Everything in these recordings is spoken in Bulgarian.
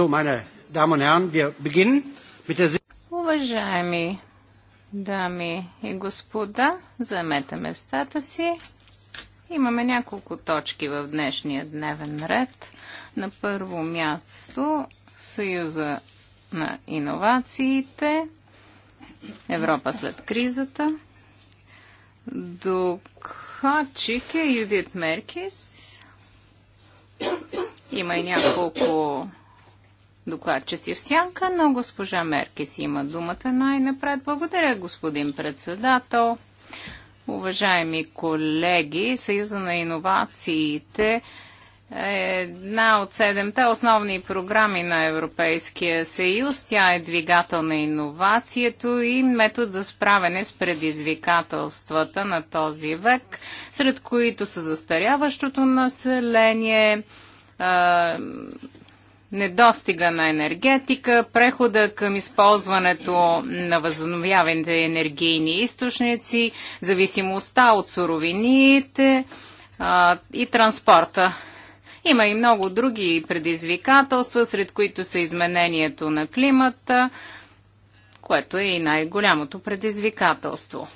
So, meine Damen und Herren, wir beginnen mit der... Уважаеми дами и господа, заемете местата си. Имаме няколко точки в днешния дневен ред. На първо място Съюза на иновациите, Европа след кризата. Докладчик е Юдит Меркис. Има и няколко докладчици в сянка, но госпожа Меркес има думата най-напред. Благодаря, господин председател. Уважаеми колеги, Съюза на иновациите е една от седемте основни програми на Европейския съюз. Тя е двигател на иновацието и метод за справяне с предизвикателствата на този век, сред които са застаряващото население, недостига на енергетика, прехода към използването на възобновяваните енергийни източници, зависимостта от суровините а, и транспорта. Има и много други предизвикателства, сред които са изменението на климата, което е и най-голямото предизвикателство.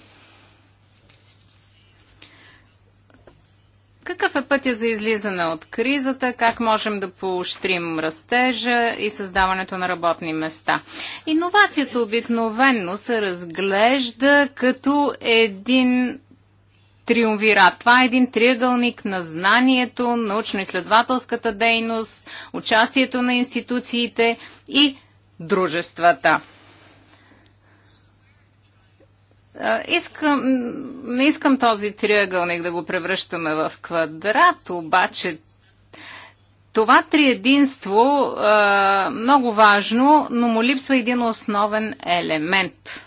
Какъв е пътя за излизане от кризата? Как можем да поощрим растежа и създаването на работни места? Иновацията обикновенно се разглежда като един триумвират. Това е един триъгълник на знанието, научно-изследователската дейност, участието на институциите и дружествата. Искам, не искам този триъгълник да го превръщаме в квадрат, обаче това триединство е много важно, но му липсва един основен елемент.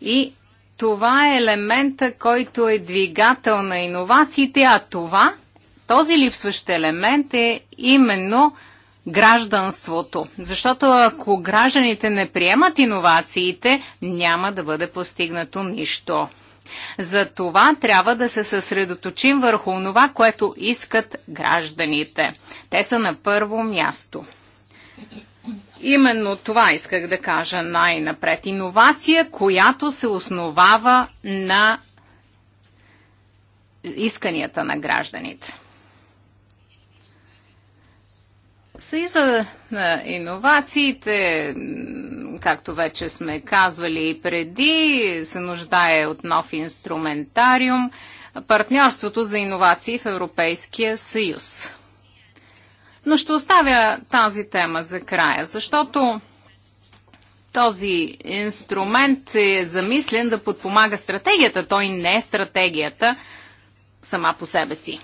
И това е елемента, който е двигател на иновациите, а това, този липсващ елемент е именно гражданството. Защото ако гражданите не приемат иновациите, няма да бъде постигнато нищо. За това трябва да се съсредоточим върху това, което искат гражданите. Те са на първо място. Именно това исках да кажа най-напред. Иновация, която се основава на исканията на гражданите. Съюза на е, иновациите, както вече сме казвали и преди, се нуждае от нов инструментариум партньорството за иновации в Европейския съюз. Но ще оставя тази тема за края, защото този инструмент е замислен да подпомага стратегията. Той не е стратегията сама по себе си.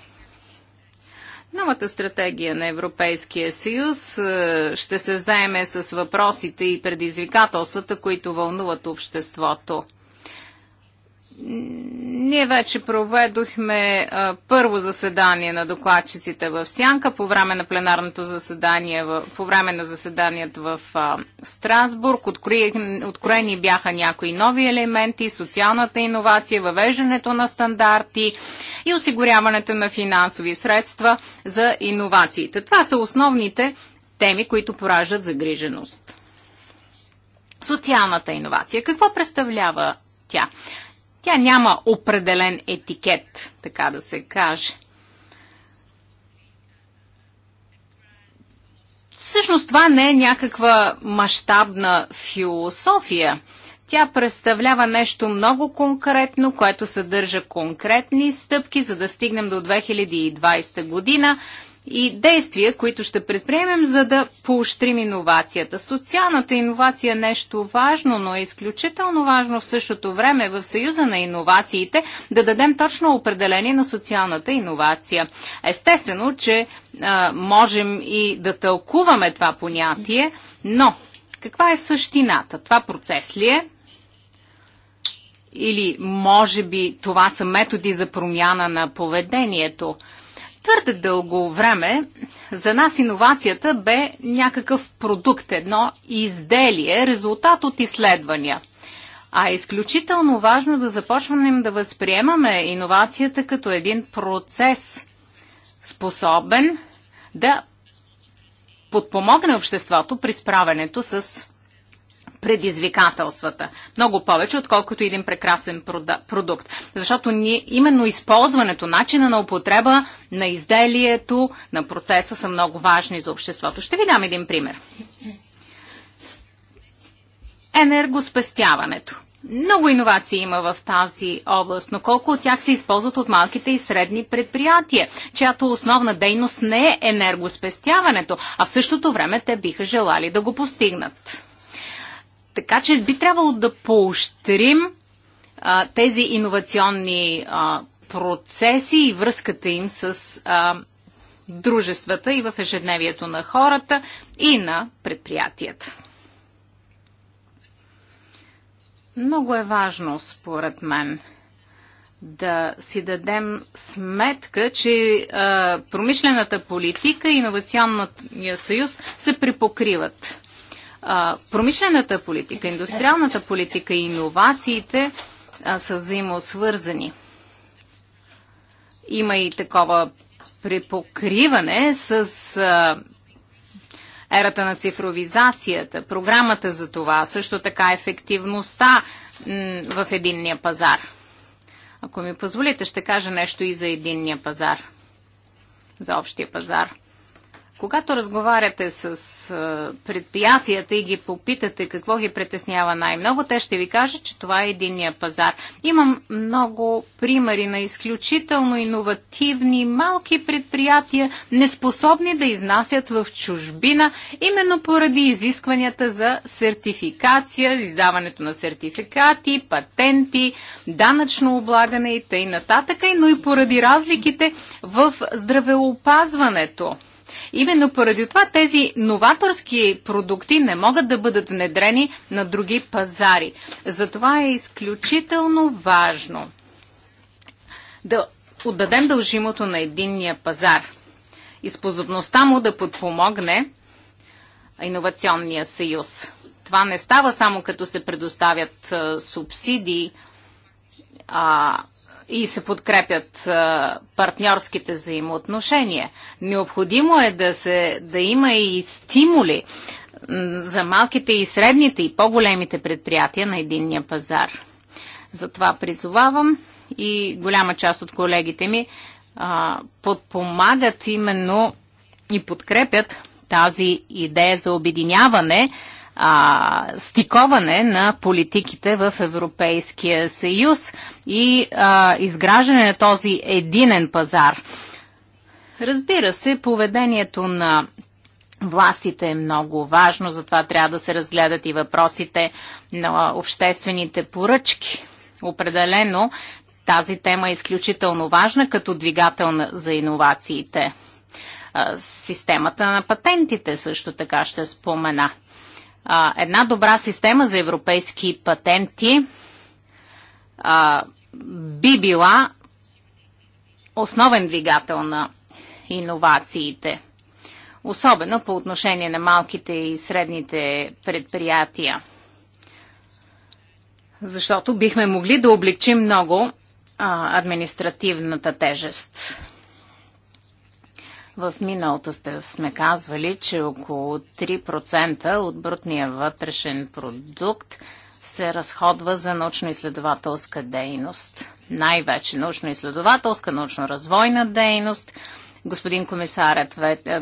Новата стратегия на Европейския съюз е, ще се заеме с въпросите и предизвикателствата, които вълнуват обществото. Ние вече проведохме а, първо заседание на докладчиците в Сянка по време на пленарното заседание, в, по време на заседанието в а, Страсбург. Откри, откроени бяха някои нови елементи, социалната иновация, въвеждането на стандарти и осигуряването на финансови средства за иновациите. Това са основните теми, които пораждат загриженост. Социалната иновация. Какво представлява тя? Тя няма определен етикет, така да се каже. Всъщност това не е някаква мащабна философия. Тя представлява нещо много конкретно, което съдържа конкретни стъпки, за да стигнем до 2020 година и действия, които ще предприемем, за да поощрим иновацията. Социалната иновация е нещо важно, но е изключително важно в същото време в Съюза на иновациите да дадем точно определение на социалната иновация. Естествено, че а, можем и да тълкуваме това понятие, но каква е същината? Това процес ли е? Или може би това са методи за промяна на поведението? твърде дълго време за нас иновацията бе някакъв продукт, едно изделие, резултат от изследвания. А е изключително важно да започнем да възприемаме иновацията като един процес, способен да подпомогне обществото при справянето с предизвикателствата. Много повече, отколкото един прекрасен продукт. Защото ние, именно използването, начина на употреба на изделието, на процеса са много важни за обществото. Ще ви дам един пример. Енергоспестяването. Много иновации има в тази област, но колко от тях се използват от малките и средни предприятия, чиято основна дейност не е енергоспестяването, а в същото време те биха желали да го постигнат. Така че би трябвало да поощрим а, тези иновационни а, процеси и връзката им с а, дружествата и в ежедневието на хората и на предприятията. Много е важно, според мен, да си дадем сметка, че а, промишлената политика и иновационният съюз се припокриват промишлената политика, индустриалната политика и иновациите са взаимосвързани. Има и такова препокриване с а, ерата на цифровизацията, програмата за това, също така ефективността в единния пазар. Ако ми позволите, ще кажа нещо и за единния пазар, за общия пазар. Когато разговаряте с предприятията и ги попитате какво ги притеснява най-много, те ще ви кажат, че това е единния пазар. Имам много примери на изключително иновативни малки предприятия, неспособни да изнасят в чужбина, именно поради изискванията за сертификация, издаването на сертификати, патенти, данъчно облагане и т.н., но и поради разликите в здравеопазването. Именно поради това тези новаторски продукти не могат да бъдат внедрени на други пазари. Затова е изключително важно да отдадем дължимото на единния пазар и способността му да подпомогне иновационния съюз. Това не става само като се предоставят субсидии, а, и се подкрепят партньорските взаимоотношения. Необходимо е да, се, да има и стимули за малките и средните и по-големите предприятия на единния пазар. Затова призовавам и голяма част от колегите ми а, подпомагат именно и подкрепят тази идея за обединяване а, стиковане на политиките в Европейския съюз и а, изграждане на този единен пазар. Разбира се, поведението на властите е много важно, затова трябва да се разгледат и въпросите на обществените поръчки. Определено тази тема е изключително важна като двигател за иновациите. Системата на патентите също така ще спомена а, една добра система за европейски патенти а, би била основен двигател на иновациите, особено по отношение на малките и средните предприятия. Защото бихме могли да облегчим много а, административната тежест. В миналото сте сме казвали, че около 3% от брутния вътрешен продукт се разходва за научно-изследователска дейност. Най-вече научно-изследователска, научно-развойна дейност – Господин комисарът, е,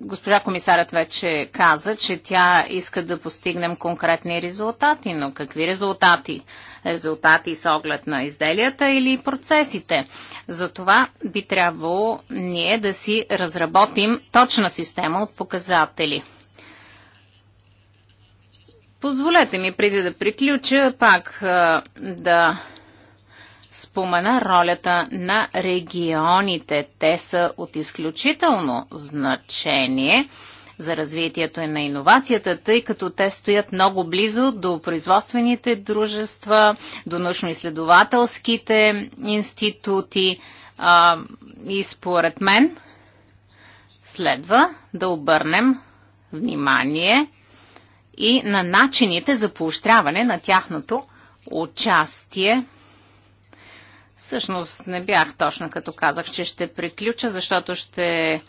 госпожа комисарът вече каза, че тя иска да постигнем конкретни резултати, но какви резултати? Резултати с оглед на изделията или процесите? За това би трябвало ние да си разработим точна система от показатели. Позволете ми преди да приключа пак е, да спомена ролята на регионите. Те са от изключително значение за развитието и на иновацията, тъй като те стоят много близо до производствените дружества, до научно-изследователските институти. А, и според мен следва да обърнем внимание и на начините за поощряване на тяхното участие Всъщност не бях точно като казах, че ще приключа, защото ще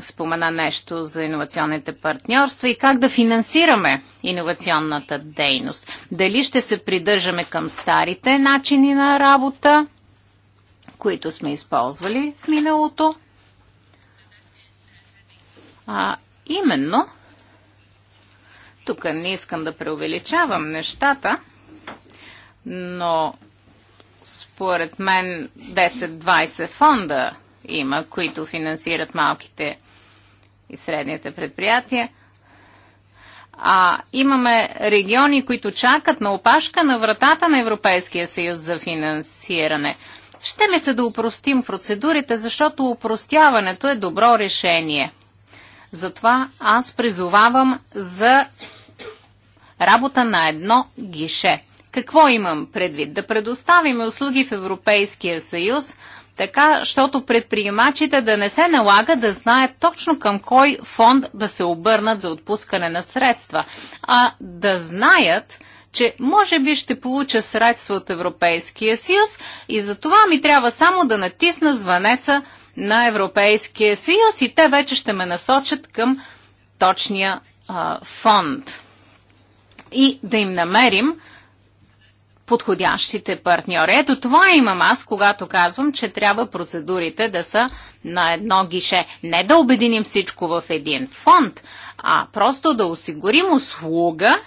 спомена нещо за иновационните партньорства и как да финансираме иновационната дейност. Дали ще се придържаме към старите начини на работа, които сме използвали в миналото? А, именно, тук не искам да преувеличавам нещата, но според мен 10-20 фонда има, които финансират малките и средните предприятия. А имаме региони, които чакат на опашка на вратата на Европейския съюз за финансиране. Ще ми се да упростим процедурите, защото упростяването е добро решение. Затова аз призовавам за работа на едно гише. Какво имам предвид? Да предоставим услуги в Европейския съюз, така, защото предприемачите да не се налага да знаят точно към кой фонд да се обърнат за отпускане на средства, а да знаят, че може би ще получа средства от Европейския съюз и за това ми трябва само да натисна звънеца на Европейския съюз и те вече ще ме насочат към точния а, фонд. И да им намерим подходящите партньори. Ето това имам аз, когато казвам, че трябва процедурите да са на едно гише. Не да обединим всичко в един фонд, а просто да осигурим услуга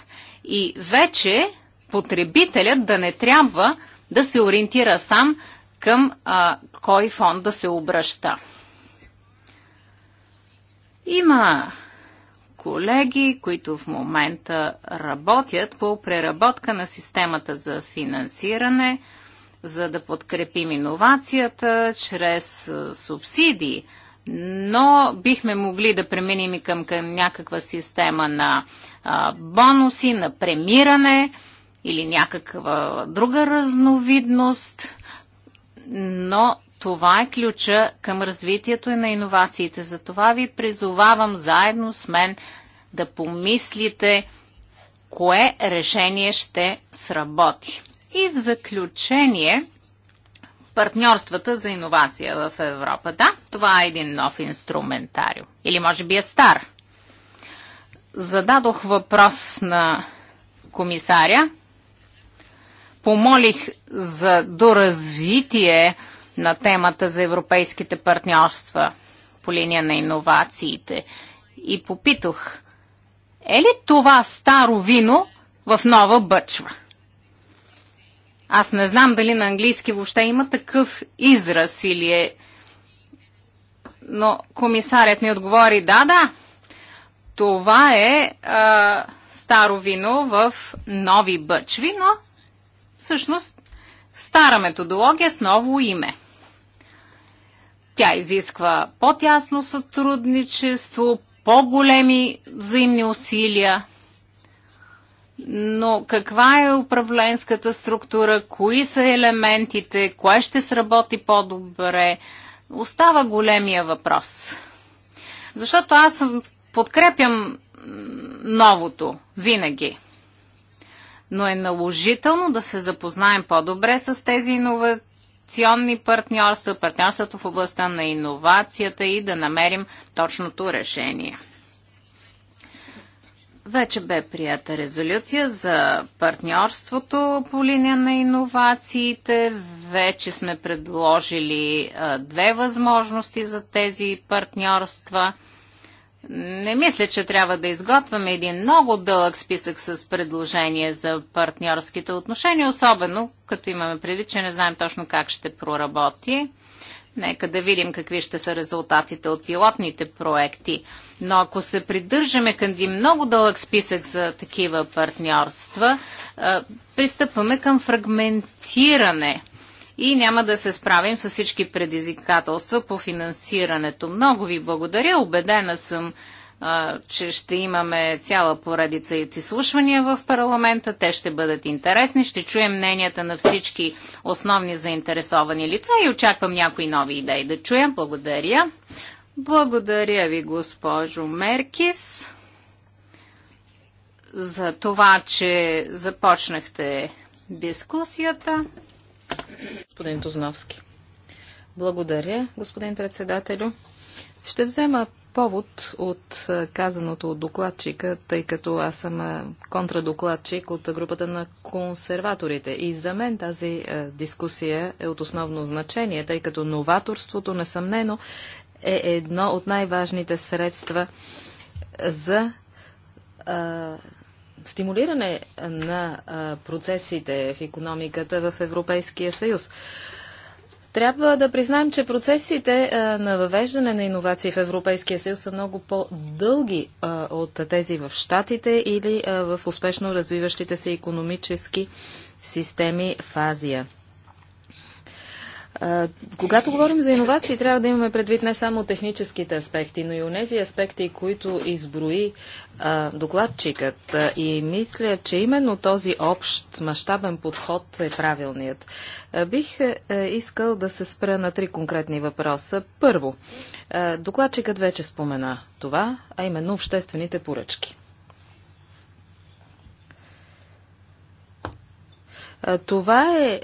и вече потребителят да не трябва да се ориентира сам към а, кой фонд да се обръща. Има колеги, които в момента работят по преработка на системата за финансиране, за да подкрепим иновацията чрез субсидии. Но бихме могли да преминем и към, към някаква система на а, бонуси, на премиране или някаква друга разновидност, но това е ключа към развитието и на иновациите. Затова ви призовавам заедно с мен да помислите кое решение ще сработи. И в заключение, партньорствата за иновация в Европа. Да, това е един нов инструментариум. Или може би е стар. Зададох въпрос на комисаря. Помолих за доразвитие на темата за европейските партньорства по линия на иновациите. И попитах, е ли това старо вино в нова бъчва? Аз не знам дали на английски въобще има такъв израз или е... Но комисарят ми отговори, да, да, това е а, старо вино в нови бъчви, но всъщност стара методология с ново име. Тя изисква по-тясно сътрудничество, по-големи взаимни усилия. Но каква е управленската структура, кои са елементите, кое ще сработи по-добре, остава големия въпрос. Защото аз подкрепям новото винаги. Но е наложително да се запознаем по-добре с тези иновативни инвестиционни партньорства, партньорството в областта на иновацията и да намерим точното решение. Вече бе прията резолюция за партньорството по линия на иновациите. Вече сме предложили две възможности за тези партньорства – не мисля, че трябва да изготвяме един много дълъг списък с предложения за партньорските отношения, особено като имаме предвид, че не знаем точно как ще проработи. Нека да видим какви ще са резултатите от пилотните проекти. Но ако се придържаме към един много дълъг списък за такива партньорства, пристъпваме към фрагментиране – и няма да се справим с всички предизвикателства по финансирането. Много ви благодаря. Обедена съм, а, че ще имаме цяла поредица и слушвания в парламента. Те ще бъдат интересни. Ще чуем мненията на всички основни заинтересовани лица и очаквам някои нови идеи да чуя. Благодаря. Благодаря ви, госпожо Меркис, за това, че започнахте дискусията. Господин Тузновски. Благодаря, господин председателю. Ще взема повод от е, казаното от докладчика, тъй като аз съм е, контрадокладчик от групата на консерваторите. И за мен тази е, дискусия е от основно значение, тъй като новаторството, несъмнено, е едно от най-важните средства за стимулиране на процесите в економиката в Европейския съюз. Трябва да признаем, че процесите на въвеждане на иновации в Европейския съюз са много по-дълги от тези в Штатите или в успешно развиващите се економически системи в Азия. Когато говорим за иновации, трябва да имаме предвид не само техническите аспекти, но и онези аспекти, които изброи докладчикът. И мисля, че именно този общ мащабен подход е правилният. бих искал да се спра на три конкретни въпроса. Първо, докладчикът вече спомена това, а именно обществените поръчки. Това е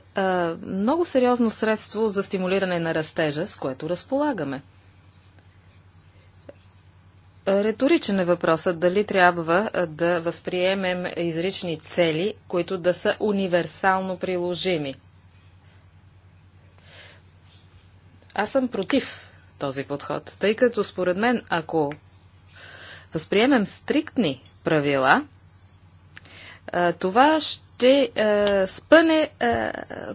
много сериозно средство за стимулиране на растежа, с което разполагаме. Риторичен е въпросът дали трябва да възприемем изрични цели, които да са универсално приложими. Аз съм против този подход, тъй като според мен, ако възприемем стриктни правила, това ще спъне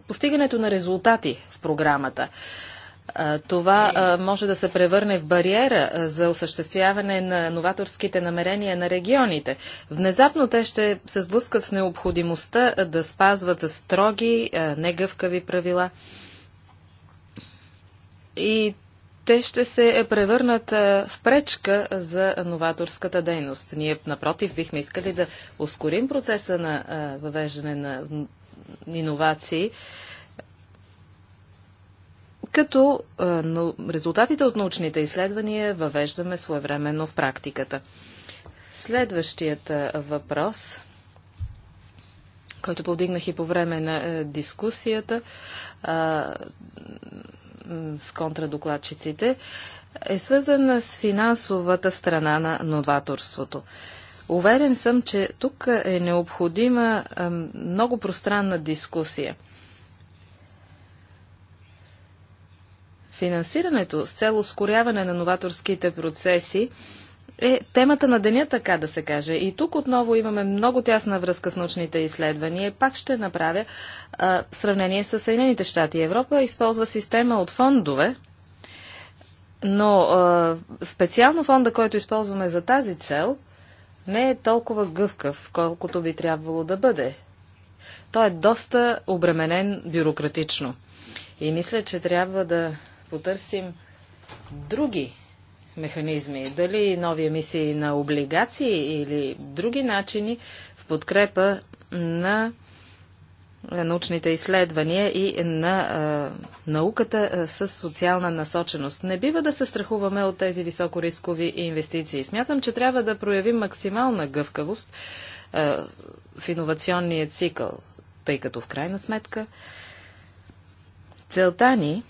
постигането на резултати в програмата. Това може да се превърне в бариера за осъществяване на новаторските намерения на регионите. Внезапно те ще се сблъскат с необходимостта да спазват строги, негъвкави правила. И те ще се превърнат е, в пречка за новаторската дейност. Ние, напротив, бихме искали да ускорим процеса на е, въвеждане на иновации, като е, резултатите от научните изследвания въвеждаме своевременно в практиката. Следващият въпрос който повдигнах и по време на дискусията, с контрадокладчиците, е свързана с финансовата страна на новаторството. Уверен съм, че тук е необходима много пространна дискусия. Финансирането с цел ускоряване на новаторските процеси е темата на деня, така да се каже. И тук отново имаме много тясна връзка с научните изследвания. Пак ще направя а, сравнение с Съединените щати. Европа използва система от фондове, но а, специално фонда, който използваме за тази цел, не е толкова гъвкав, колкото би трябвало да бъде. Той е доста обременен бюрократично. И мисля, че трябва да потърсим други механизми, дали нови емисии на облигации или други начини в подкрепа на научните изследвания и на а, науката а, с социална насоченост. Не бива да се страхуваме от тези високорискови инвестиции. Смятам, че трябва да проявим максимална гъвкавост а, в иновационния цикъл, тъй като в крайна сметка целта ни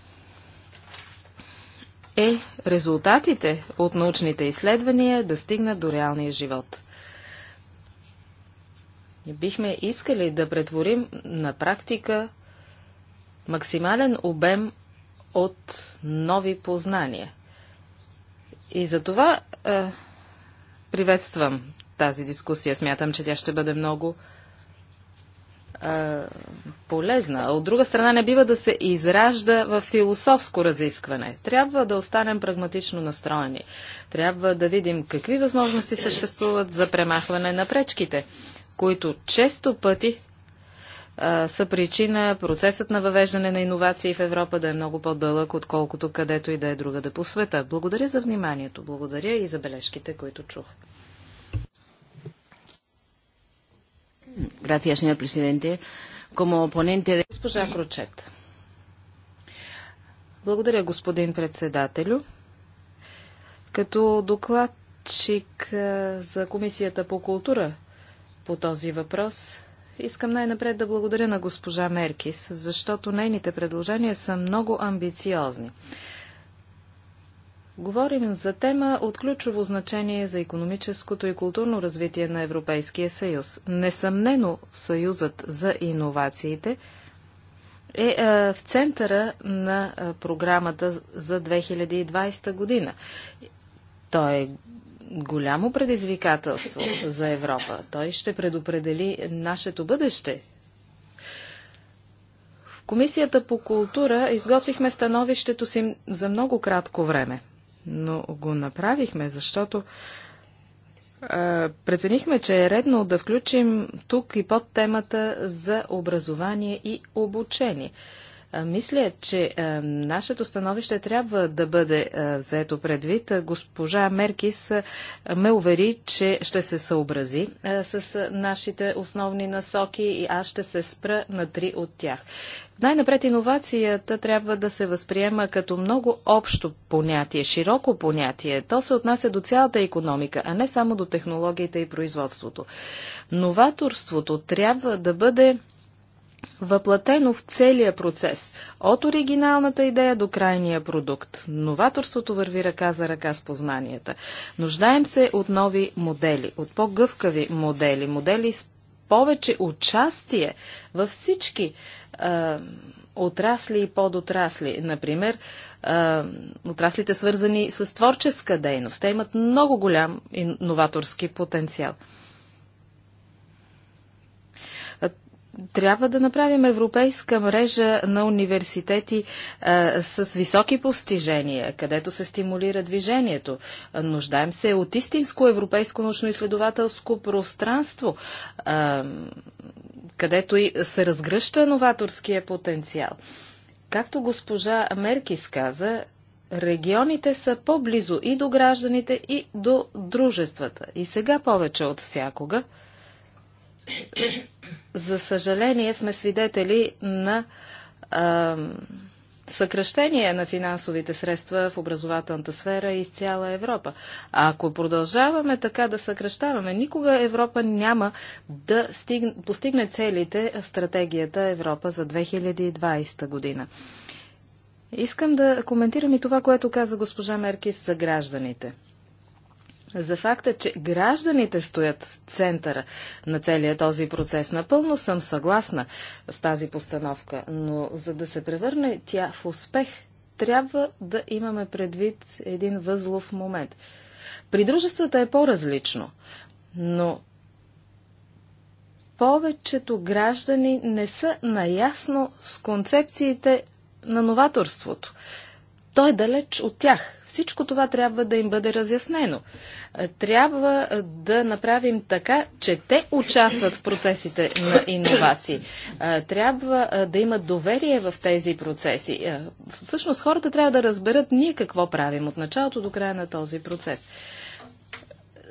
е резултатите от научните изследвания да стигнат до реалния живот. Бихме искали да претворим на практика максимален обем от нови познания. И за това е, приветствам тази дискусия. Смятам, че тя ще бъде много е, полезна. От друга страна не бива да се изражда в философско разискване. Трябва да останем прагматично настроени. Трябва да видим какви възможности съществуват за премахване на пречките, които често пъти е, са причина процесът на въвеждане на иновации в Европа да е много по-дълъг, отколкото където и да е другаде по света. Благодаря за вниманието. Благодаря и за бележките, които чух. Gracias, señor presidente. Como ponente de... Госпожа Крочет. Благодаря, господин председателю. Като докладчик за Комисията по култура по този въпрос, искам най-напред да благодаря на госпожа Меркис, защото нейните предложения са много амбициозни. Говорим за тема от ключово значение за економическото и културно развитие на Европейския съюз. Несъмнено Съюзът за иновациите е, е в центъра на е, програмата за 2020 година. Той е голямо предизвикателство за Европа. Той ще предопредели нашето бъдеще. В Комисията по култура изготвихме становището си за много кратко време но го направихме, защото е, преценихме, че е редно да включим тук и под темата за образование и обучение. мисля, че е, нашето становище трябва да бъде заето предвид. Госпожа Меркис ме увери, че ще се съобрази с нашите основни насоки и аз ще се спра на три от тях. Най-напред иновацията трябва да се възприема като много общо понятие, широко понятие. То се отнася до цялата економика, а не само до технологията и производството. Новаторството трябва да бъде въплатено в целия процес, от оригиналната идея до крайния продукт. Новаторството върви ръка за ръка с познанията. Нуждаем се от нови модели, от по-гъвкави модели, модели с повече участие във всички а, отрасли и подотрасли. Например, а, отраслите свързани с творческа дейност. Те имат много голям иноваторски потенциал. трябва да направим европейска мрежа на университети а, с високи постижения, където се стимулира движението. Нуждаем се от истинско европейско научно-изследователско пространство. А, където и се разгръща новаторския потенциал. Както госпожа Меркис каза, регионите са по-близо и до гражданите, и до дружествата. И сега повече от всякога. За съжаление сме свидетели на а, съкръщение на финансовите средства в образователната сфера из цяла Европа. А ако продължаваме така да съкръщаваме, никога Европа няма да стигне, постигне целите в стратегията Европа за 2020 година. Искам да коментирам и това, което каза госпожа Меркис за гражданите за факта, че гражданите стоят в центъра на целия този процес. Напълно съм съгласна с тази постановка, но за да се превърне тя в успех, трябва да имаме предвид един възлов момент. При дружествата е по-различно, но повечето граждани не са наясно с концепциите на новаторството. Той е далеч от тях. Всичко това трябва да им бъде разяснено. Трябва да направим така, че те участват в процесите на иновации. Трябва да имат доверие в тези процеси. Всъщност хората трябва да разберат ние какво правим от началото до края на този процес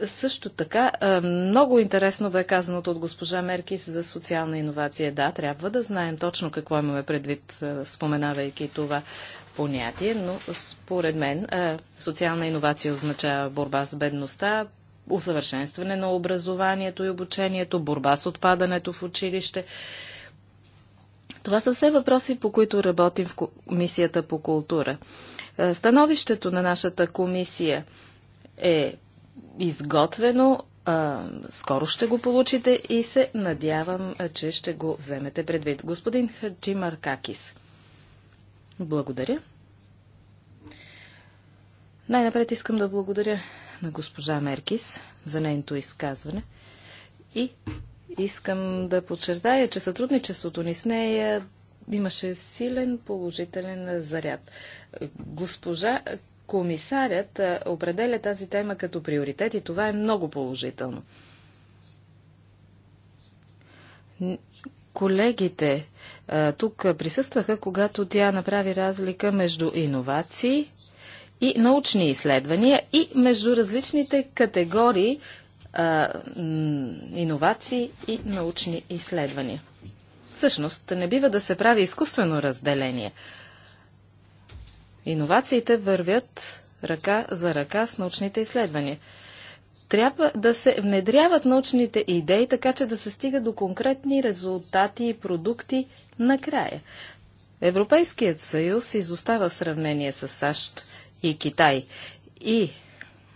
също така, много интересно бе казаното от госпожа Меркис за социална иновация. Да, трябва да знаем точно какво имаме предвид, споменавайки това понятие, но според мен социална иновация означава борба с бедността, усъвършенстване на образованието и обучението, борба с отпадането в училище. Това са все въпроси, по които работим в Комисията по култура. Становището на нашата комисия е изготвено, скоро ще го получите и се надявам, че ще го вземете предвид. Господин Хаджи Маркакис. Благодаря. Най-напред искам да благодаря на госпожа Меркис за нейното изказване и искам да подчертая, че сътрудничеството ни с нея имаше силен положителен заряд. Госпожа комисарят определя тази тема като приоритет и това е много положително колегите а, тук присъстваха, когато тя направи разлика между иновации и научни изследвания и между различните категории а, иновации и научни изследвания. Всъщност, не бива да се прави изкуствено разделение. Иновациите вървят ръка за ръка с научните изследвания трябва да се внедряват научните идеи, така че да се стига до конкретни резултати и продукти накрая. Европейският съюз изостава в сравнение с САЩ и Китай. И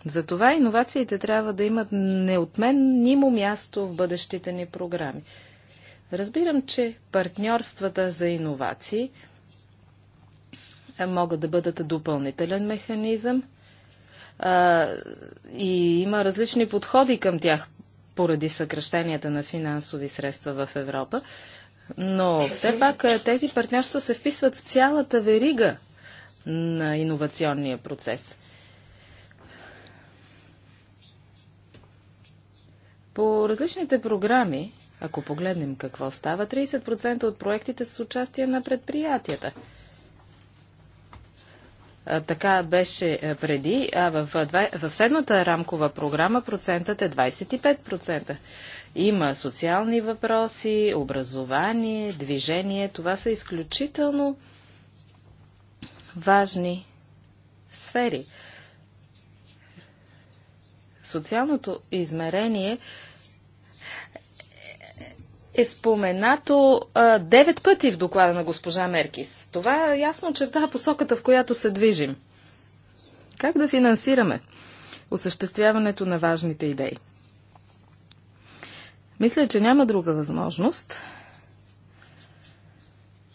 затова иновациите трябва да имат неотменнимо място в бъдещите ни програми. Разбирам, че партньорствата за иновации могат да бъдат допълнителен механизъм – а, и има различни подходи към тях поради съкръщенията на финансови средства в Европа. Но все пак тези партньорства се вписват в цялата верига на иновационния процес. По различните програми, ако погледнем какво става, 30% от проектите са с участие на предприятията. Така беше преди, а в, в седмата рамкова програма процентът е 25%. Има социални въпроси, образование, движение. Това са изключително важни сфери. Социалното измерение – е споменато девет пъти в доклада на госпожа Меркис. Това ясно очертава посоката, в която се движим. Как да финансираме осъществяването на важните идеи? Мисля, че няма друга възможност,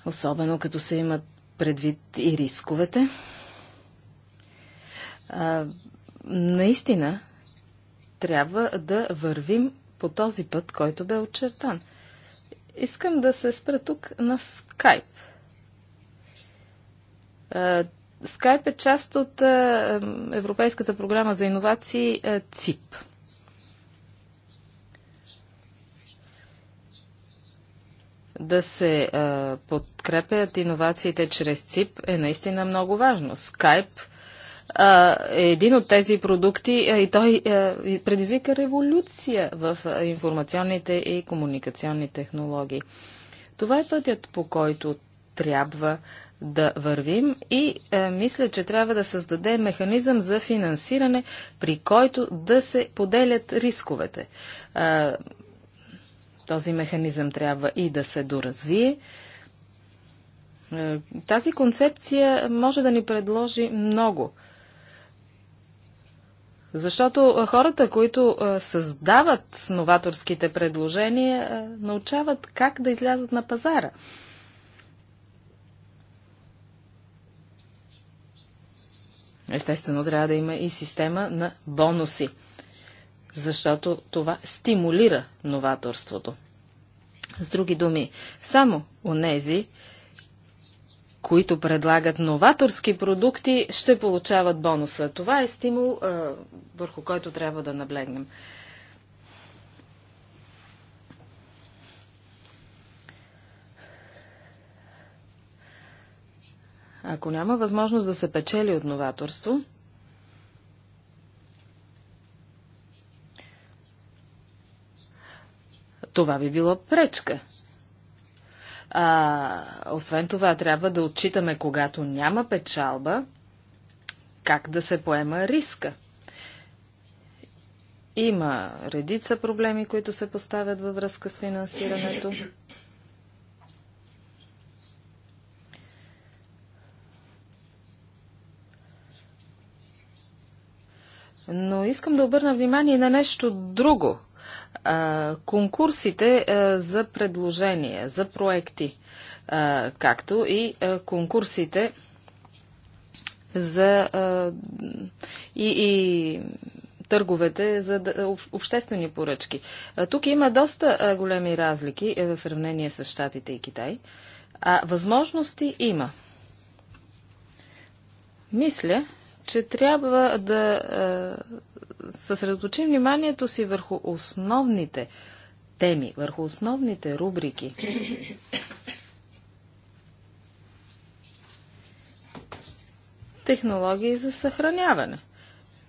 особено като се имат предвид и рисковете. А, наистина трябва да вървим по този път, който бе очертан – Искам да се спра тук на скайп. Скайп е част от Европейската програма за иновации ЦИП. да се подкрепят иновациите чрез ЦИП е наистина много важно. Скайп е един от тези продукти и той предизвика революция в информационните и комуникационни технологии. Това е пътят, по който трябва да вървим и е, мисля, че трябва да създадем механизъм за финансиране, при който да се поделят рисковете. Е, този механизъм трябва и да се доразвие. Е, тази концепция може да ни предложи много. Е, защото хората, които създават новаторските предложения, научават как да излязат на пазара. Естествено, трябва да има и система на бонуси, защото това стимулира новаторството. С други думи, само нези, които предлагат новаторски продукти, ще получават бонуса. Това е стимул, върху който трябва да наблегнем. Ако няма възможност да се печели от новаторство, това би било пречка а, освен това, трябва да отчитаме, когато няма печалба, как да се поема риска. Има редица проблеми, които се поставят във връзка с финансирането. Но искам да обърна внимание на нещо друго, конкурсите за предложения, за проекти, както и конкурсите за и, и търговете за обществени поръчки. Тук има доста големи разлики е, в сравнение с Штатите и Китай. А възможности има. Мисля, че трябва да съсредоточим вниманието си върху основните теми, върху основните рубрики. Технологии за съхраняване.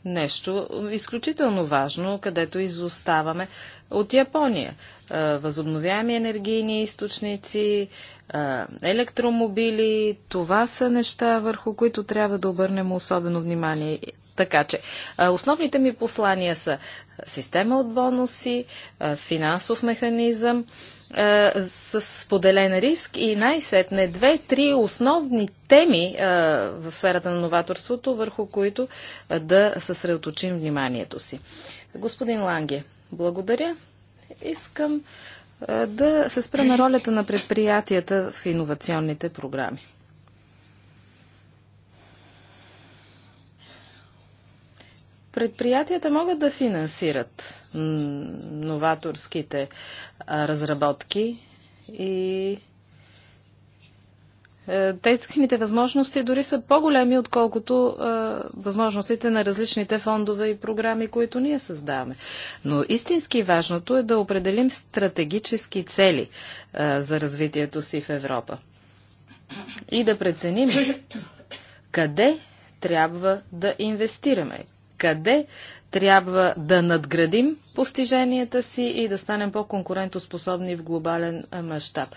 Нещо изключително важно, където изоставаме от Япония. Е, възобновяеми енергийни източници, е, електромобили, това са неща, върху които трябва да обърнем особено внимание. Така че, основните ми послания са система от бонуси, финансов механизъм, с споделен риск и най-сетне две-три основни теми в сферата на новаторството, върху които да съсредоточим вниманието си. Господин Ланге, благодаря. Искам да се спра на ролята на предприятията в иновационните програми. Предприятията могат да финансират новаторските разработки и е, техните възможности дори са по-големи, отколкото е, възможностите на различните фондове и програми, които ние създаваме. Но истински важното е да определим стратегически цели е, за развитието си в Европа. И да преценим къде трябва да инвестираме, къде трябва да надградим постиженията си и да станем по-конкурентоспособни в глобален мащаб.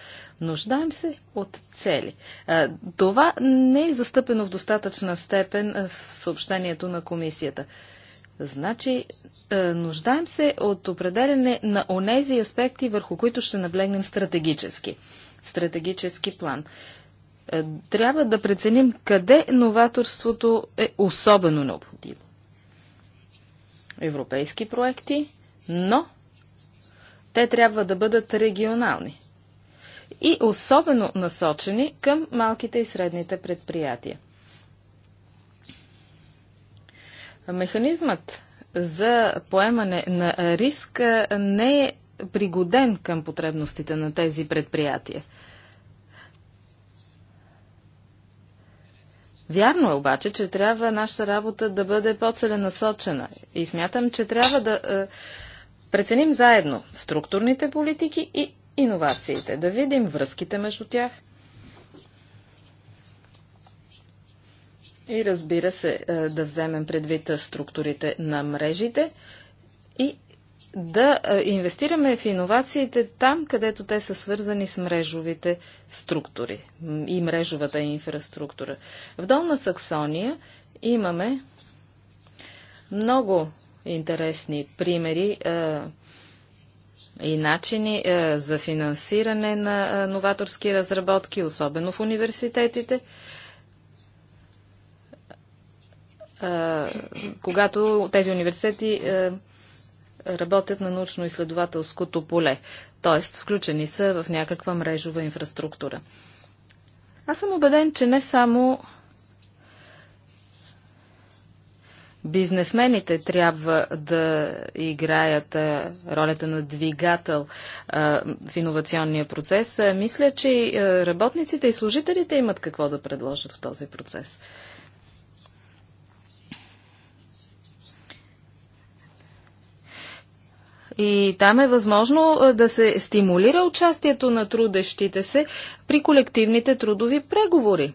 Нуждаем се от цели. Това не е застъпено в достатъчна степен в съобщението на комисията. Значи, нуждаем се от определене на онези аспекти, върху които ще наблегнем стратегически. Стратегически план трябва да преценим къде новаторството е особено необходимо европейски проекти, но те трябва да бъдат регионални и особено насочени към малките и средните предприятия. Механизмът за поемане на риск не е пригоден към потребностите на тези предприятия. Вярно е обаче, че трябва нашата работа да бъде по-целенасочена и смятам, че трябва да е, преценим заедно структурните политики и иновациите, да видим връзките между тях и разбира се е, да вземем предвид структурите на мрежите и да инвестираме в иновациите там, където те са свързани с мрежовите структури и мрежовата инфраструктура. В Долна Саксония имаме много интересни примери и начини за финансиране на новаторски разработки, особено в университетите когато тези университети работят на научно-изследователското поле, т.е. включени са в някаква мрежова инфраструктура. Аз съм убеден, че не само бизнесмените трябва да играят ролята на двигател в иновационния процес. Мисля, че работниците и служителите имат какво да предложат в този процес. И там е възможно да се стимулира участието на трудещите се при колективните трудови преговори,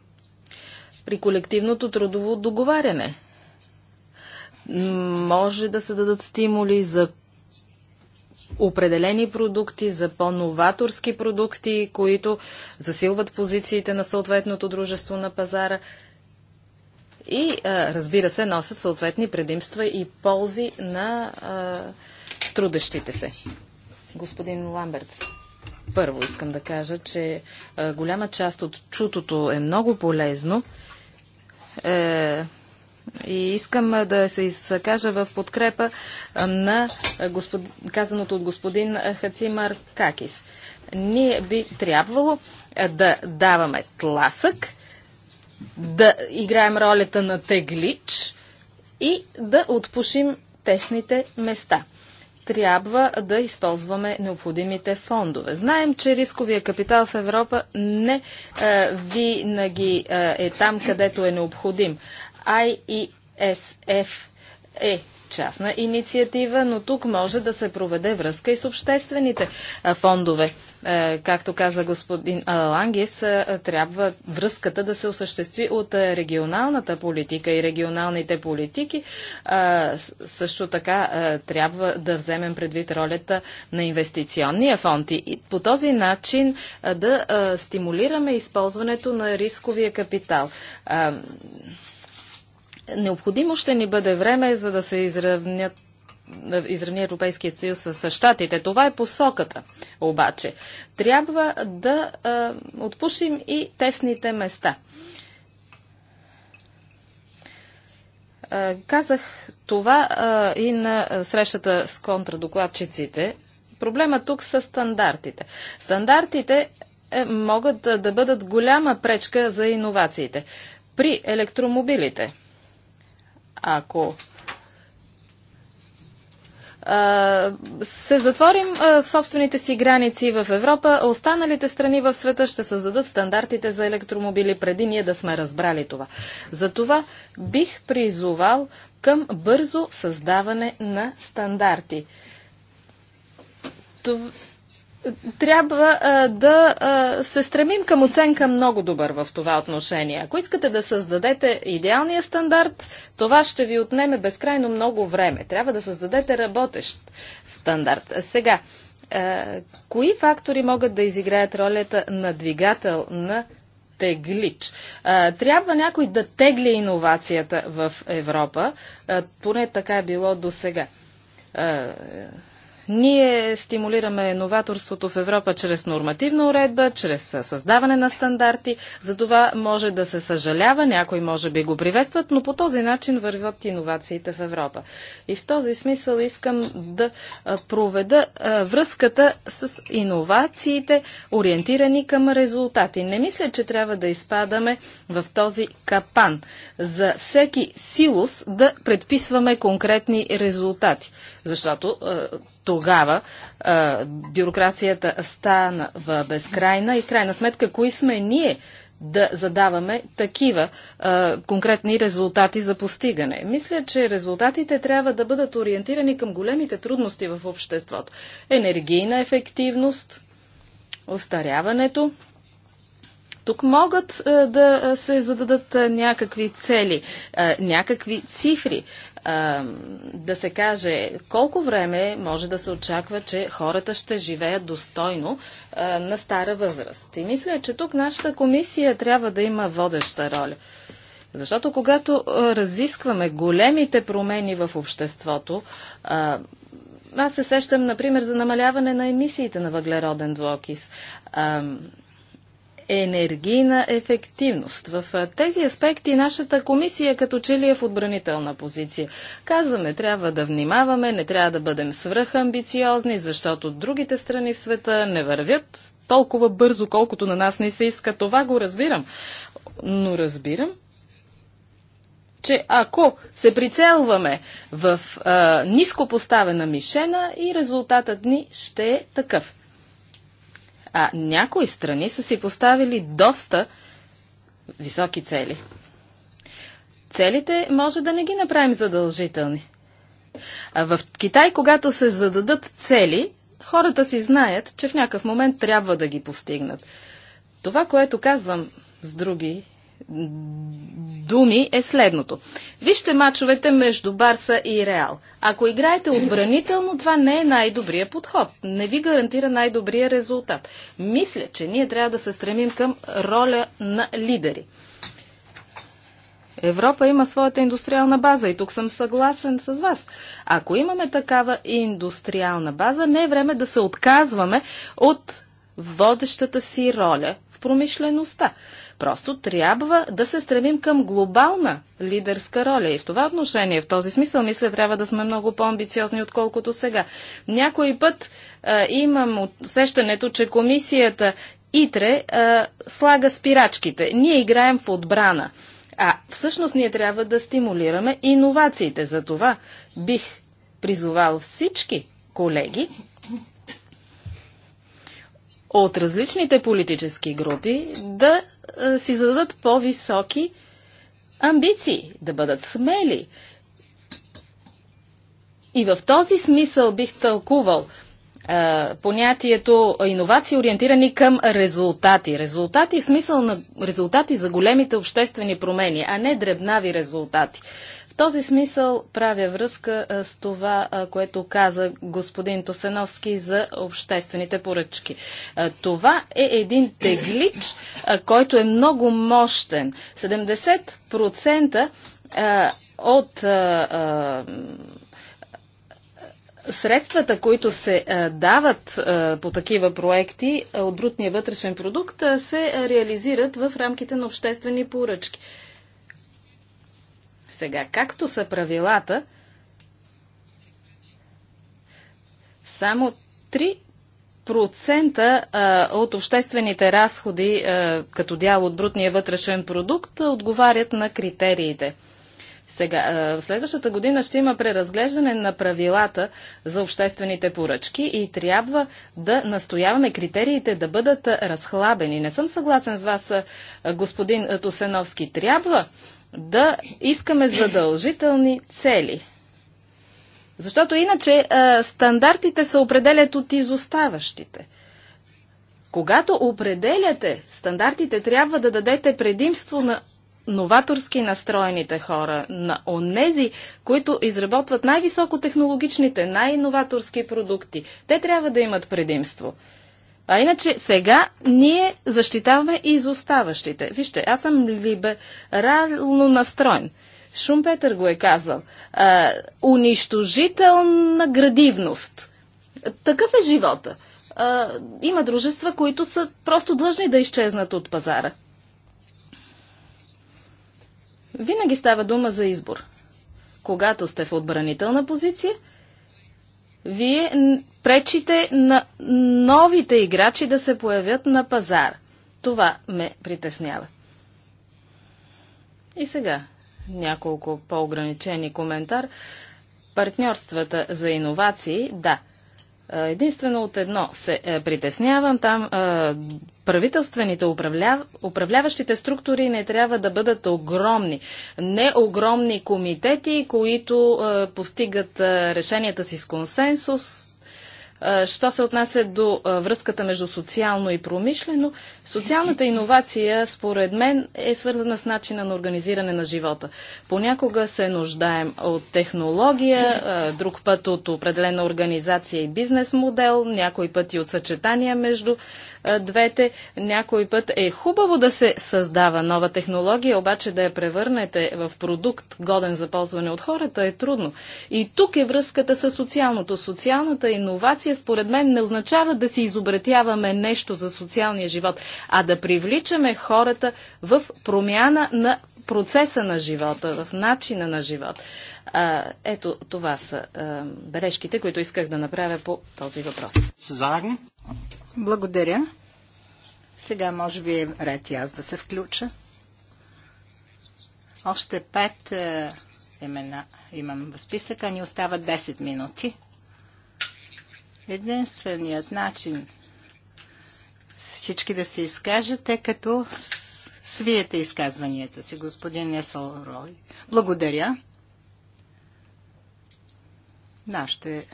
при колективното трудово договаряне. Може да се дадат стимули за определени продукти, за по-новаторски продукти, които засилват позициите на съответното дружество на пазара и, разбира се, носят съответни предимства и ползи на трудещите се. Господин Ламбертс, първо искам да кажа, че е, голяма част от чутото е много полезно. Е, и искам е, да се изкажа в подкрепа е, на господ... казаното от господин Хацимар Какис. Ние би трябвало да даваме тласък, да играем ролята на теглич и да отпушим тесните места трябва да използваме необходимите фондове. Знаем, че рисковия капитал в Европа не е, винаги е, е там, където е необходим. IESF е e частна инициатива, но тук може да се проведе връзка и с обществените фондове. Е, както каза господин Лангис, е, трябва връзката да се осъществи от е, регионалната политика и регионалните политики. Също така трябва да вземем предвид ролята на инвестиционния фонд и по този начин да стимулираме използването на рисковия капитал. Необходимо ще ни бъде време, за да се изравнят изравни Европейският съюз с щатите. Това е посоката. Обаче, трябва да а, отпушим и тесните места. А, казах това а, и на срещата с контрадокладчиците. Проблема тук са стандартите. Стандартите е, могат да бъдат голяма пречка за иновациите. При електромобилите – ако се затворим в собствените си граници в Европа, останалите страни в света ще създадат стандартите за електромобили преди ние да сме разбрали това. Затова бих призовал към бързо създаване на стандарти трябва а, да а, се стремим към оценка много добър в това отношение. Ако искате да създадете идеалния стандарт, това ще ви отнеме безкрайно много време. Трябва да създадете работещ стандарт. Сега, а, кои фактори могат да изиграят ролята на двигател на теглич. Трябва някой да тегли иновацията в Европа, поне така е било до сега ние стимулираме новаторството в Европа чрез нормативна уредба, чрез създаване на стандарти. За това може да се съжалява, някои може би го приветстват, но по този начин вървят иновациите в Европа. И в този смисъл искам да проведа връзката с иновациите, ориентирани към резултати. Не мисля, че трябва да изпадаме в този капан. За всеки силус да предписваме конкретни резултати. Защото тогава а, бюрокрацията стана безкрайна и крайна сметка кои сме ние да задаваме такива а, конкретни резултати за постигане. Мисля, че резултатите трябва да бъдат ориентирани към големите трудности в обществото. Енергийна ефективност, остаряването. Тук могат а, да се зададат а, някакви цели, а, някакви цифри, а, да се каже колко време може да се очаква, че хората ще живеят достойно а, на стара възраст. И мисля, че тук нашата комисия трябва да има водеща роля. Защото когато а, разискваме големите промени в обществото, а, аз се сещам, например, за намаляване на емисиите на въглероден двуокис. А, енергийна ефективност. В тези аспекти нашата комисия като че ли е в отбранителна позиция. Казваме, трябва да внимаваме, не трябва да бъдем свръхамбициозни, защото другите страни в света не вървят толкова бързо, колкото на нас не се иска. Това го разбирам. Но разбирам, че ако се прицелваме в а, ниско поставена мишена и резултатът ни ще е такъв. А някои страни са си поставили доста високи цели. Целите може да не ги направим задължителни. А в Китай, когато се зададат цели, хората си знаят, че в някакъв момент трябва да ги постигнат. Това, което казвам с други думи е следното. Вижте мачовете между Барса и Реал. Ако играете отбранително, това не е най-добрия подход. Не ви гарантира най-добрия резултат. Мисля, че ние трябва да се стремим към роля на лидери. Европа има своята индустриална база и тук съм съгласен с вас. Ако имаме такава индустриална база, не е време да се отказваме от водещата си роля в промишлеността. Просто трябва да се стремим към глобална лидерска роля. И в това отношение, в този смисъл, мисля, трябва да сме много по-амбициозни, отколкото сега. Някой път а, имам усещането, че комисията ИТРЕ а, слага спирачките. Ние играем в отбрана. А всъщност ние трябва да стимулираме иновациите. За това бих призовал всички колеги от различните политически групи да си зададат по-високи амбиции, да бъдат смели. И в този смисъл бих тълкувал а, понятието иновации, ориентирани към резултати. Резултати в смисъл на резултати за големите обществени промени, а не дребнави резултати този смисъл правя връзка с това, което каза господин Тосеновски за обществените поръчки. Това е един теглич, който е много мощен. 70% от средствата, които се дават по такива проекти от брутния вътрешен продукт, се реализират в рамките на обществени поръчки. Сега, както са правилата, само 3% от обществените разходи като дял от брутния вътрешен продукт отговарят на критериите. Сега, следващата година ще има преразглеждане на правилата за обществените поръчки и трябва да настояваме критериите да бъдат разхлабени. Не съм съгласен с вас, господин Тосеновски. Трябва да искаме задължителни цели. Защото иначе а, стандартите се определят от изоставащите. Когато определяте стандартите, трябва да дадете предимство на новаторски настроените хора, на онези, които изработват най-високотехнологичните, най-новаторски продукти. Те трябва да имат предимство. А иначе сега ние защитаваме изоставащите. Вижте, аз съм либерално настроен. Шумпетър го е казал. А, унищожителна градивност. Такъв е живота. А, има дружества, които са просто длъжни да изчезнат от пазара. Винаги става дума за избор. Когато сте в отбранителна позиция, вие пречите на новите играчи да се появят на пазар. Това ме притеснява. И сега няколко по-ограничени коментар. Партньорствата за иновации, да. Единствено от едно се е, притеснявам. Там правителствените управля... управляващите структури не трябва да бъдат огромни. Не огромни комитети, които постигат решенията си с консенсус. Що се отнася до връзката между социално и промишлено, социалната иновация, според мен, е свързана с начина на организиране на живота. Понякога се нуждаем от технология, друг път от определена организация и бизнес модел, някой път и от съчетания между двете. Някой път е хубаво да се създава нова технология, обаче да я превърнете в продукт, годен за ползване от хората, е трудно. И тук е връзката с социалното. Социалната иновация участие, според мен, не означава да си изобретяваме нещо за социалния живот, а да привличаме хората в промяна на процеса на живота, в начина на живот. А, ето това са а, бележките, които исках да направя по този въпрос. Благодаря. Сега може би е ред и аз да се включа. Още пет е, имена имам в списъка, ни остават 10 минути. Единственият начин всички да се изкажат е като свиете изказванията си, господин Есъл Рой. Благодаря. Да, ще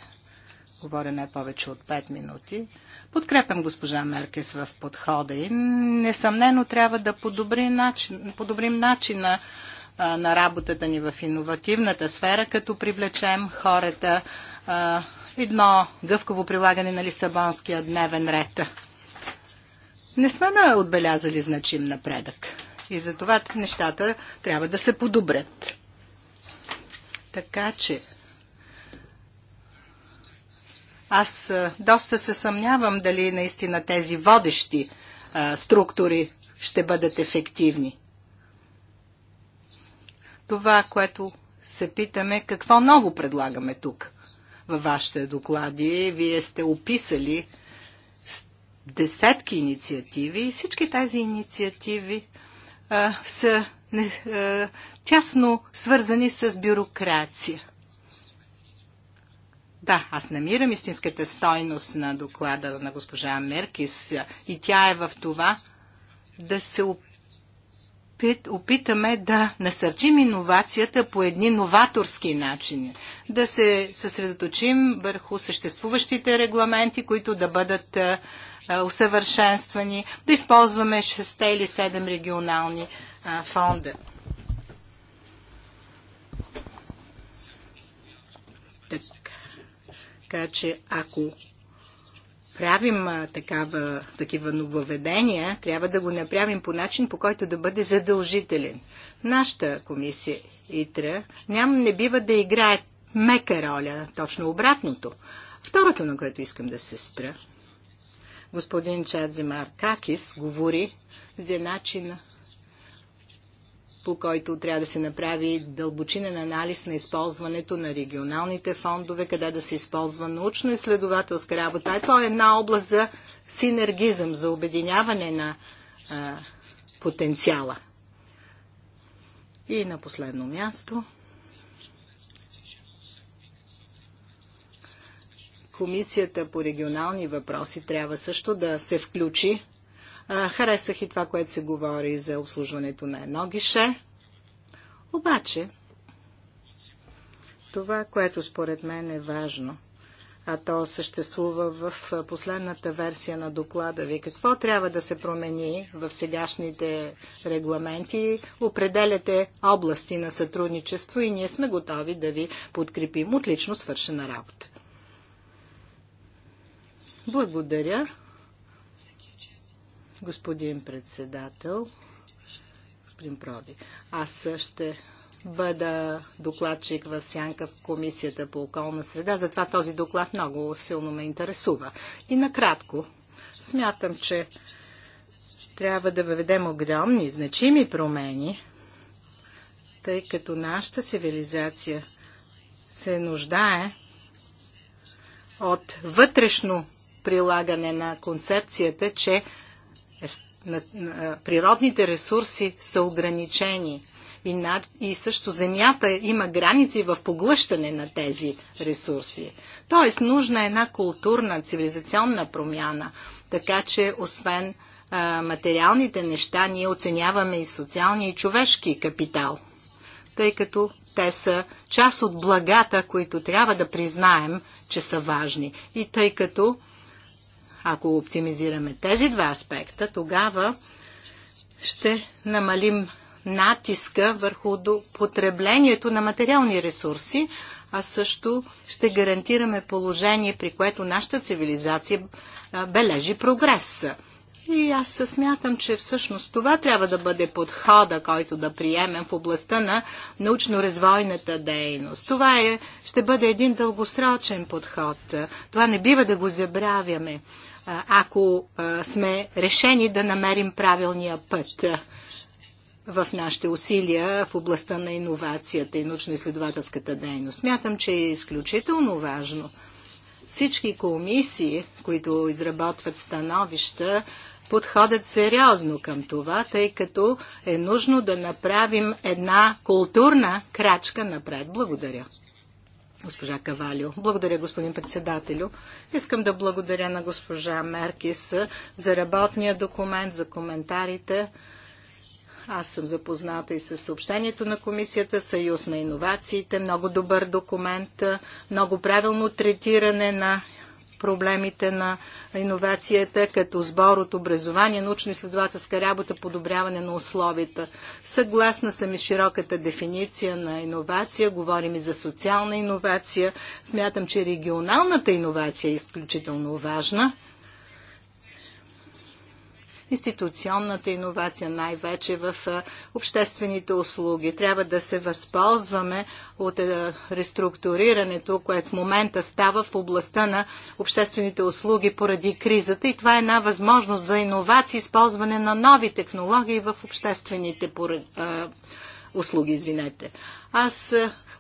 говоря не повече от 5 минути. Подкрепям госпожа Меркес в подхода и несъмнено трябва да подобри начин, подобрим начина а, на работата ни в иновативната сфера, като привлечем хората а, едно гъвкаво прилагане на Лисабонския дневен ред. Не сме отбелязали значим напредък. И затова нещата трябва да се подобрят. Така че аз доста се съмнявам дали наистина тези водещи а, структури ще бъдат ефективни. Това, което се питаме, какво ново предлагаме тук във вашите доклади. Вие сте описали десетки инициативи и всички тези инициативи а, са не, а, тясно свързани с бюрокрация. Да, аз намирам истинската стойност на доклада на госпожа Меркис и тя е в това да се опитва опит, опитаме да насърчим иновацията по едни новаторски начини. Да се съсредоточим върху съществуващите регламенти, които да бъдат усъвършенствани, да използваме 6 или 7 регионални а, фонда. Така, така че ако правим такава, такива нововведения, трябва да го направим по начин, по който да бъде задължителен. Нашата комисия ИТРА ням не бива да играе мека роля, точно обратното. Второто, на което искам да се спра, господин Чадзимар Какис говори за начина по който трябва да се направи дълбочинен анализ на използването на регионалните фондове, къде да се използва научно-изследователска работа. Ето е една област за синергизъм, за обединяване на а, потенциала. И на последно място. Комисията по регионални въпроси трябва също да се включи Харесах и това, което се говори за обслужването на едно гише. Обаче, това, което според мен е важно, а то съществува в последната версия на доклада ви. Какво трябва да се промени в сегашните регламенти? Определяте области на сътрудничество и ние сме готови да ви подкрепим отлично свършена работа. Благодаря господин председател, господин Проди. Аз ще бъда докладчик в Сянка в Комисията по околна среда, затова този доклад много силно ме интересува. И накратко, смятам, че трябва да въведем огромни, значими промени, тъй като нашата цивилизация се нуждае от вътрешно прилагане на концепцията, че природните ресурси са ограничени и, над, и също земята има граници в поглъщане на тези ресурси. Тоест, нужна е една културна, цивилизационна промяна, така че освен а, материалните неща, ние оценяваме и социалния и човешки капитал, тъй като те са част от благата, които трябва да признаем, че са важни. И тъй като ако оптимизираме тези два аспекта, тогава ще намалим натиска върху потреблението на материални ресурси, а също ще гарантираме положение, при което нашата цивилизация бележи прогрес. И аз се смятам, че всъщност това трябва да бъде подхода, който да приемем в областта на научно-развойната дейност. Това е, ще бъде един дългосрочен подход. Това не бива да го забравяме, ако сме решени да намерим правилния път в нашите усилия в областта на иновацията и научно-изследователската дейност. Мятам, че е изключително важно всички комисии, които изработват становища подходят сериозно към това, тъй като е нужно да направим една културна крачка напред. Благодаря. Госпожа Кавалио. Благодаря, господин председателю. Искам да благодаря на госпожа Меркис за работния документ, за коментарите. Аз съм запозната и с съобщението на комисията Съюз на иновациите. Много добър документ, много правилно третиране на проблемите на иновацията, като сбор от образование, научно-изследователска работа, подобряване на условията. Съгласна съм и с широката дефиниция на иновация, говорим и за социална иновация. Смятам, че регионалната иновация е изключително важна институционната иновация, най-вече в обществените услуги. Трябва да се възползваме от реструктурирането, което в момента става в областта на обществените услуги поради кризата и това е една възможност за иновации, използване на нови технологии в обществените услуги. Извинете. Аз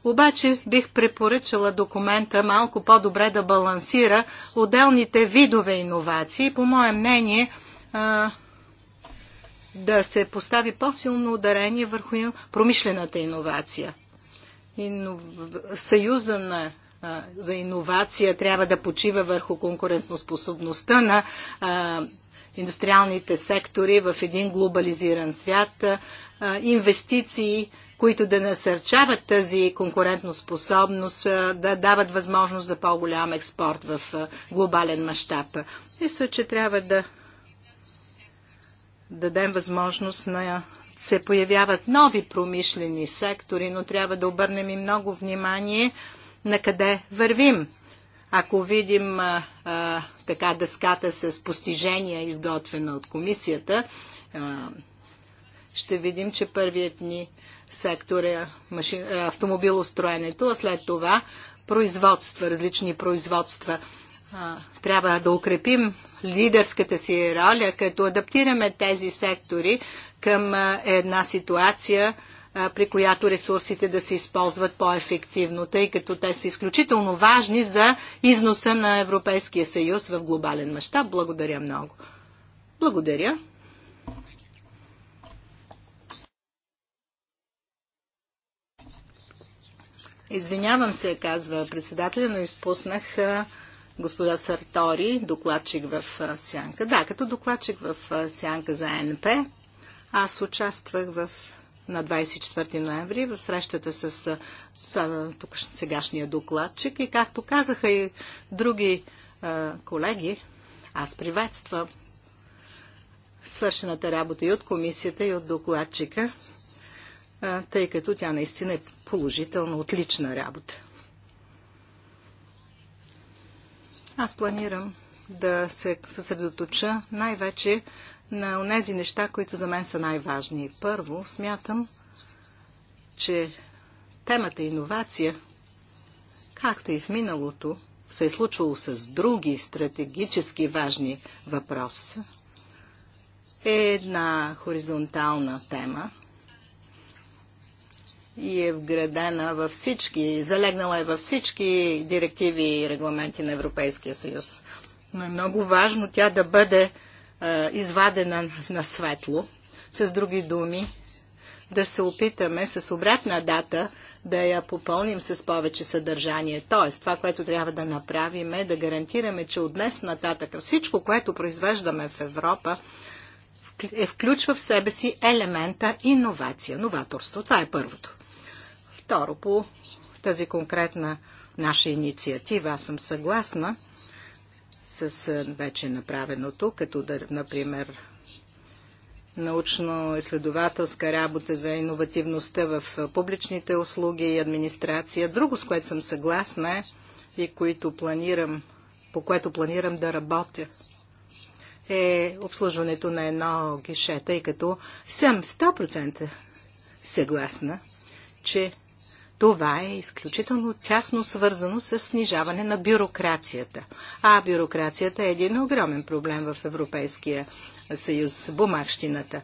обаче бих препоръчала документа малко по-добре да балансира отделните видове иновации. По мое мнение, а, да се постави по-силно ударение върху промишлената иновация. Инов... Съюза на за иновация трябва да почива върху конкурентоспособността на а, индустриалните сектори в един глобализиран свят, а, инвестиции, които да насърчават тази конкурентоспособност, да дават възможност за по-голям експорт в глобален мащаб. Мисля, че трябва да дадем възможност на се появяват нови промишлени сектори, но трябва да обърнем и много внимание на къде вървим. Ако видим а, а, така дъската с постижения, изготвена от комисията, а, ще видим, че първият ни сектор е машин, е, автомобилостроенето, а след това производства, различни производства трябва да укрепим лидерската си роля, като адаптираме тези сектори към една ситуация, при която ресурсите да се използват по-ефективно, тъй като те са изключително важни за износа на Европейския съюз в глобален мащаб. Благодаря много. Благодаря. Извинявам се, казва председателя, но изпуснах господа Сартори, докладчик в Сянка. Да, като докладчик в Сянка за НП, аз участвах в на 24 ноември в срещата с тук, сегашния докладчик и както казаха и други а, колеги, аз приветствам свършената работа и от комисията, и от докладчика, а, тъй като тя наистина е положително отлична работа. Аз планирам да се съсредоточа най-вече на тези неща, които за мен са най-важни. Първо, смятам, че темата иновация, както и в миналото, се е случвало с други стратегически важни въпроси, е една хоризонтална тема, и е вградена във всички, залегнала е във всички директиви и регламенти на Европейския съюз. Но е много важно тя да бъде е, извадена на светло. С други думи, да се опитаме с обратна дата да я попълним с повече съдържание. Тоест, това, което трябва да направим е да гарантираме, че от днес нататък всичко, което произвеждаме в Европа, е включва в себе си елемента иновация, новаторство. Това е първото. Второ, по тази конкретна наша инициатива, аз съм съгласна с е, вече направеното, като, да, например, научно-изследователска работа за иновативността в е, публичните услуги и администрация. Друго, с което съм съгласна е и които планирам, по което планирам да работя е обслужването на едно гише, тъй като съм 100% съгласна, че това е изключително тясно свързано с снижаване на бюрокрацията. А бюрокрацията е един огромен проблем в Европейския съюз, бумагщината,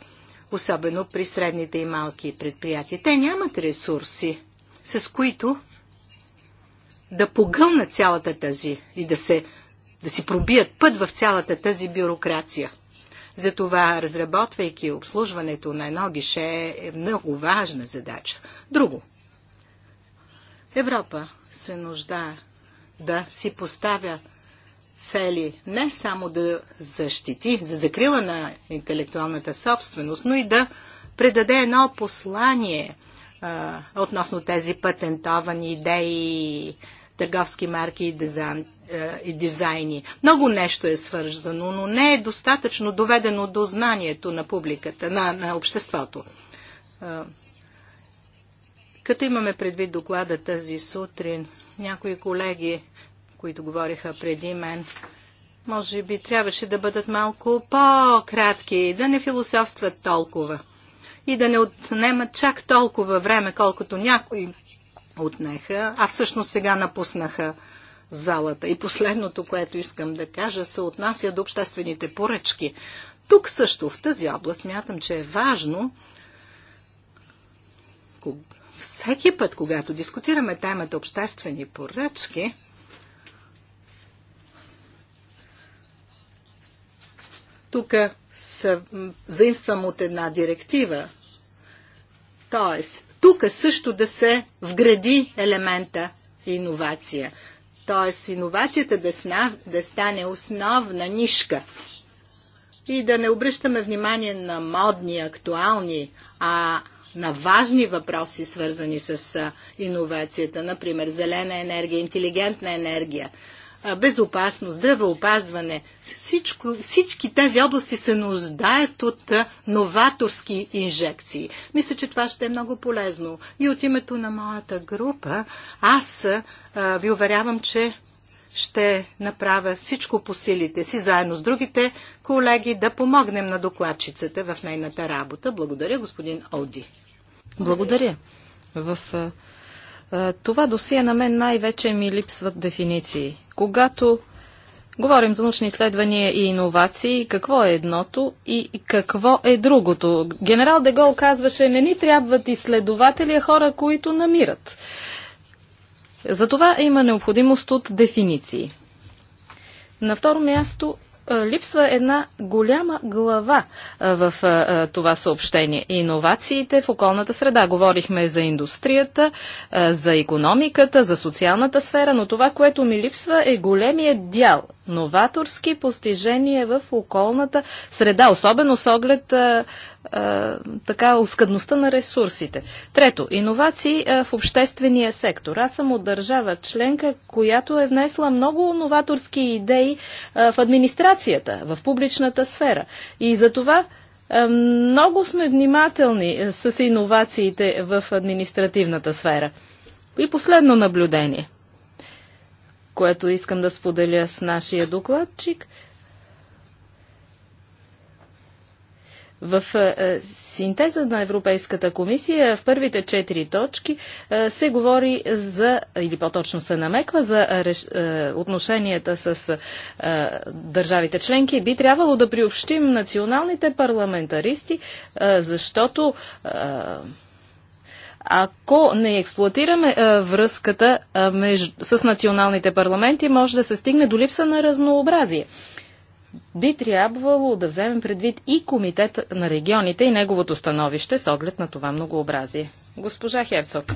особено при средните и малки предприятия. Те нямат ресурси, с които да погълнат цялата тази и да се да си пробият път в цялата тази бюрокрация. Затова, разработвайки обслужването на едно гише, е много важна задача. Друго. Европа се нужда да си поставя цели не само да защити, за закрила на интелектуалната собственост, но и да предаде едно послание а, относно тези патентовани идеи, търговски марки и дизайн, е, и дизайни. Много нещо е свързано, но не е достатъчно доведено до знанието на публиката, на, на обществото. Е, като имаме предвид доклада тази сутрин, някои колеги, които говориха преди мен, може би трябваше да бъдат малко по-кратки, да не философстват толкова и да не отнемат чак толкова време, колкото някои отнеха, а всъщност сега напуснаха залата. И последното, което искам да кажа, се отнася до обществените поръчки. Тук също, в тази област, мятам, че е важно всеки път, когато дискутираме темата обществени поръчки, тук заимствам от една директива. Тоест, тук също да се вгради елемента иновация. Т.е. иновацията да, сна, да стане основна нишка и да не обръщаме внимание на модни, актуални, а на важни въпроси, свързани с иновацията, например зелена енергия, интелигентна енергия, безопасност, здравеопазване. Всичко, всички тези области се нуждаят от новаторски инжекции. Мисля, че това ще е много полезно. И от името на моята група аз ви уверявам, че ще направя всичко по силите си, заедно с другите колеги, да помогнем на докладчицата в нейната работа. Благодаря, господин Оди. Благодаря. В това досие на мен най-вече ми липсват дефиниции. Когато говорим за научни изследвания и иновации, какво е едното и какво е другото? Генерал Дегол казваше, не ни трябват изследователи, а хора, които намират. Затова има необходимост от дефиниции. На второ място е, липсва една голяма глава е, в е, това съобщение. Иновациите в околната среда. Говорихме за индустрията, за економиката, за социалната сфера, но това, което ми липсва е големия дял новаторски постижения в околната среда, особено с оглед а, а, така оскъдността на ресурсите. Трето, иновации в обществения сектор. Аз съм от държава членка, която е внесла много новаторски идеи а, в администрацията, в публичната сфера. И за това много сме внимателни с иновациите в административната сфера. И последно наблюдение което искам да споделя с нашия докладчик. В е, е, синтеза на Европейската комисия в първите четири точки е, се говори за, или по-точно се намеква за отношенията с държавите членки. Би трябвало да приобщим националните парламентаристи, защото ако не експлуатираме а, връзката а, меж, с националните парламенти, може да се стигне до липса на разнообразие. Би трябвало да вземем предвид и Комитет на регионите и неговото становище с оглед на това многообразие. Госпожа Херцог.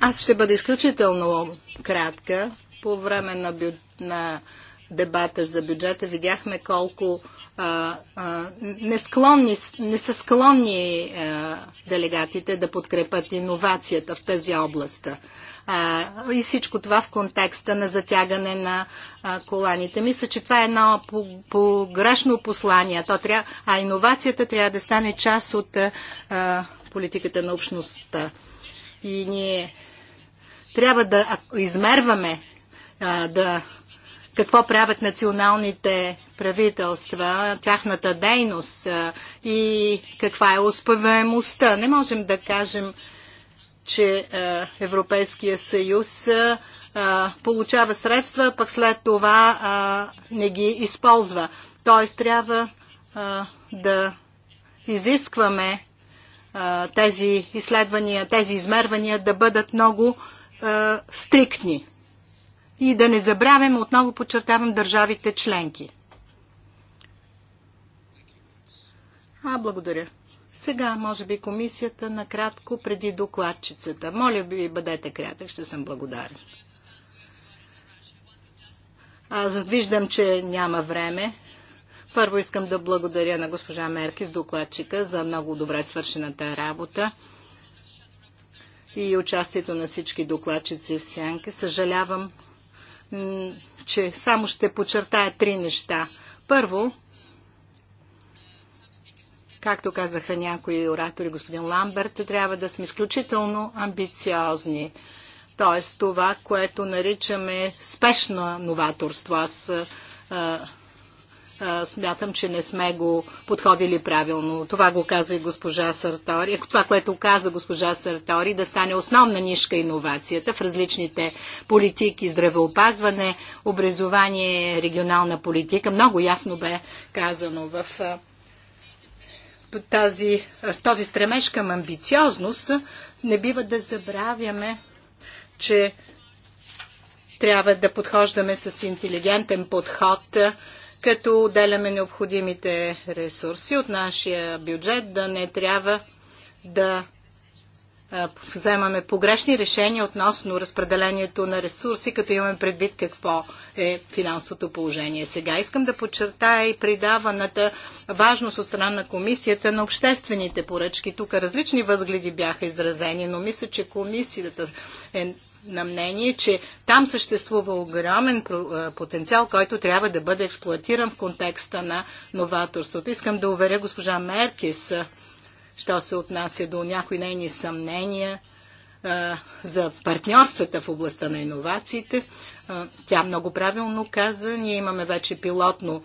Аз ще бъда изключително кратка. По време на, бю... на дебата за бюджета видяхме колко не, склонни, не са склонни е, делегатите да подкрепят иновацията в тази област. и всичко това в контекста на затягане на коланите. Мисля, че това е едно погрешно послание. То а иновацията трябва да стане част от политиката на общността. И ние трябва да измерваме, да какво правят националните правителства, тяхната дейност и каква е успеваемостта. Не можем да кажем, че Европейския съюз получава средства, пък след това не ги използва. Тоест трябва да изискваме тези изследвания, тези измервания да бъдат много стриктни. И да не забравяме, отново подчертавам, държавите членки. А, благодаря. Сега, може би, комисията накратко преди докладчицата. Моля ви, бъдете кратък, ще съм благодарен. Аз виждам, че няма време. Първо искам да благодаря на госпожа Меркис, докладчика, за много добре свършената работа и участието на всички докладчици в Сянке. Съжалявам, че само ще подчертая три неща. Първо, както казаха някои оратори, господин Ламберт, трябва да сме изключително амбициозни. Тоест това, което наричаме спешно новаторство. Аз а, смятам, че не сме го подходили правилно. Това го каза и госпожа Сартори. Това, което каза госпожа Сартори, да стане основна нишка иновацията в различните политики, здравеопазване, образование, регионална политика. Много ясно бе казано в тази, с този стремеж към амбициозност, не бива да забравяме, че трябва да подхождаме с интелигентен подход като отделяме необходимите ресурси от нашия бюджет, да не трябва да вземаме погрешни решения относно разпределението на ресурси, като имаме предвид какво е финансовото положение. Сега искам да подчертая и придаваната важност от страна на комисията на обществените поръчки. Тук различни възгледи бяха изразени, но мисля, че комисията е на мнение, че там съществува огромен потенциал, който трябва да бъде експлуатиран в контекста на новаторството. Искам да уверя госпожа Меркис, що се отнася до някои нейни съмнения за партньорствата в областта на иновациите. тя много правилно каза, ние имаме вече пилотно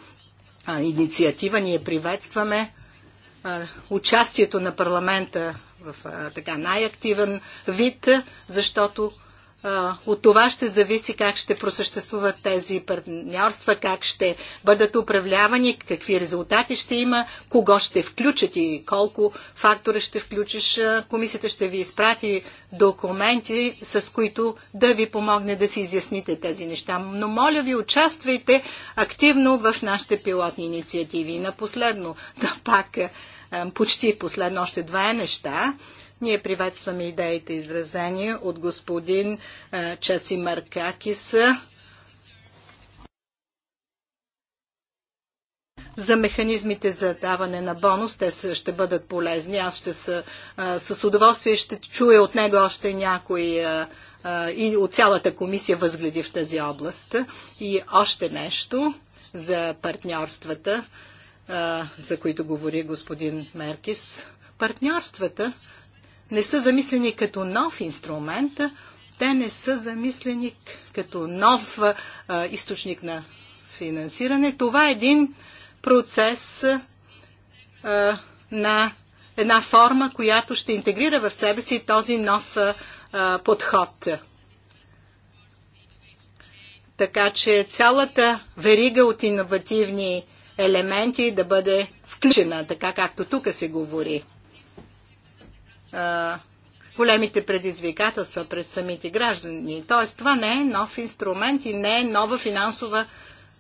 инициатива, ние приветстваме участието на парламента в така най-активен вид, защото от това ще зависи как ще просъществуват тези партньорства, как ще бъдат управлявани, какви резултати ще има, кого ще включат и колко фактора ще включиш. Комисията ще ви изпрати документи, с които да ви помогне да си изясните тези неща. Но моля ви, участвайте активно в нашите пилотни инициативи. И на последно, да пак почти последно, още две неща – ние приветстваме идеите изразения от господин е, Чаци Маркакис за механизмите за даване на бонус. Те ще бъдат полезни. Аз ще са, е, с удоволствие ще чуя от него още някои е, и от цялата комисия възгледи в тази област. И още нещо за партньорствата, за които говори господин Меркис. Партньорствата не са замислени като нов инструмент, те не са замислени като нов а, източник на финансиране. Това е един процес а, на една форма, която ще интегрира в себе си този нов а, подход. Така че цялата верига от иновативни елементи да бъде включена, така както тук се говори големите предизвикателства пред самите граждани. Т.е. това не е нов инструмент и не е нова финансова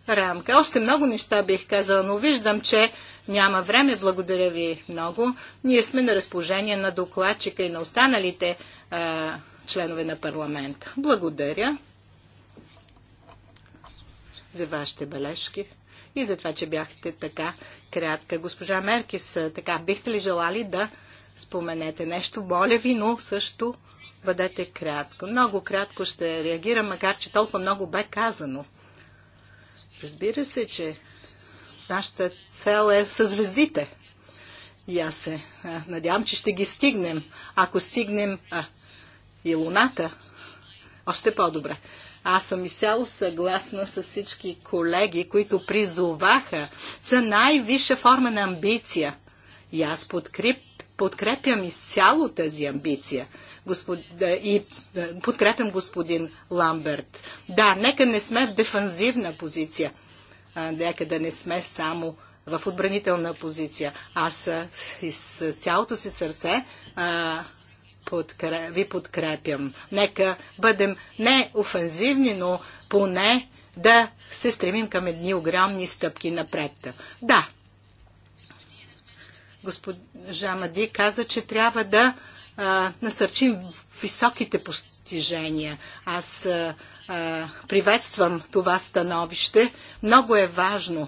рамка. Още много неща бих казала, но виждам, че няма време. Благодаря ви много. Ние сме на разположение на докладчика и на останалите а, членове на парламента. Благодаря за вашите бележки и за това, че бяхте така кратка. Госпожа Меркис, така бихте ли желали да споменете нещо, моля ви, но също бъдете кратко. Много кратко ще реагирам, макар че толкова много бе казано. Разбира се, че нашата цел е със звездите. И аз се а, надявам, че ще ги стигнем. Ако стигнем а, и Луната, още по-добре. Аз съм изцяло съгласна с всички колеги, които призоваха за най-висша форма на амбиция. И аз подкреп, подкрепям изцяло тази амбиция господ... и подкрепям господин Ламберт. Да, нека не сме в дефанзивна позиция, нека да не сме само в отбранителна позиция. Аз с, с цялото си сърце а, ви подкрепям. Нека бъдем не офензивни, но поне да се стремим към едни огромни стъпки напред. Да, Госпожа Мади каза, че трябва да а, насърчим високите постижения. Аз а, а, приветствам това становище. Много е важно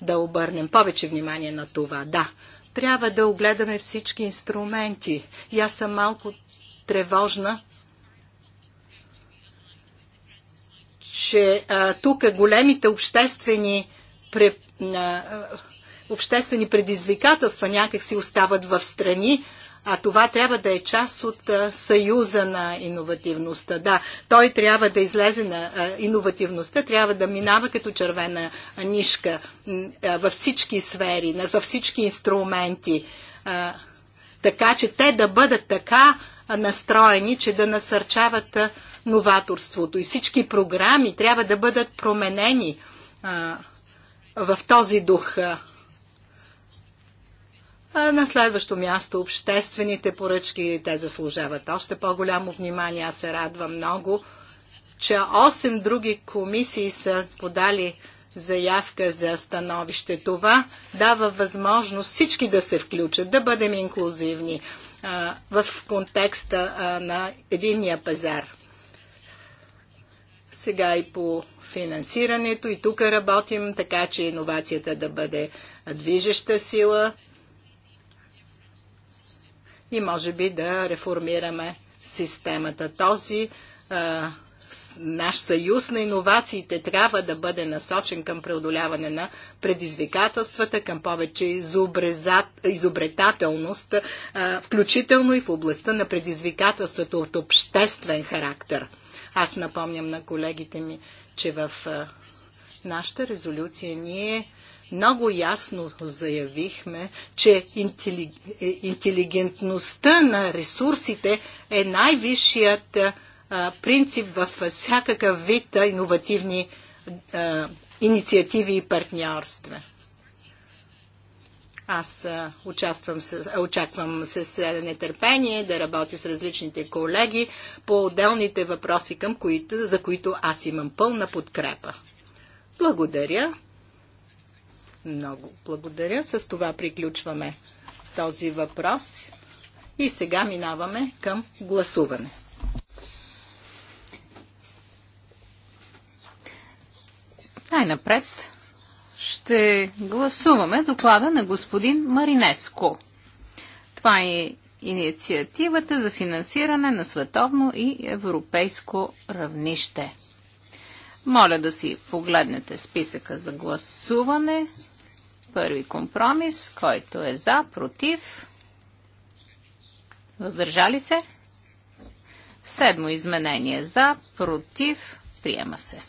да обърнем повече внимание на това. Да, трябва да огледаме всички инструменти. И аз съм малко тревожна, че а, тук големите обществени обществени предизвикателства някак си остават в страни, а това трябва да е част от съюза на иновативността. Да, той трябва да излезе на иновативността, трябва да минава като червена нишка във всички сфери, във всички инструменти, така че те да бъдат така настроени, че да насърчават новаторството. И всички програми трябва да бъдат променени в този дух на следващо място обществените поръчки, те заслужават още по-голямо внимание. Аз се радвам много, че 8 други комисии са подали заявка за становище. Това дава възможност всички да се включат, да бъдем инклюзивни а, в контекста а, на единния пазар. Сега и по финансирането, и тук работим, така че иновацията да бъде движеща сила и може би да реформираме системата. Този а, наш съюз на иновациите трябва да бъде насочен към преодоляване на предизвикателствата, към повече изобретателност, а, включително и в областта на предизвикателствата от обществен характер. Аз напомням на колегите ми, че в а, нашата резолюция ние много ясно заявихме, че интелиг... Е, интелигентността на ресурсите е най-висшият е, принцип в всякакъв вид иновативни а, е, инициативи и партньорства. Аз а, участвам с, очаквам с нетърпение да работя с различните колеги по отделните въпроси, към които, за които аз имам пълна подкрепа. Благодаря. Много благодаря. С това приключваме този въпрос и сега минаваме към гласуване. Най-напред ще гласуваме доклада на господин Маринеско. Това е инициативата за финансиране на световно и европейско равнище. Моля да си погледнете списъка за гласуване. Първи компромис, който е за, против, въздържали се. Седмо изменение за, против, приема се.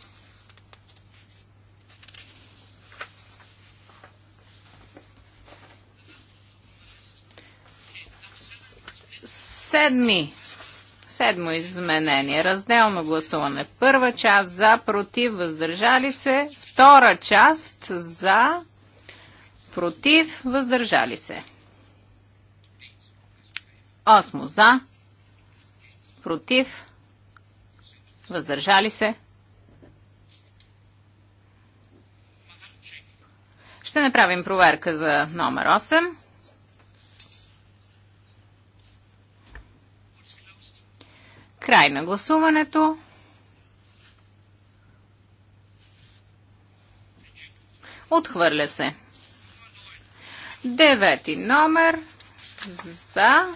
Седми. Седмо изменение. Разделно гласуване. Първа част за, против, въздържали се. Втора част за, против, въздържали се. Осмо за, против, въздържали се. Ще направим проверка за номер 8. Край на гласуването. Отхвърля се. Девети номер за,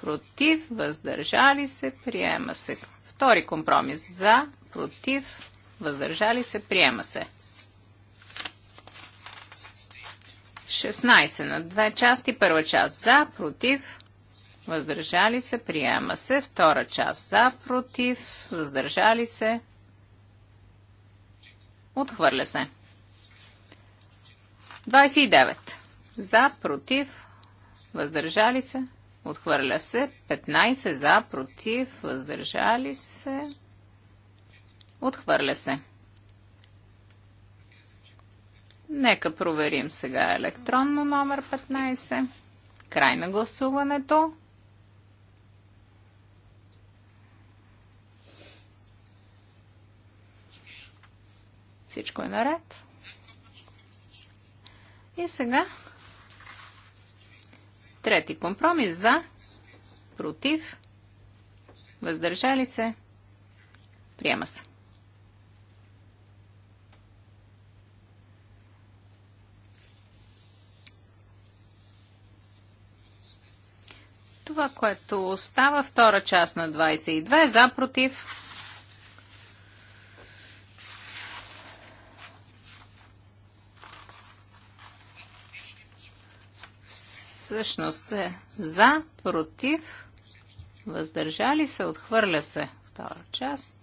против, въздържали се, приема се. Втори компромис за, против, въздържали се, приема се. 16 на две части. Първа част за, против, въздържали се, приема се. Втора част за, против, въздържали се, отхвърля се. 29 за, против, въздържали се, отхвърля се. 15 за, против, въздържали се, отхвърля се. Нека проверим сега електронно номер 15. Край на гласуването. Всичко е наред. И сега Трети компромис за, против, въздържали се, приема се. Това, което остава втора част на 22, за, против, всъщност е за, против, въздържали се, отхвърля се. Втора част.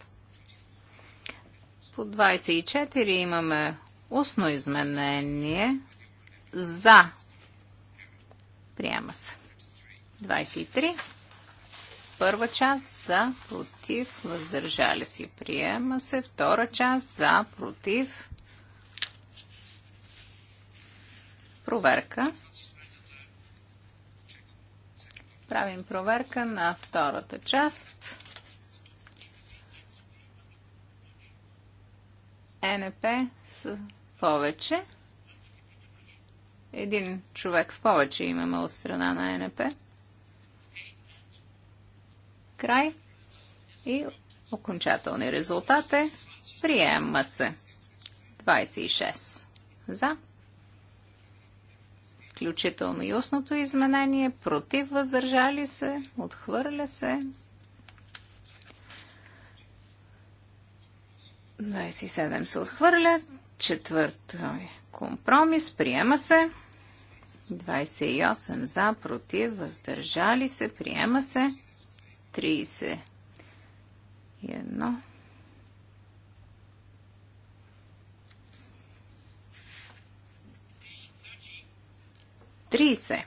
По 24 имаме устно изменение за. Приема се. 23. Първа част за, против, въздържали се. Приема се. Втора част за, против. Проверка. Правим проверка на втората част. Е НП с повече. Един човек в повече имаме от страна на е НП. Край. И окончателни резултати. Приема се. 26. За включително и устното изменение, против въздържали се, отхвърля се. 27 се отхвърля, четвърта е компромис, приема се. 28 за, против, въздържали се, приема се. 30 и едно. 30.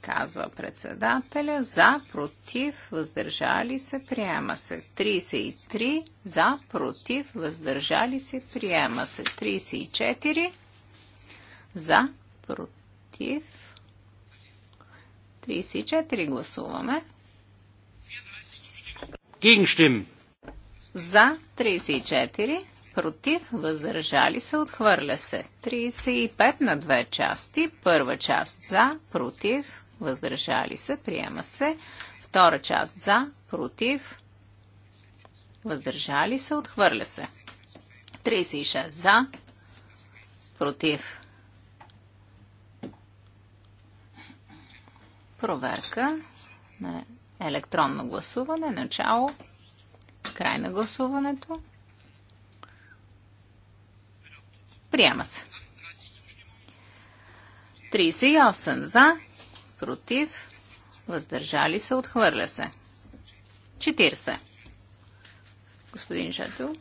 Казва председателя. За, против, въздържали се, приема се. 33. За, против, въздържали се, приема се. 34. За, против. 34 гласуваме. Gegenstimmen. За 34 против, въздържали се, отхвърля се. 35 на две части. Първа част за, против, въздържали се, приема се. Втора част за, против, въздържали се, отхвърля се. 36 за, против. Проверка на електронно гласуване, начало, край на гласуването. Приема се. 38 за, против, въздържали се, отхвърля се. 40. Господин Жател.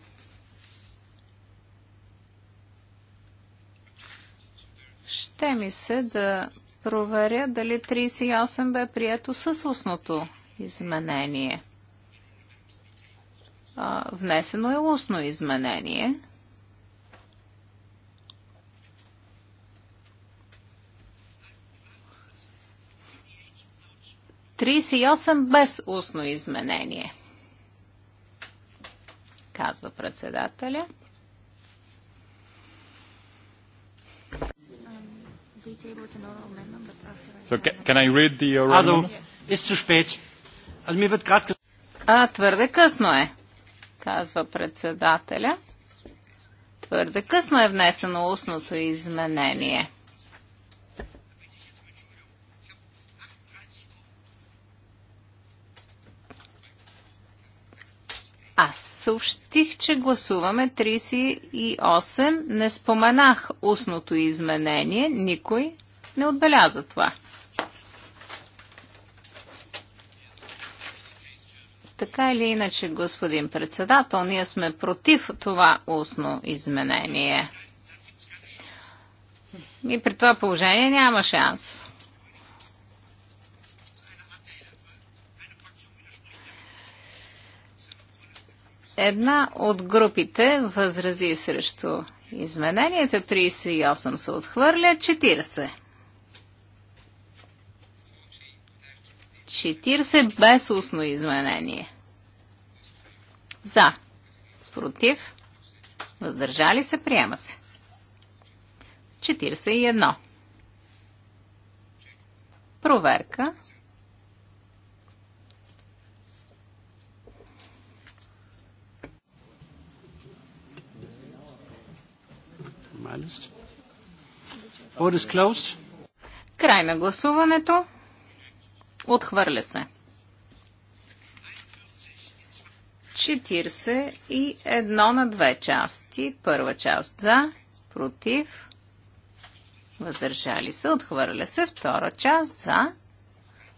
Ще ми се да проверя дали 38 бе прието с устното изменение. внесено е устно изменение. 38 без устно изменение. Казва председателя. So, can I read the oral amendment? А, твърде късно е, казва председателя. Твърде късно е внесено устното изменение. Аз съобщих, че гласуваме 38. Не споменах устното изменение. Никой не отбеляза това. Така или иначе, господин председател, ние сме против това устно изменение. И при това положение няма шанс. Една от групите възрази срещу измененията. 38 се отхвърля, 40. 40 без устно изменение. За. Против. Въздържали се, приема се. 41. Проверка. Vote is closed. Край на гласуването. Отхвърля се. 40 на две части. Първа част за, против, въздържали се, отхвърля се. Втора част за,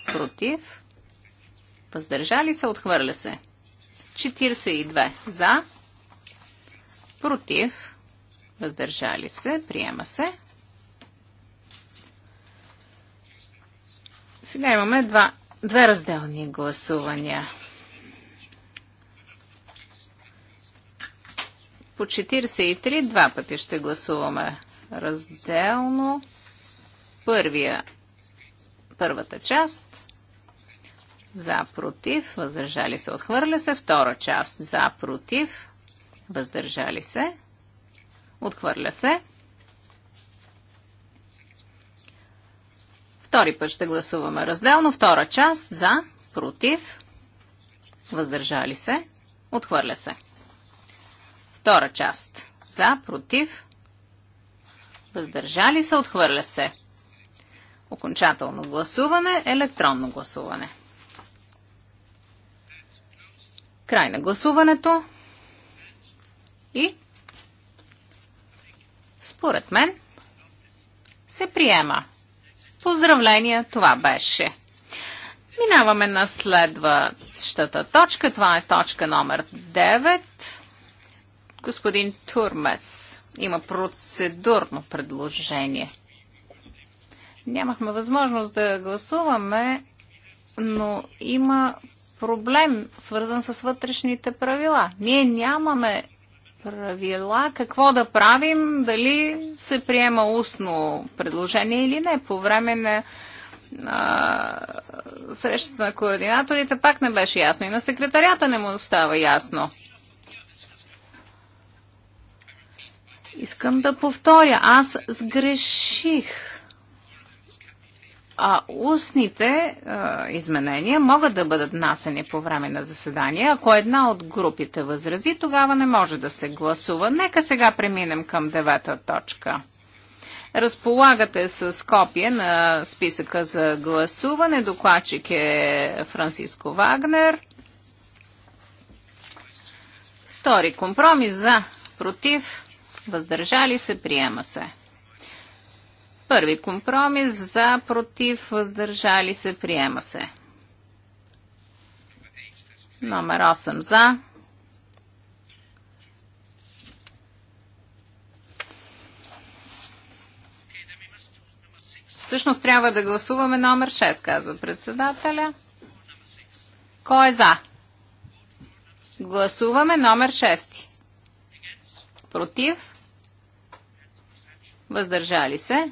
против, въздържали се, отхвърля се. 42 за, против, въздържали се, приема се. Сега имаме два, две разделни гласувания. По 43 два пъти ще гласуваме разделно. Първия, първата част за против, въздържали се, отхвърля се. Втора част за против, въздържали се, Отхвърля се. Втори път ще гласуваме разделно. Втора част за, против, въздържали се, отхвърля се. Втора част за, против, въздържали се, отхвърля се. Окончателно гласуване, електронно гласуване. Край на гласуването и според мен, се приема. Поздравления, това беше. Минаваме на следващата точка. Това е точка номер 9. Господин Турмес има процедурно предложение. Нямахме възможност да гласуваме, но има проблем, свързан с вътрешните правила. Ние нямаме правила, какво да правим, дали се приема устно предложение или не. По време на а, срещата на координаторите пак не беше ясно и на секретарята не му става ясно. Искам да повторя, аз сгреших а устните а, изменения могат да бъдат насени по време на заседание. Ако една от групите възрази, тогава не може да се гласува. Нека сега преминем към девета точка. Разполагате с копие на списъка за гласуване. Докладчик е Франциско Вагнер. Втори компромис за, против, въздържали се, приема се. Първи компромис за, против, въздържали се, приема се. Номер 8 за. Всъщност трябва да гласуваме номер 6, казва председателя. Кой е за? Гласуваме номер 6. Против? Въздържали се?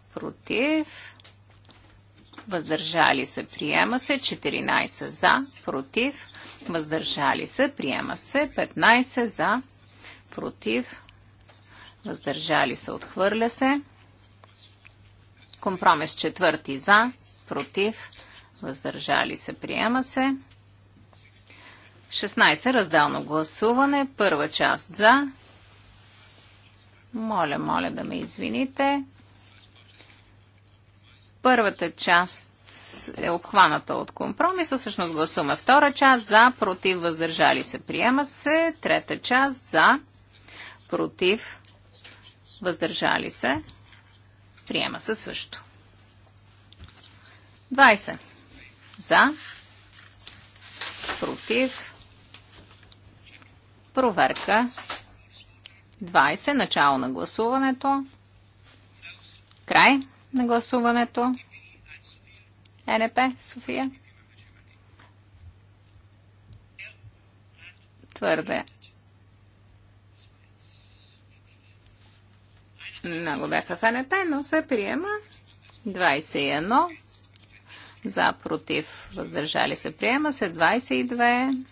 против, въздържали се, приема се, 14 за, против, въздържали се, приема се, 15 за, против, въздържали се, отхвърля се. Компромис четвърти за, против, въздържали се, приема се. 16. Разделно гласуване. Първа част за. Моля, моля да ме извините. Първата част е обхваната от компромиса, всъщност гласуваме втора част за, против, въздържали се, приема се, трета част за, против, въздържали се, приема се също. 20. За, против, проверка, 20, начало на гласуването, край на гласуването. Е НП, София. Твърде. Много бяха в е НП, но се приема. 21. За, против, въздържали се, приема се. 22.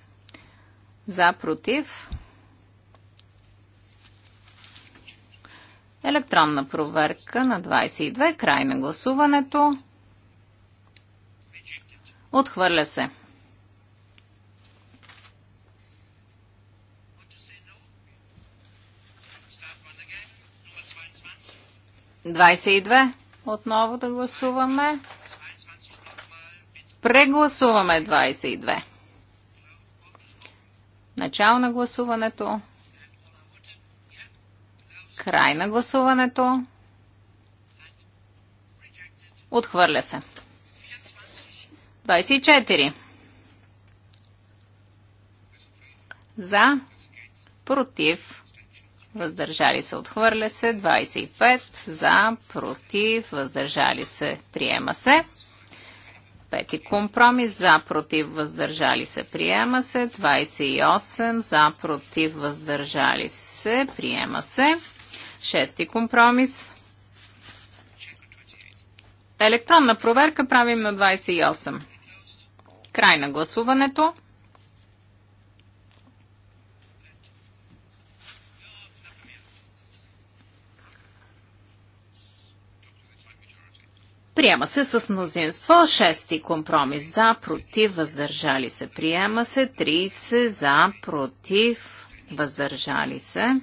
За, против, Електронна проверка на 22. Край на гласуването. Отхвърля се. Двадесет и две. Отново да гласуваме. Прегласуваме 22. Начало на гласуването. Край на гласуването. Отхвърля се. 24. За. Против. Въздържали се. Отхвърля се. 25. За. Против. Въздържали се. Приема се. Пети компромис. За. Против. Въздържали се. Приема се. 28. За. Против. Въздържали се. Приема се. Шести компромис. Електронна проверка правим на 28. Край на гласуването. Приема се с мнозинство. Шести компромис за, против, въздържали се. Приема се 30 за, против, въздържали се.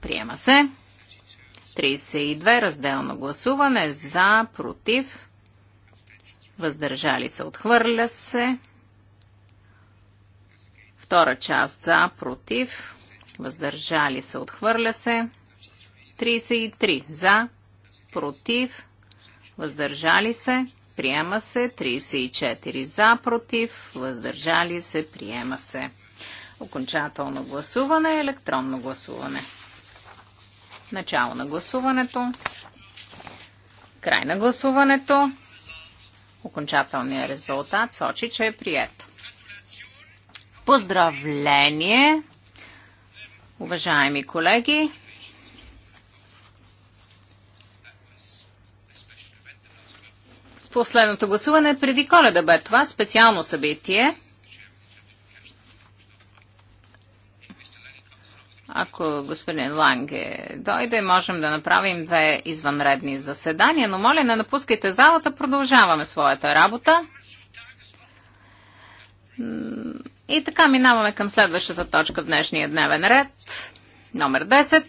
Приема се. 32 разделно гласуване за, против, въздържали се, отхвърля се. Втора част за, против, въздържали се, отхвърля се. 33 за, против, въздържали се, приема се. 34 за, против, въздържали се, приема се. Окончателно гласуване, електронно гласуване. Начало на гласуването. Край на гласуването. Окончателният резултат сочи, че е прият. Поздравление, уважаеми колеги! Последното гласуване е преди коледа бе това специално събитие – Ако господин Ланге дойде, можем да направим две извънредни заседания, но моля не напускайте залата, продължаваме своята работа. И така минаваме към следващата точка в днешния дневен ред, номер 10.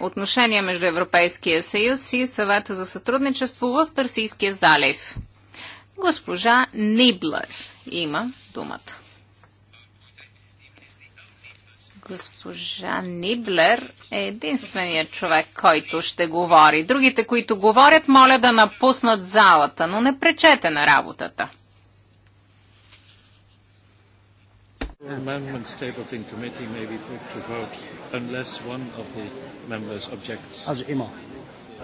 Отношения между Европейския съюз и съвета за сътрудничество в Персийския залив. Госпожа Ниблер има думата. Госпожа Ниблер е единственият човек, който ще говори. Другите, които говорят, моля да напуснат залата, но не пречете на работата. Amendments tabled in committee may be put to vote unless one of the members objects. Also immer.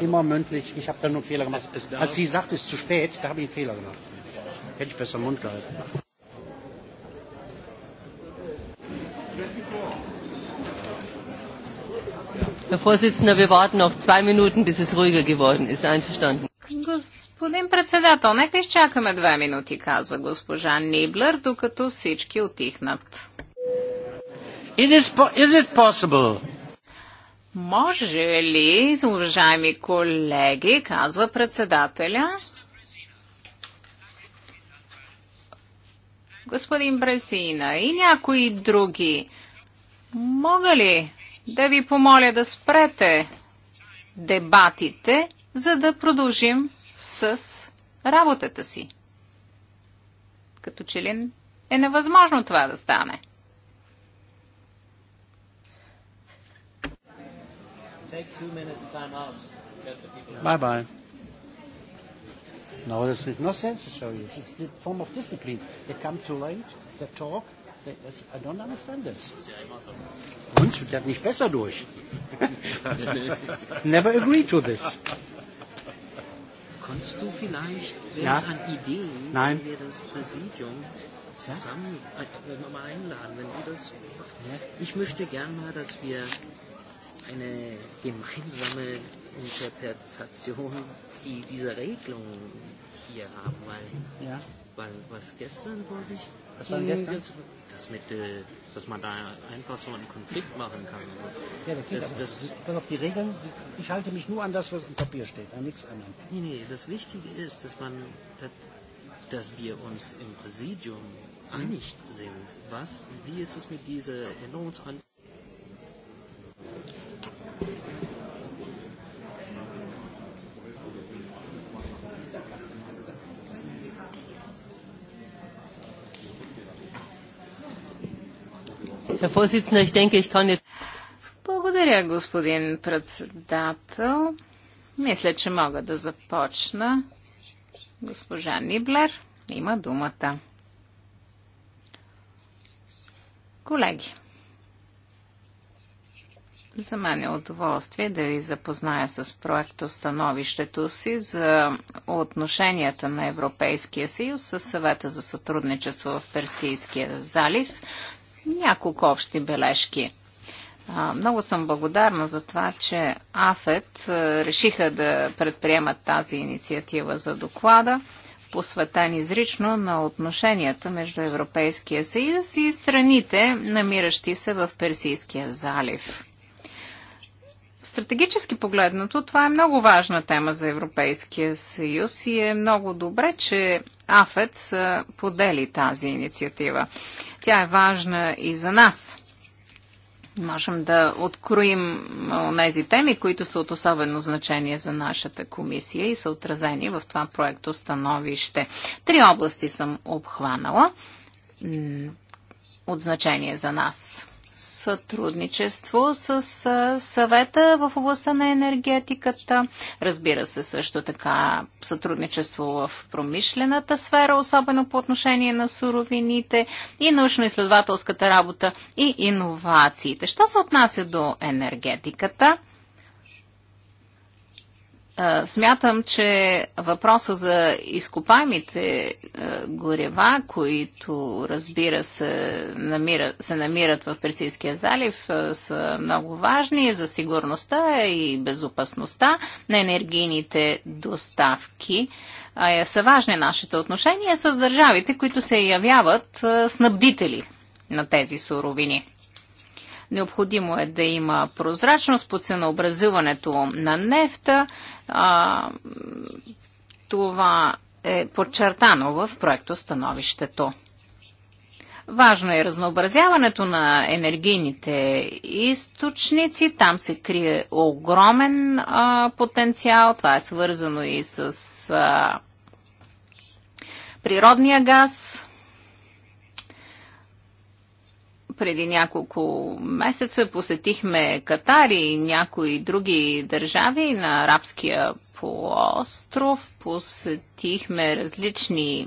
Immer mündlich. Ich habe da nur einen Fehler gemacht. Als sie sagt, es ist zu spät, da habe ich einen Fehler gemacht. Hätte ich besser im Mund gehalten. Vorsitzender, wir warten noch zwei Minuten, bis es ruhiger geworden ist. Einverstanden. Господин председател, нека изчакаме две минути, казва госпожа Ниблер, докато всички отихнат. It is, is it possible? Може ли, уважаеми колеги, казва председателя, господин Бресина и някои други, мога ли да ви помоля да спрете дебатите, за да продължим с работата си. Като че ли е невъзможно това да стане. Bye bye. No, that's not sense to show you. It's the form of discipline. They come too late, they talk, I don't understand this. Und? Der hat nicht besser durch. Never agree to this. Konntest du vielleicht, wäre ja? es an Ideen, Nein. wenn wir das Präsidium zusammen ja? äh, mal einladen, wenn du das machst? Ja? Ich möchte gern mal, dass wir eine gemeinsame Interpretation die, dieser Regelung hier haben, weil, ja? weil was gestern vor sich das ging, gestern? das mit, äh, dass man da einfach so einen Konflikt machen kann. Ja, das geht das, aber. Das auf die Regeln. Ich halte mich nur an das, was im Papier steht, an nichts anderem. Nee, nee, das Wichtige ist, dass man, dass, dass wir uns im Präsidium einig sind. Was, wie ist es mit dieser Änderungsantrag? Благодаря, господин председател. Мисля, че мога да започна. Госпожа Ниблер има думата. Колеги, за мен е удоволствие да ви запозная с проекто становището си за отношенията на Европейския съюз с съвета за сътрудничество в Персийския залив. Няколко общи бележки. Много съм благодарна за това, че АФЕТ решиха да предприемат тази инициатива за доклада, посветен изрично на отношенията между Европейския съюз и страните, намиращи се в Персийския залив. Стратегически погледнато, това е много важна тема за Европейския съюз и е много добре, че АФЕЦ подели тази инициатива. Тя е важна и за нас. Можем да откроим тези теми, които са от особено значение за нашата комисия и са отразени в това проекто становище. Три области съм обхванала от значение за нас сътрудничество с съвета в областта на енергетиката. Разбира се също така сътрудничество в промишлената сфера, особено по отношение на суровините и научно-изследователската работа и иновациите. Що се отнася до енергетиката? Смятам, че въпроса за изкопаемите горева, които разбира се намират, се намират в Персийския залив, са много важни за сигурността и безопасността на енергийните доставки. Е, са важни нашите отношения с държавите, които се явяват снабдители на тези суровини. Необходимо е да има прозрачност по ценообразуването на нефта. А, това е подчертано в проекто становището. Важно е разнообразяването на енергийните източници. Там се крие огромен а, потенциал. Това е свързано и с а, природния газ. Преди няколко месеца посетихме Катар и някои други държави на арабския полуостров. Посетихме различни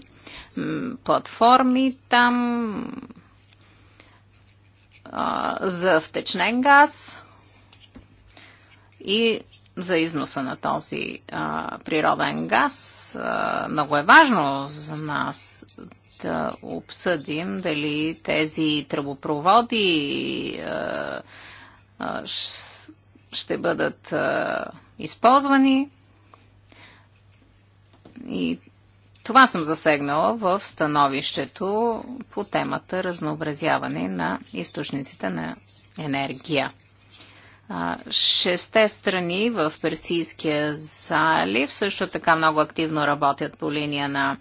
платформи там а, за втечнен газ и за износа на този а, природен газ. А, много е важно за нас да обсъдим дали тези тръбопроводи е, е, ще бъдат е, използвани. И това съм засегнала в становището по темата разнообразяване на източниците на енергия. Шесте страни в Персийския залив също така много активно работят по линия на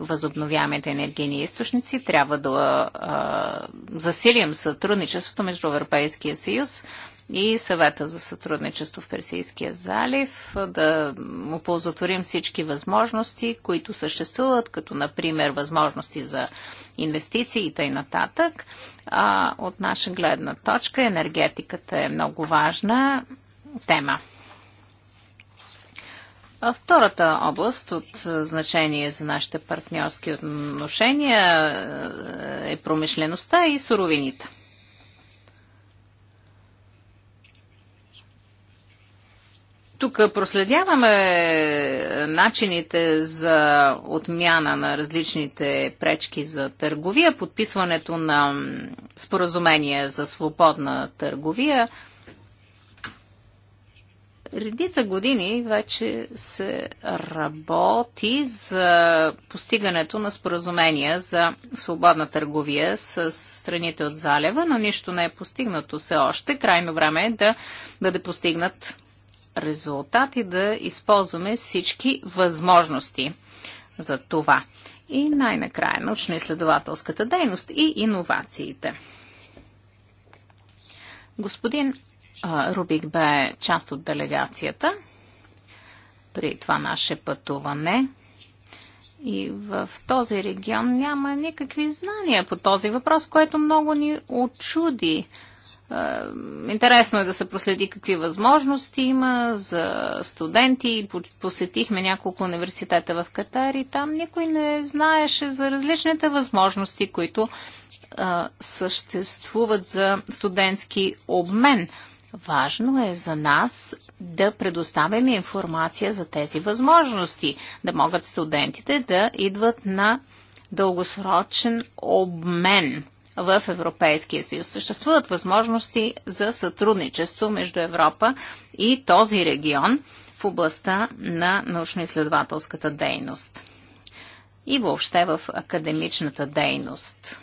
възобновяемите енергийни източници. Трябва да а, засилим сътрудничеството между Европейския съюз и съвета за сътрудничество в Персийския залив, да оползотворим всички възможности, които съществуват, като например възможности за инвестиции и т.н. нататък. А, от наша гледна точка енергетиката е много важна тема. втората област от значение за нашите партньорски отношения е промишлеността и суровините. Тук проследяваме начините за отмяна на различните пречки за търговия, подписването на споразумение за свободна търговия. Редица години вече се работи за постигането на споразумения за свободна търговия с страните от залева, но нищо не е постигнато все още. Крайно време е да бъде постигнат резултат и да използваме всички възможности за това. И най-накрая научно-изследователската дейност и иновациите. Господин Рубик бе част от делегацията при това наше пътуване. И в този регион няма никакви знания по този въпрос, което много ни очуди. Е, интересно е да се проследи какви възможности има за студенти. Посетихме няколко университета в Катар и там никой не знаеше за различните възможности, които е, съществуват за студентски обмен. Важно е за нас да предоставяме информация за тези възможности, да могат студентите да идват на дългосрочен обмен в Европейския съюз. Съществуват възможности за сътрудничество между Европа и този регион в областта на научно-изследователската дейност и въобще в академичната дейност.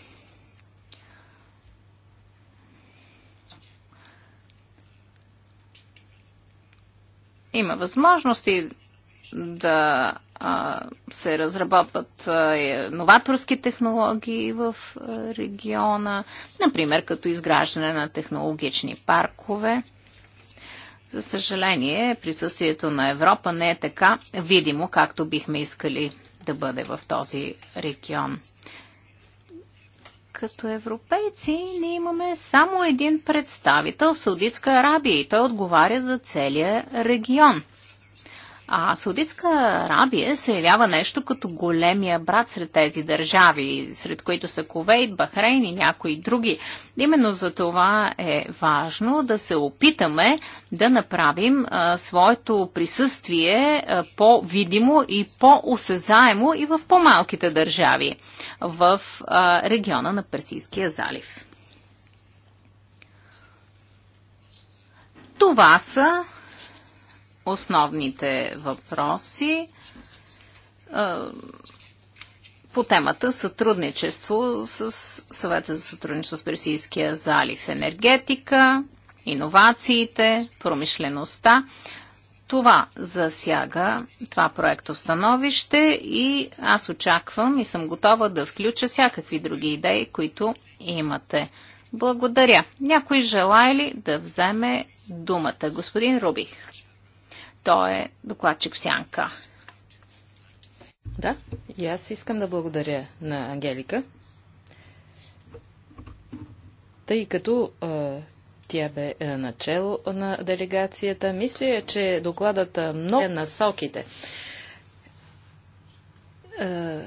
Има възможности да се разработват е, новаторски технологии в региона, например като изграждане на технологични паркове. За съжаление, присъствието на Европа не е така видимо, както бихме искали да бъде в този регион. Като европейци ние имаме само един представител в Саудитска Арабия и той отговаря за целия регион – а Саудитска Арабия се явява нещо като големия брат сред тези държави, сред които са Ковейт, Бахрейн и някои други. Именно за това е важно да се опитаме да направим а, своето присъствие по-видимо и по-осезаемо и в по-малките държави в а, региона на Персийския залив. Това са основните въпроси е, по темата сътрудничество с съвета за сътрудничество в Персийския залив, енергетика, иновациите, промишлеността. Това засяга това проект становище и аз очаквам и съм готова да включа всякакви други идеи, които имате. Благодаря. Някой желая ли да вземе думата? Господин Рубих. Той е докладчик в Сянка. Да, и аз искам да благодаря на Ангелика, тъй като а, тя бе начало на делегацията. Мисля, че докладът много е насоките е,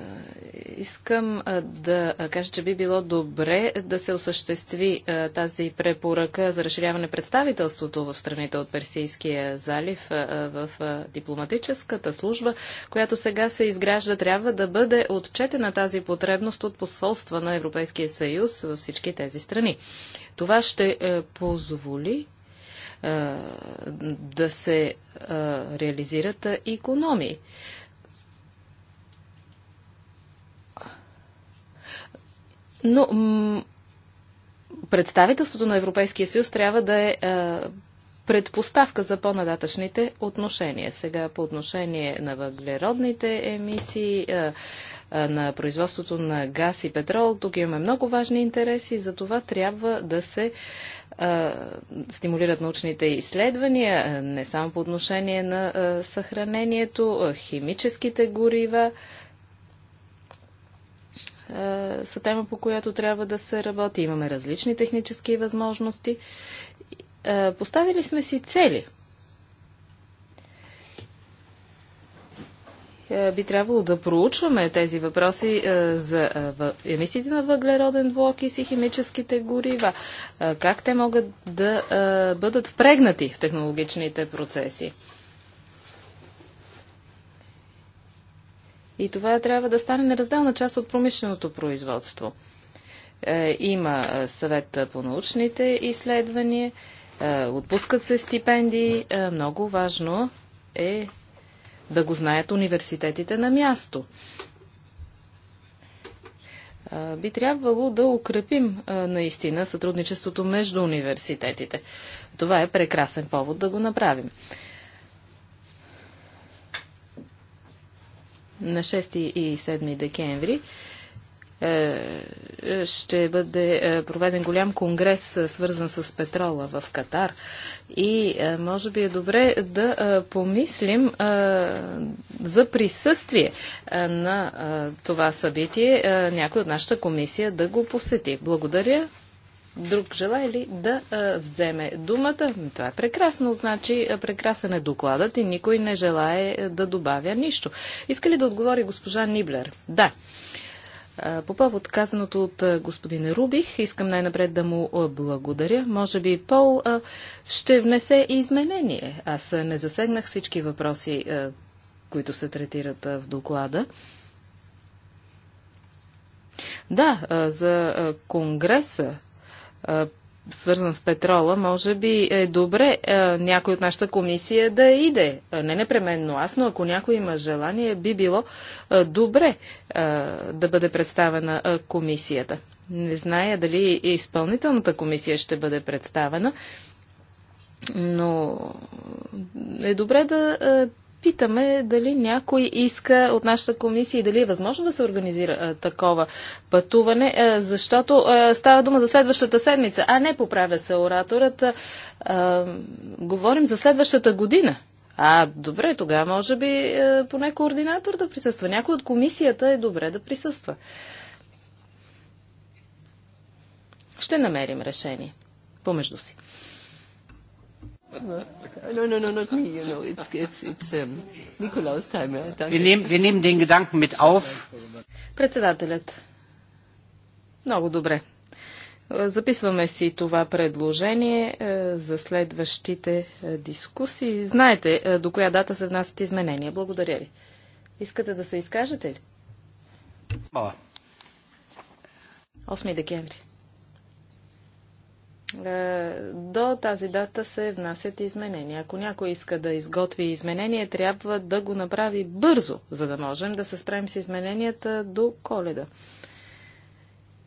искам е, да кажа, че би било добре да се осъществи е, тази препоръка за разширяване представителството в страните от Персийския залив в дипломатическата служба, която сега се изгражда. Трябва да бъде отчетена тази потребност от посолства на Европейския съюз във всички тези страни. Това ще позволи да се реализират економии. Но представителството на Европейския съюз трябва да е, е предпоставка за по-нататъчните отношения. Сега по отношение на въглеродните емисии, е, е, на производството на газ и петрол, тук имаме много важни интереси, за това трябва да се стимулират научните изследвания, не само по отношение на съхранението, химическите горива, е, са тема, по която трябва да се работи. Имаме различни технически възможности. Е, поставили сме си цели. Е, би трябвало да проучваме тези въпроси за емисиите на въглероден блок и си химическите горива. Как те могат да бъдат впрегнати в технологичните процеси? И това трябва да стане неразделна част от промишленото производство. Е, има е, съвет е, по научните изследвания, отпускат се стипендии. много важно е да го знаят университетите на място. Би трябвало да укрепим наистина сътрудничеството между университетите. Това е прекрасен повод да го направим. на 6 и 7 декември е, е, ще бъде е, проведен голям конгрес, свързан с петрола в Катар. И може би е добре да помислим за присъствие на това събитие. Някой от нашата комисия да го посети. Благодаря. Друг желая ли да а, вземе думата? Това е прекрасно, значи прекрасен е докладът и никой не желае да добавя нищо. Иска ли да отговори госпожа Ниблер? Да. По повод казаното от господин Рубих, искам най-напред да му благодаря. Може би Пол ще внесе изменение. Аз не засегнах всички въпроси, които се третират в доклада. Да, за Конгреса свързан с петрола, може би е добре е, някой от нашата комисия да иде. Не непременно аз, но ако някой има желание, би било е, добре е, да бъде представена е, комисията. Не зная дали и изпълнителната комисия ще бъде представена, но е добре да е, питаме дали някой иска от нашата комисия и дали е възможно да се организира а, такова пътуване, а, защото а, става дума за следващата седмица, а не поправя се ораторът. А, а, говорим за следващата година. А, добре, тогава може би а, поне координатор да присъства. Някой от комисията е добре да присъства. Ще намерим решение помежду си. No, no, no, not me, you know. It's, it's, it's um, Nikolaus time. Yeah? Danke. Wir, nehmen, wir nehmen den Gedanken mit auf. Председателят. Много добре. Записваме си това предложение е, за следващите е, дискусии. Знаете е, до коя дата се внасят изменения. Благодаря ви. Искате да се изкажете ли? 8 декември. Е, до тази дата се внасят изменения. Ако някой иска да изготви изменение, трябва да го направи бързо, за да можем да се справим с измененията до коледа.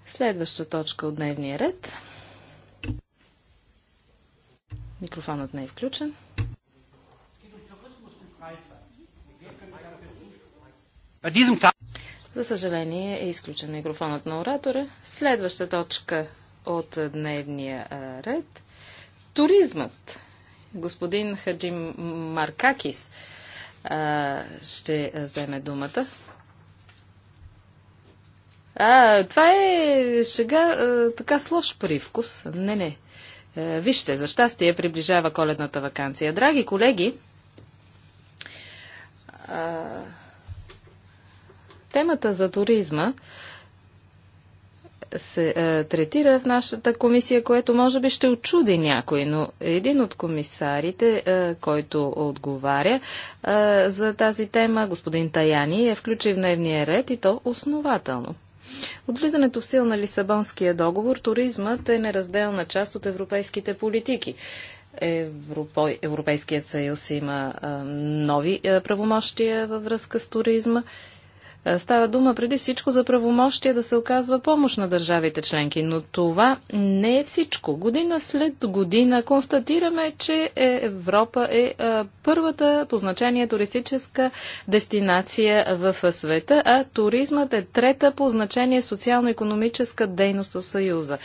Следваща точка от дневния ред. Микрофонът не е включен. За съжаление е изключен микрофонът на оратора. Следваща точка от дневния ред. Туризмът. Господин Хаджим Маркакис ще вземе думата. А, това е шега така с лош привкус. Не, не. Вижте, за щастие приближава коледната вакансия. Драги колеги, темата за туризма се е, третира в нашата комисия, което може би ще очуди някой, но един от комисарите, е, който отговаря е, за тази тема, господин Таяни, е включи в дневния ред и то основателно. От влизането в сил на Лисабонския договор, туризмът е неразделна част от европейските политики. Европо... Европейският съюз има е, нови е, правомощия във връзка с туризма е, става дума преди всичко за правомощие да се оказва помощ на държавите членки, но това не е всичко. Година след година констатираме, че е, Европа е, е първата по значение туристическа дестинация в света, а туризмът е трета по значение социално-економическа дейност в Съюза.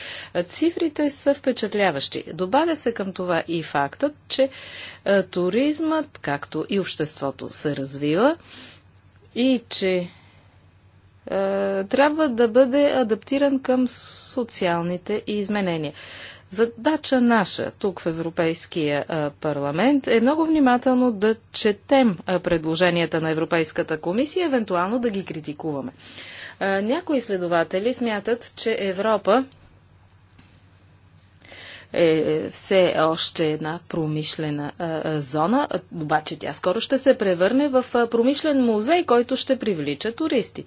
Цифрите са впечатляващи. Добавя се към това и фактът, че туризмът, както и обществото, се развива и че е, трябва да бъде адаптиран към социалните изменения. Задача наша тук в Европейския е, парламент е много внимателно да четем е, предложенията на Европейската комисия, евентуално да ги критикуваме. Някои следователи смятат, че Европа е все още една промишлена зона, обаче тя скоро ще се превърне в промишлен музей, който ще привлича туристи.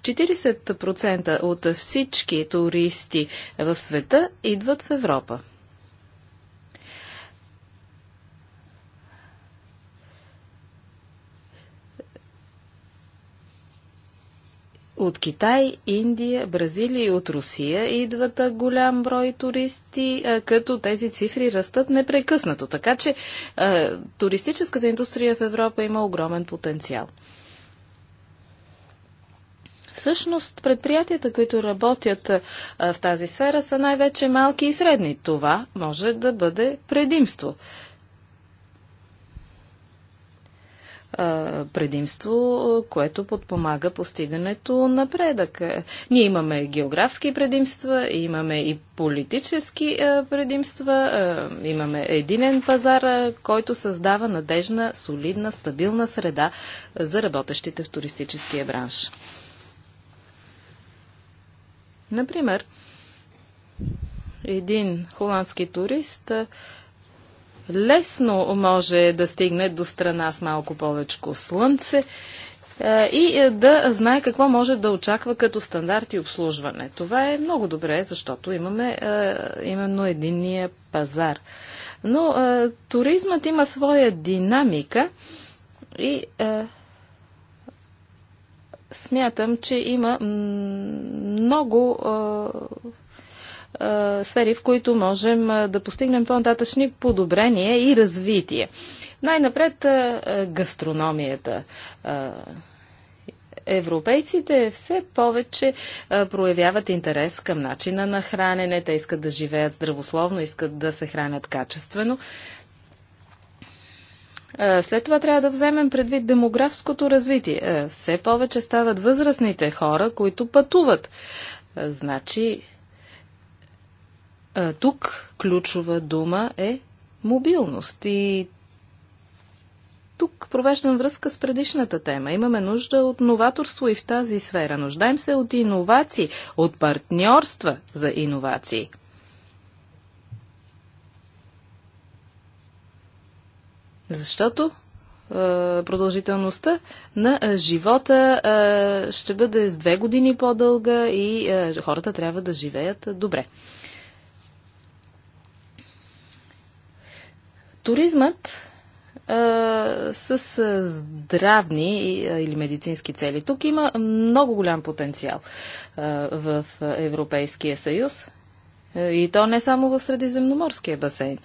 40% от всички туристи в света идват в Европа. От Китай, Индия, Бразилия и от Русия идват голям брой туристи, като тези цифри растат непрекъснато. Така че туристическата индустрия в Европа има огромен потенциал. Всъщност, предприятията, които работят в тази сфера, са най-вече малки и средни. Това може да бъде предимство. предимство, което подпомага постигането напредък. Е, ние имаме географски предимства, имаме и политически предимства, имаме единен пазар, който създава надежна, солидна, стабилна среда за работещите в туристическия бранш. Например, един холандски турист лесно може да стигне до страна с малко повече слънце е, и е, да знае какво може да очаква като стандарт и обслужване. Това е много добре, защото имаме е, именно единния пазар. Но туризмът има своя динамика и смятам, че има много сфери, в които можем да постигнем по-нататъчни подобрения и развитие. Най-напред гастрономията европейците все повече проявяват интерес към начина на хранене. Те искат да живеят здравословно, искат да се хранят качествено. след това трябва да вземем предвид демографското развитие. все повече стават възрастните хора, които пътуват. Значи, тук ключова дума е мобилност и тук провеждам връзка с предишната тема. Имаме нужда от новаторство и в тази сфера. Нуждаем се от иновации, от партньорства за иновации. Защото продължителността на живота ще бъде с две години по-дълга и хората трябва да живеят добре. Туризмът с здравни или медицински цели. Тук има много голям потенциал в Европейския съюз и то не само в Средиземноморския басейн.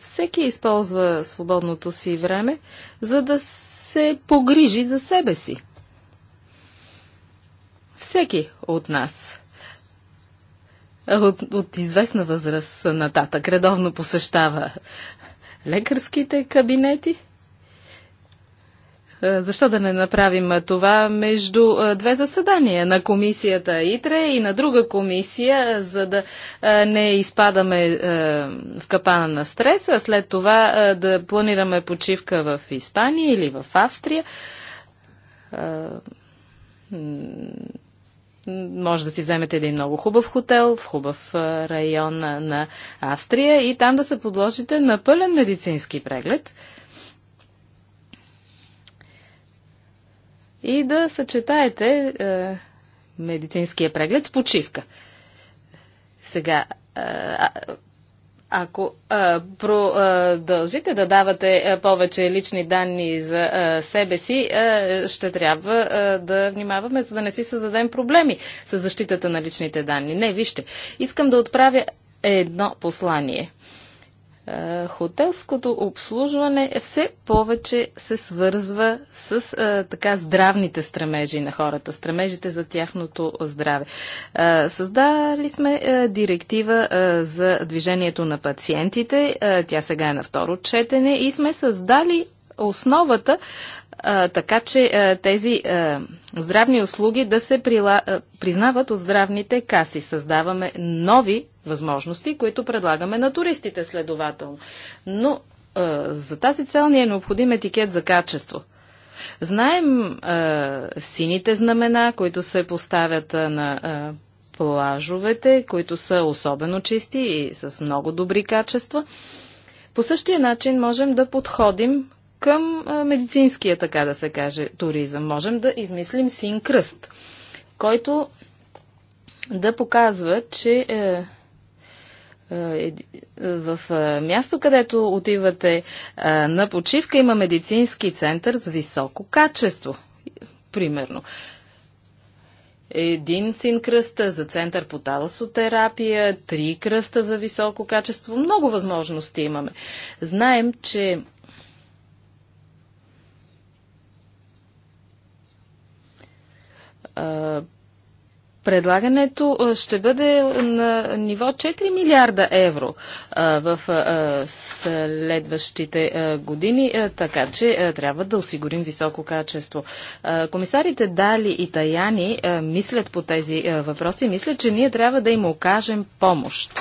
Всеки използва свободното си време, за да се погрижи за себе си. Всеки от нас от, от известна възраст нататък редовно посещава лекарските кабинети. Е, защо да не направим това между е, две заседания на комисията ИТРЕ и на друга комисия, за да е, не изпадаме в капана на стреса, а след това да планираме почивка в Испания или в Австрия? може да си вземете един много хубав хотел в хубав район на, Австрия и там да се подложите на пълен медицински преглед. И да съчетаете е, медицинския преглед с почивка. Сега, ако а, продължите да давате а, повече лични данни за а, себе си, а, ще трябва а, да внимаваме, за да не си създадем проблеми с защитата на личните данни. Не, вижте, искам да отправя едно послание. Е, хотелското обслужване все повече се свързва с а, е, така здравните стремежи на хората, стремежите за тяхното здраве. А, е, създали сме а, директива а, за движението на пациентите, а, тя сега е на второ четене и сме създали основата така че тези здравни услуги да се признават от здравните каси. Създаваме нови възможности, които предлагаме на туристите следователно. Но за тази цел ни е необходим етикет за качество. Знаем е, сините знамена, които се поставят на е, плажовете, които са особено чисти и с много добри качества. По същия начин можем да подходим към медицинския, така да се каже, туризъм. Можем да измислим син кръст, който да показва, че е, е, в е, място, където отивате е, на почивка, има медицински център с високо качество. Примерно. Един син кръста за център по талосотерапия, три кръста за високо качество. Много възможности имаме. Знаем, че Предлагането ще бъде на ниво 4 милиарда евро в следващите години, така че трябва да осигурим високо качество. Комисарите Дали и Таяни мислят по тези въпроси. Мислят, че ние трябва да им окажем помощ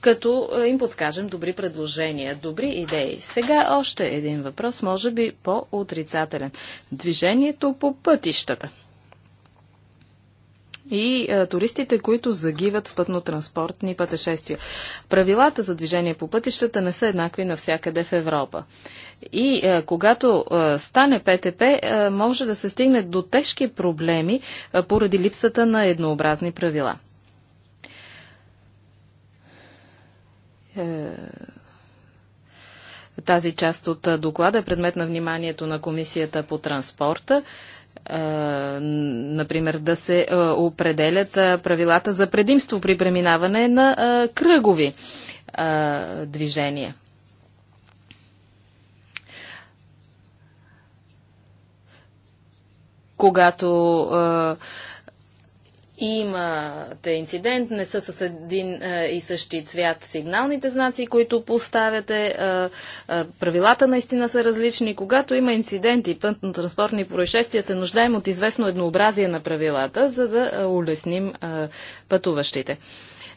като им подскажем добри предложения, добри идеи. Сега още един въпрос, може би по-отрицателен. Движението по пътищата и а, е, туристите, които загиват в пътно-транспортни пътешествия. Правилата за движение по пътищата не са еднакви навсякъде в Европа. И а, е, когато а, е, стане ПТП, а, може да се стигне до тежки проблеми а, поради липсата на еднообразни правила. Тази част от доклада е предмет на вниманието на Комисията по транспорта например, да се определят правилата за предимство при преминаване на кръгови движения. Когато имате инцидент, не са с един е, и същи цвят сигналните знаци, които поставяте. Е, е, правилата наистина са различни. Когато има инциденти и пътно-транспортни происшествия, се нуждаем от известно еднообразие на правилата, за да улесним пътуващите.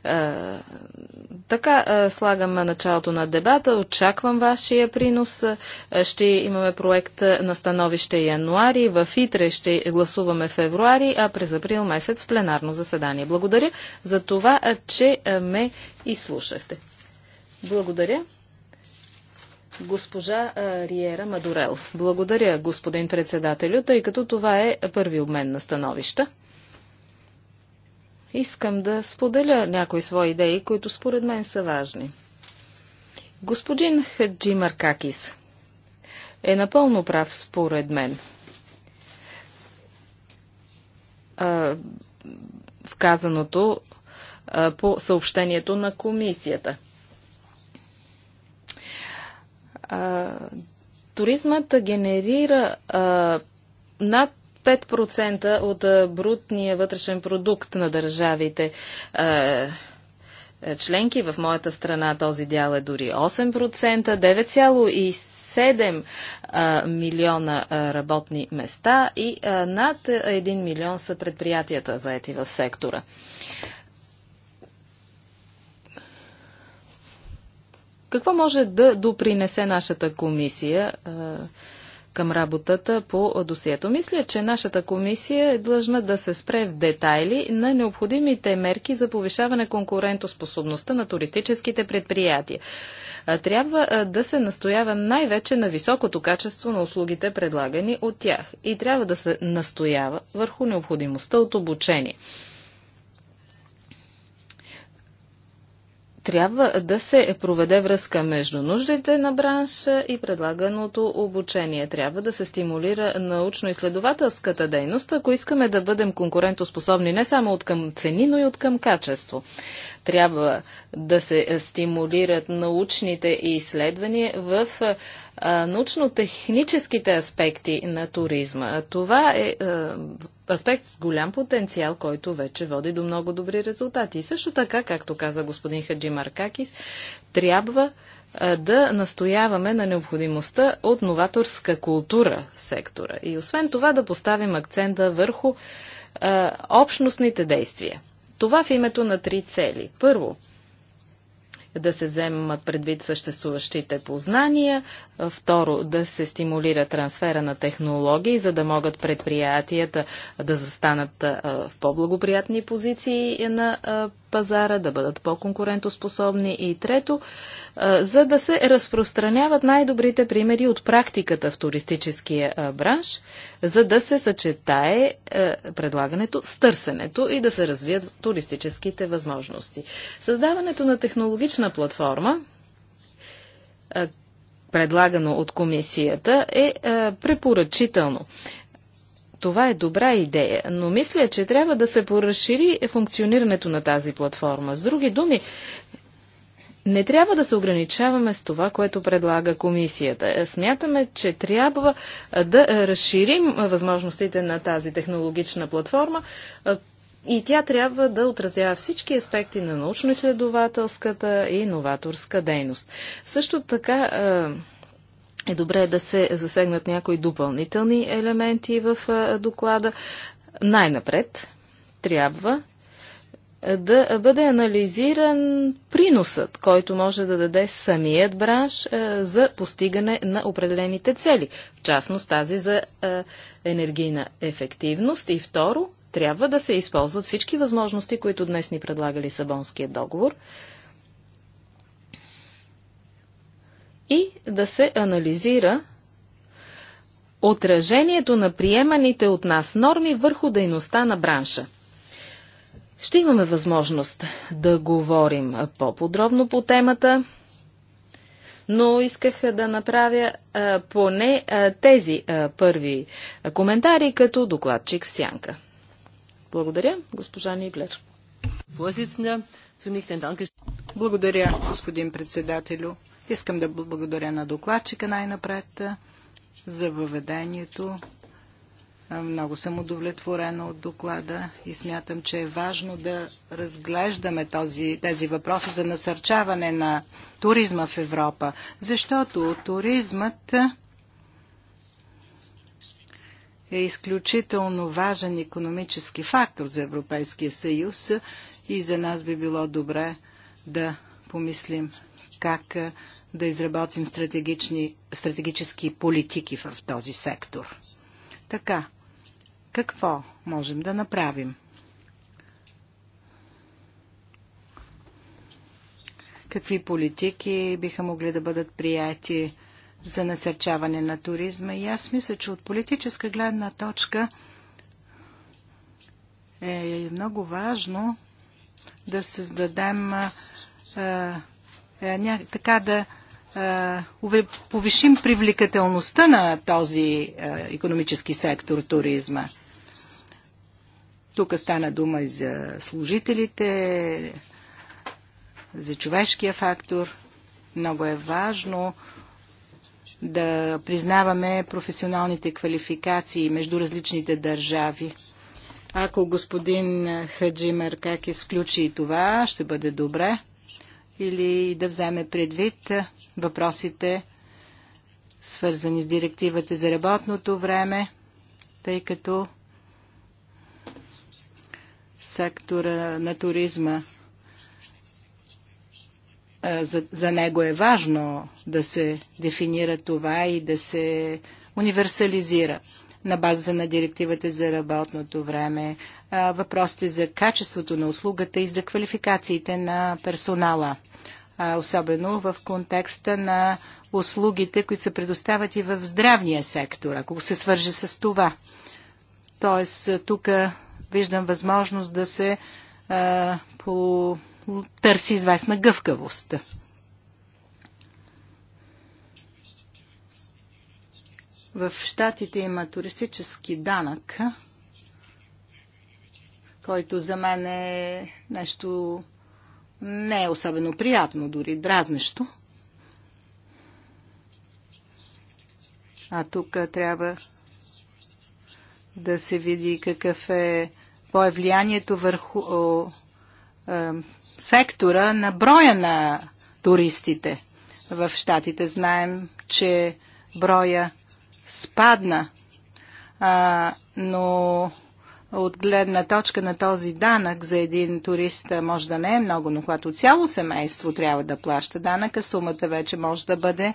Е, така е, слагам началото на дебата. Очаквам вашия принос. Е, ще имаме проект на становище януари. В Итре ще гласуваме февруари, а през април месец пленарно заседание. Благодаря за това, че ме изслушахте. Благодаря. Госпожа Риера Мадурел. Благодаря, господин председателю, тъй като това е първи обмен на становища искам да споделя някои свои идеи, които според мен са важни. Господин Хаджи Маркакис е напълно прав според мен. Вказаното по съобщението на комисията. Туризмата туризмът генерира над 5% от брутния вътрешен продукт на държавите членки. В моята страна този дял е дори 8%, 9,7 милиона работни места и над 1 милион са предприятията заети в сектора. Какво може да допринесе нашата комисия? към работата по досието. Мисля, че нашата комисия е длъжна да се спре в детайли на необходимите мерки за повишаване конкурентоспособността на туристическите предприятия. Трябва да се настоява най-вече на високото качество на услугите, предлагани от тях. И трябва да се настоява върху необходимостта от обучение. трябва да се проведе връзка между нуждите на бранша и предлаганото обучение. Трябва да се стимулира научно-изследователската дейност, ако искаме да бъдем конкурентоспособни не само от към цени, но и от към качество. Трябва да се стимулират научните изследвания в научно-техническите аспекти на туризма. Това е аспект с голям потенциал, който вече води до много добри резултати. И също така, както каза господин Хаджи Маркакис, трябва да настояваме на необходимостта от новаторска култура в сектора. И освен това да поставим акцента върху а, общностните действия. Това в името на три цели. Първо, да се вземат предвид съществуващите познания, второ да се стимулира трансфера на технологии, за да могат предприятията да застанат в по-благоприятни позиции на пазара, да бъдат по-конкурентоспособни и трето, за да се разпространяват най-добрите примери от практиката в туристическия бранш, за да се съчетае предлагането с търсенето и да се развият туристическите възможности. Създаването на технологична платформа, предлагано от комисията, е препоръчително. Това е добра идея, но мисля, че трябва да се поразшири функционирането на тази платформа. С други думи, не трябва да се ограничаваме с това, което предлага комисията. Смятаме, че трябва да разширим възможностите на тази технологична платформа и тя трябва да отразява всички аспекти на научно-изследователската и новаторска дейност. Също така е добре да се засегнат някои допълнителни елементи в доклада. Най-напред трябва да бъде анализиран приносът, който може да даде самият бранш за постигане на определените цели, в частност тази за енергийна ефективност. И второ, трябва да се използват всички възможности, които днес ни предлага Лисабонския договор, и да се анализира отражението на приеманите от нас норми върху дейността на бранша. Ще имаме възможност да говорим по-подробно по темата, но исках да направя а, поне а, тези а, първи коментари като докладчик в сянка. Благодаря, госпожа Ниглер. Благодаря, господин председателю. Искам да благодаря на докладчика най-напред за въведението. Много съм удовлетворена от доклада и смятам, че е важно да разглеждаме този, тези въпроси за насърчаване на туризма в Европа, защото туризмът е изключително важен економически фактор за Европейския съюз и за нас би било добре да помислим как да изработим стратегически политики в този сектор. Така, какво можем да направим? Какви политики биха могли да бъдат прияти за насърчаване на туризма? И аз мисля, че от политическа гледна точка е много важно да създадем а, а, ня... така да е, повишим привлекателността на този економически сектор туризма. Тук стана дума и за служителите, за човешкия фактор. Много е важно да признаваме професионалните квалификации между различните държави. Ако господин Хаджимер как включи и това, ще бъде добре или да вземе предвид въпросите, свързани с директивата за работното време, тъй като сектора на туризма за, за него е важно да се дефинира това и да се универсализира на базата на директивата за работното време въпросите за качеството на услугата и за квалификациите на персонала, особено в контекста на услугите, които се предоставят и в здравния сектор, ако се свърже с това. Тоест, тук виждам възможност да се а, по, търси известна гъвкавост. В щатите има туристически данък, който за мен е нещо не е особено приятно, дори дразнещо. А тук трябва да се види какъв е какво е влиянието върху о, о, сектора на броя на туристите. В Штатите знаем, че броя спадна, а, но от гледна точка на този данък за един турист може да не е много, но когато цяло семейство трябва да плаща данъка, сумата вече може да бъде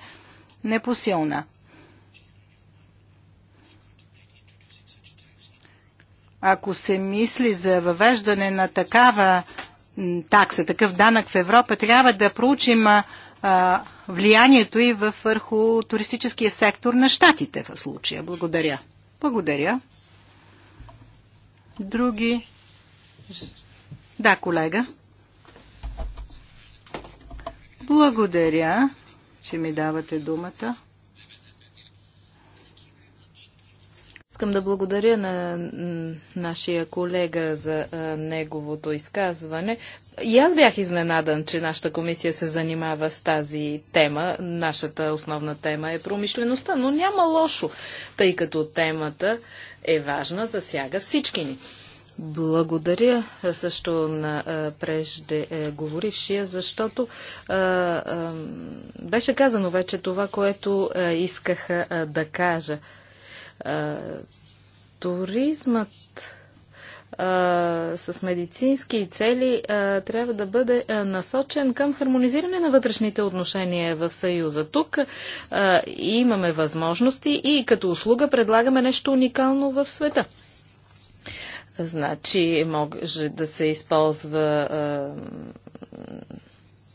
непосилна. Ако се мисли за въвеждане на такава такса, такъв данък в Европа, трябва да проучим влиянието и върху туристическия сектор на щатите в случая. Благодаря. Благодаря. Други? Да, колега. Благодаря, че ми давате думата. Искам да благодаря на нашия колега за а, неговото изказване. И аз бях изненадан, че нашата комисия се занимава с тази тема. Нашата основна тема е промишлеността, но няма лошо, тъй като темата е важна, засяга всички ни. Благодаря също на преждеговорившия, защото а, а, беше казано вече това, което а, исках да кажа. Туризмът с медицински цели трябва да бъде насочен към хармонизиране на вътрешните отношения в Съюза. Тук имаме възможности и като услуга предлагаме нещо уникално в света. Значи, може да се използва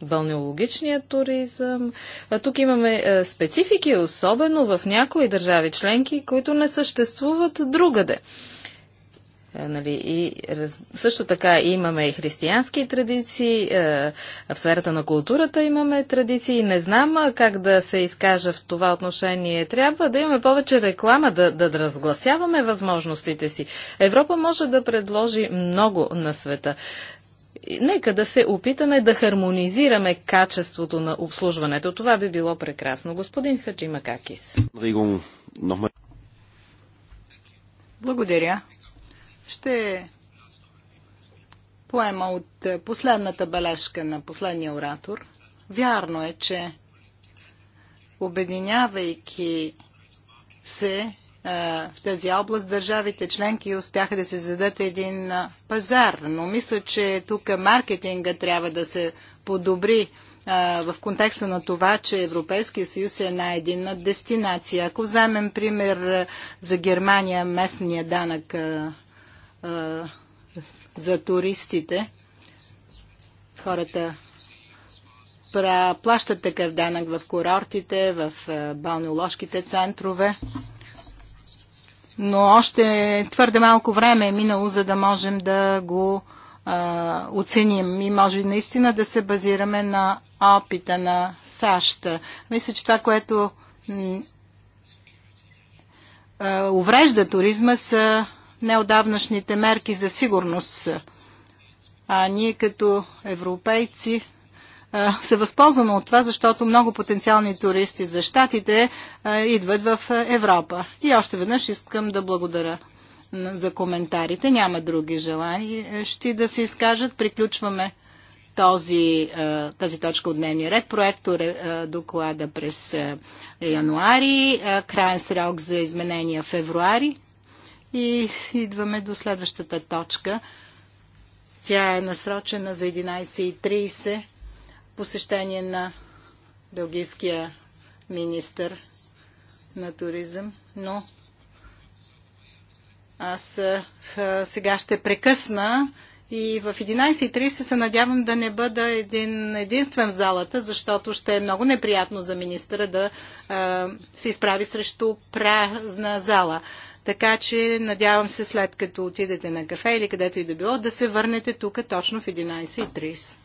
Бълнеологичният туризъм. А, тук имаме а, специфики, особено в някои държави членки, които не съществуват другаде. Е, нали, и раз... Също така имаме и християнски традиции, е, в сферата на културата имаме традиции. Не знам как да се изкажа в това отношение. Трябва да имаме повече реклама, да, да, да разгласяваме възможностите си. Европа може да предложи много на света. Нека да се опитаме да хармонизираме качеството на обслужването. Това би било прекрасно. Господин Хаджи Макакис. Благодаря. Ще поема от последната бележка на последния оратор. Вярно е, че обединявайки се в тази област държавите членки успяха да се зададат един пазар. Но мисля, че тук маркетинга трябва да се подобри а, в контекста на това, че Европейския съюз е една единна дестинация. Ако вземем пример за Германия, местния данък за туристите. Хората плащат такъв данък в курортите, в балнеоложките центрове. Но още твърде малко време е минало, за да можем да го а, оценим и може наистина да се базираме на опита на САЩ. Мисля, че това, което уврежда туризма са неодавнашните мерки за сигурност. А ние като европейци се възползваме от това, защото много потенциални туристи за щатите идват в Европа. И още веднъж искам да благодаря за коментарите. Няма други желаящи да се изкажат. Приключваме този, тази точка от дневния ред. Проекто доклада през януари, крайен срок за изменения февруари. И идваме до следващата точка. Тя е насрочена за 11.30 посещение на белгийския министър на туризъм, но аз сега ще прекъсна и в 11.30 се надявам да не бъда един единствен в залата, защото ще е много неприятно за министъра да а, се изправи срещу празна зала. Така че надявам се след като отидете на кафе или където и да било, да се върнете тук точно в 11.30.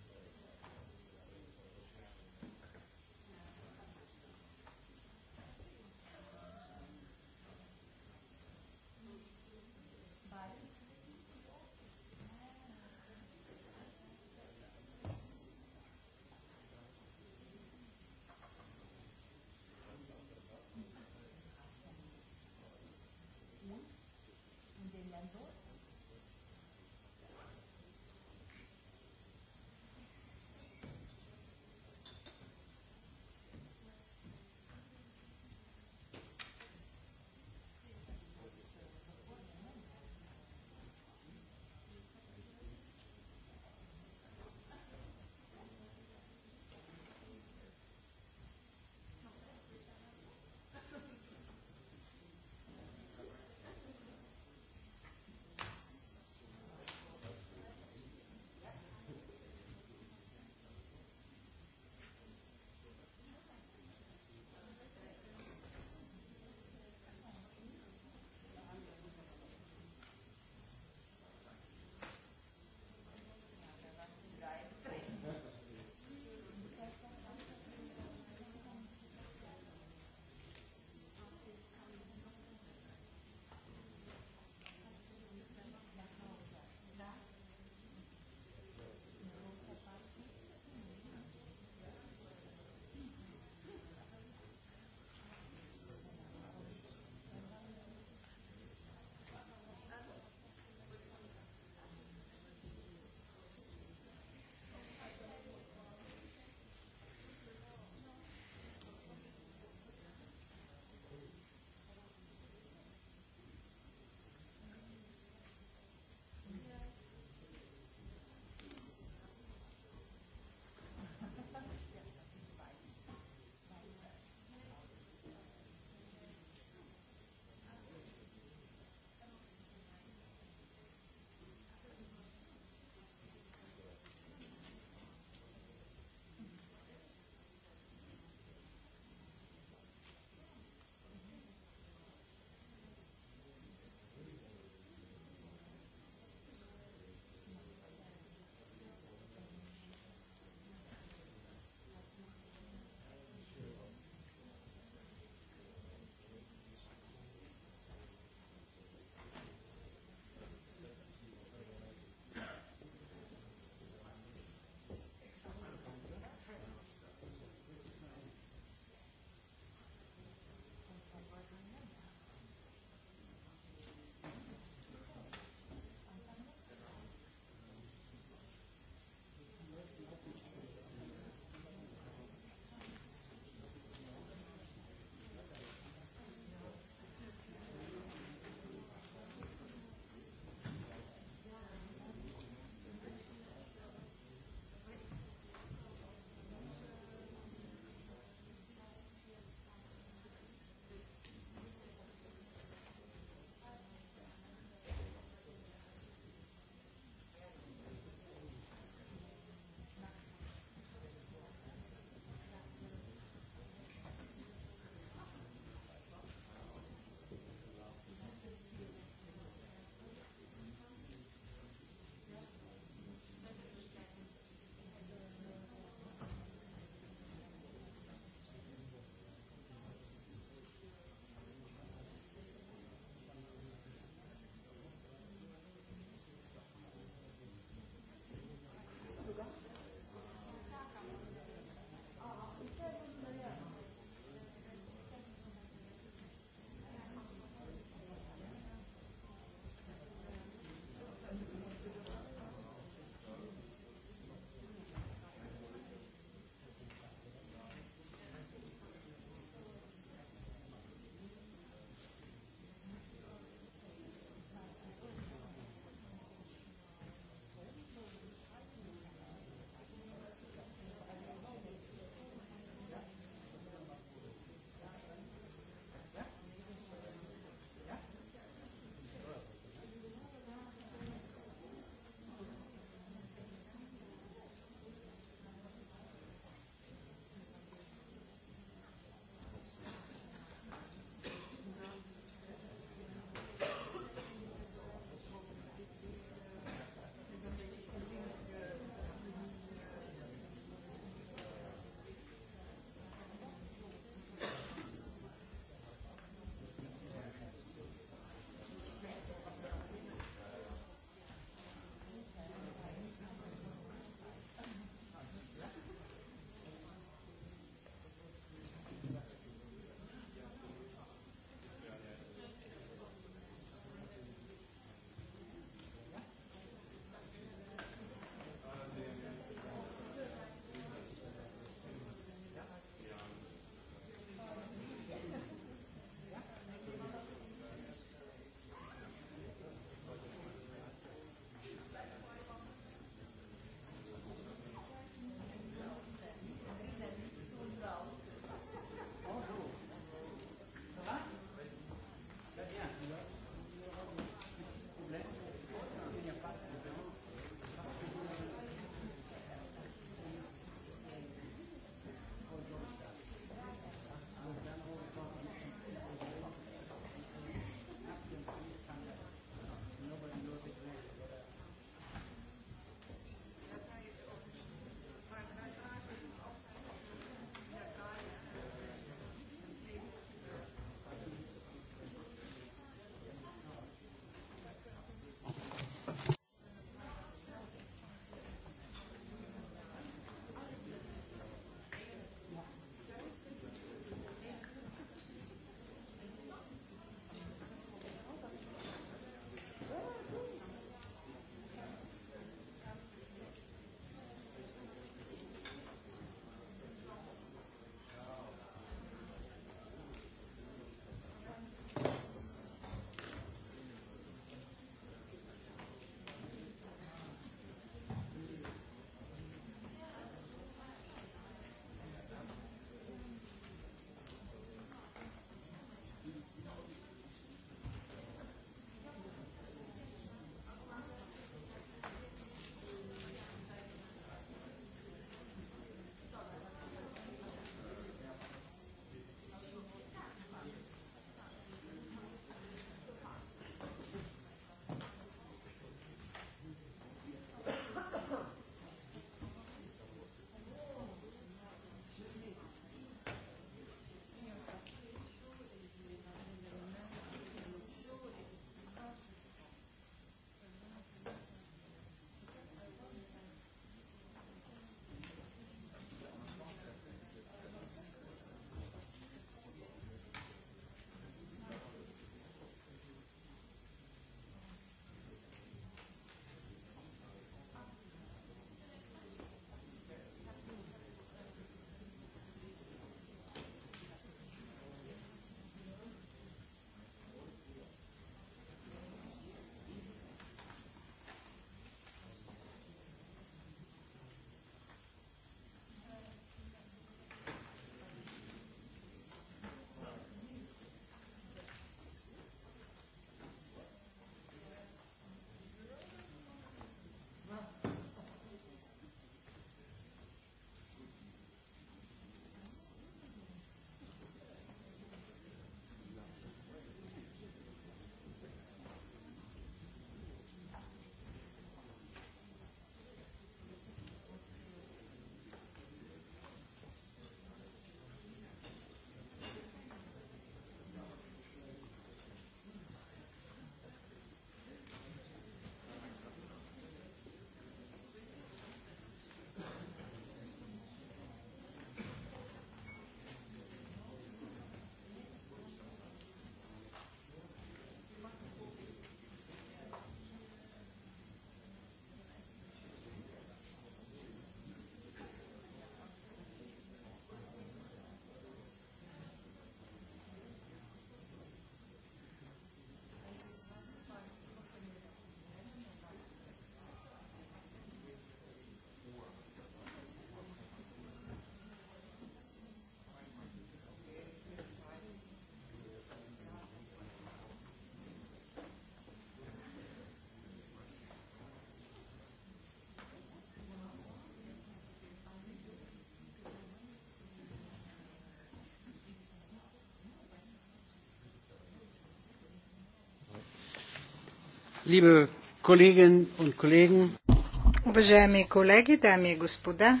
Уважаеми колеги, дами и господа,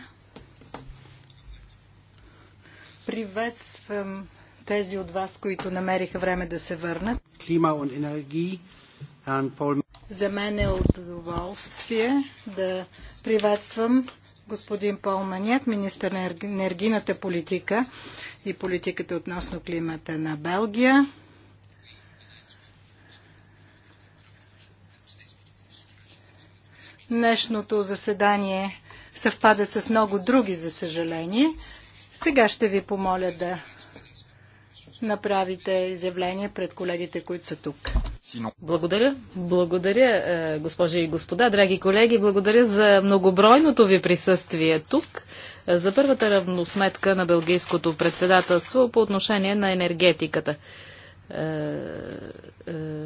приветствам тези от вас, които намериха време да се върнат. За мен е удоволствие да приветствам господин Пол Манят, министър на енергийната политика и политиката относно климата на Белгия Днешното заседание съвпада с много други, за съжаление. Сега ще ви помоля да направите изявление пред колегите, които са тук. Благодаря. Благодаря, е, госпожи и господа, драги колеги. Благодаря за многобройното ви присъствие тук е, за първата равносметка на Белгийското председателство по отношение на енергетиката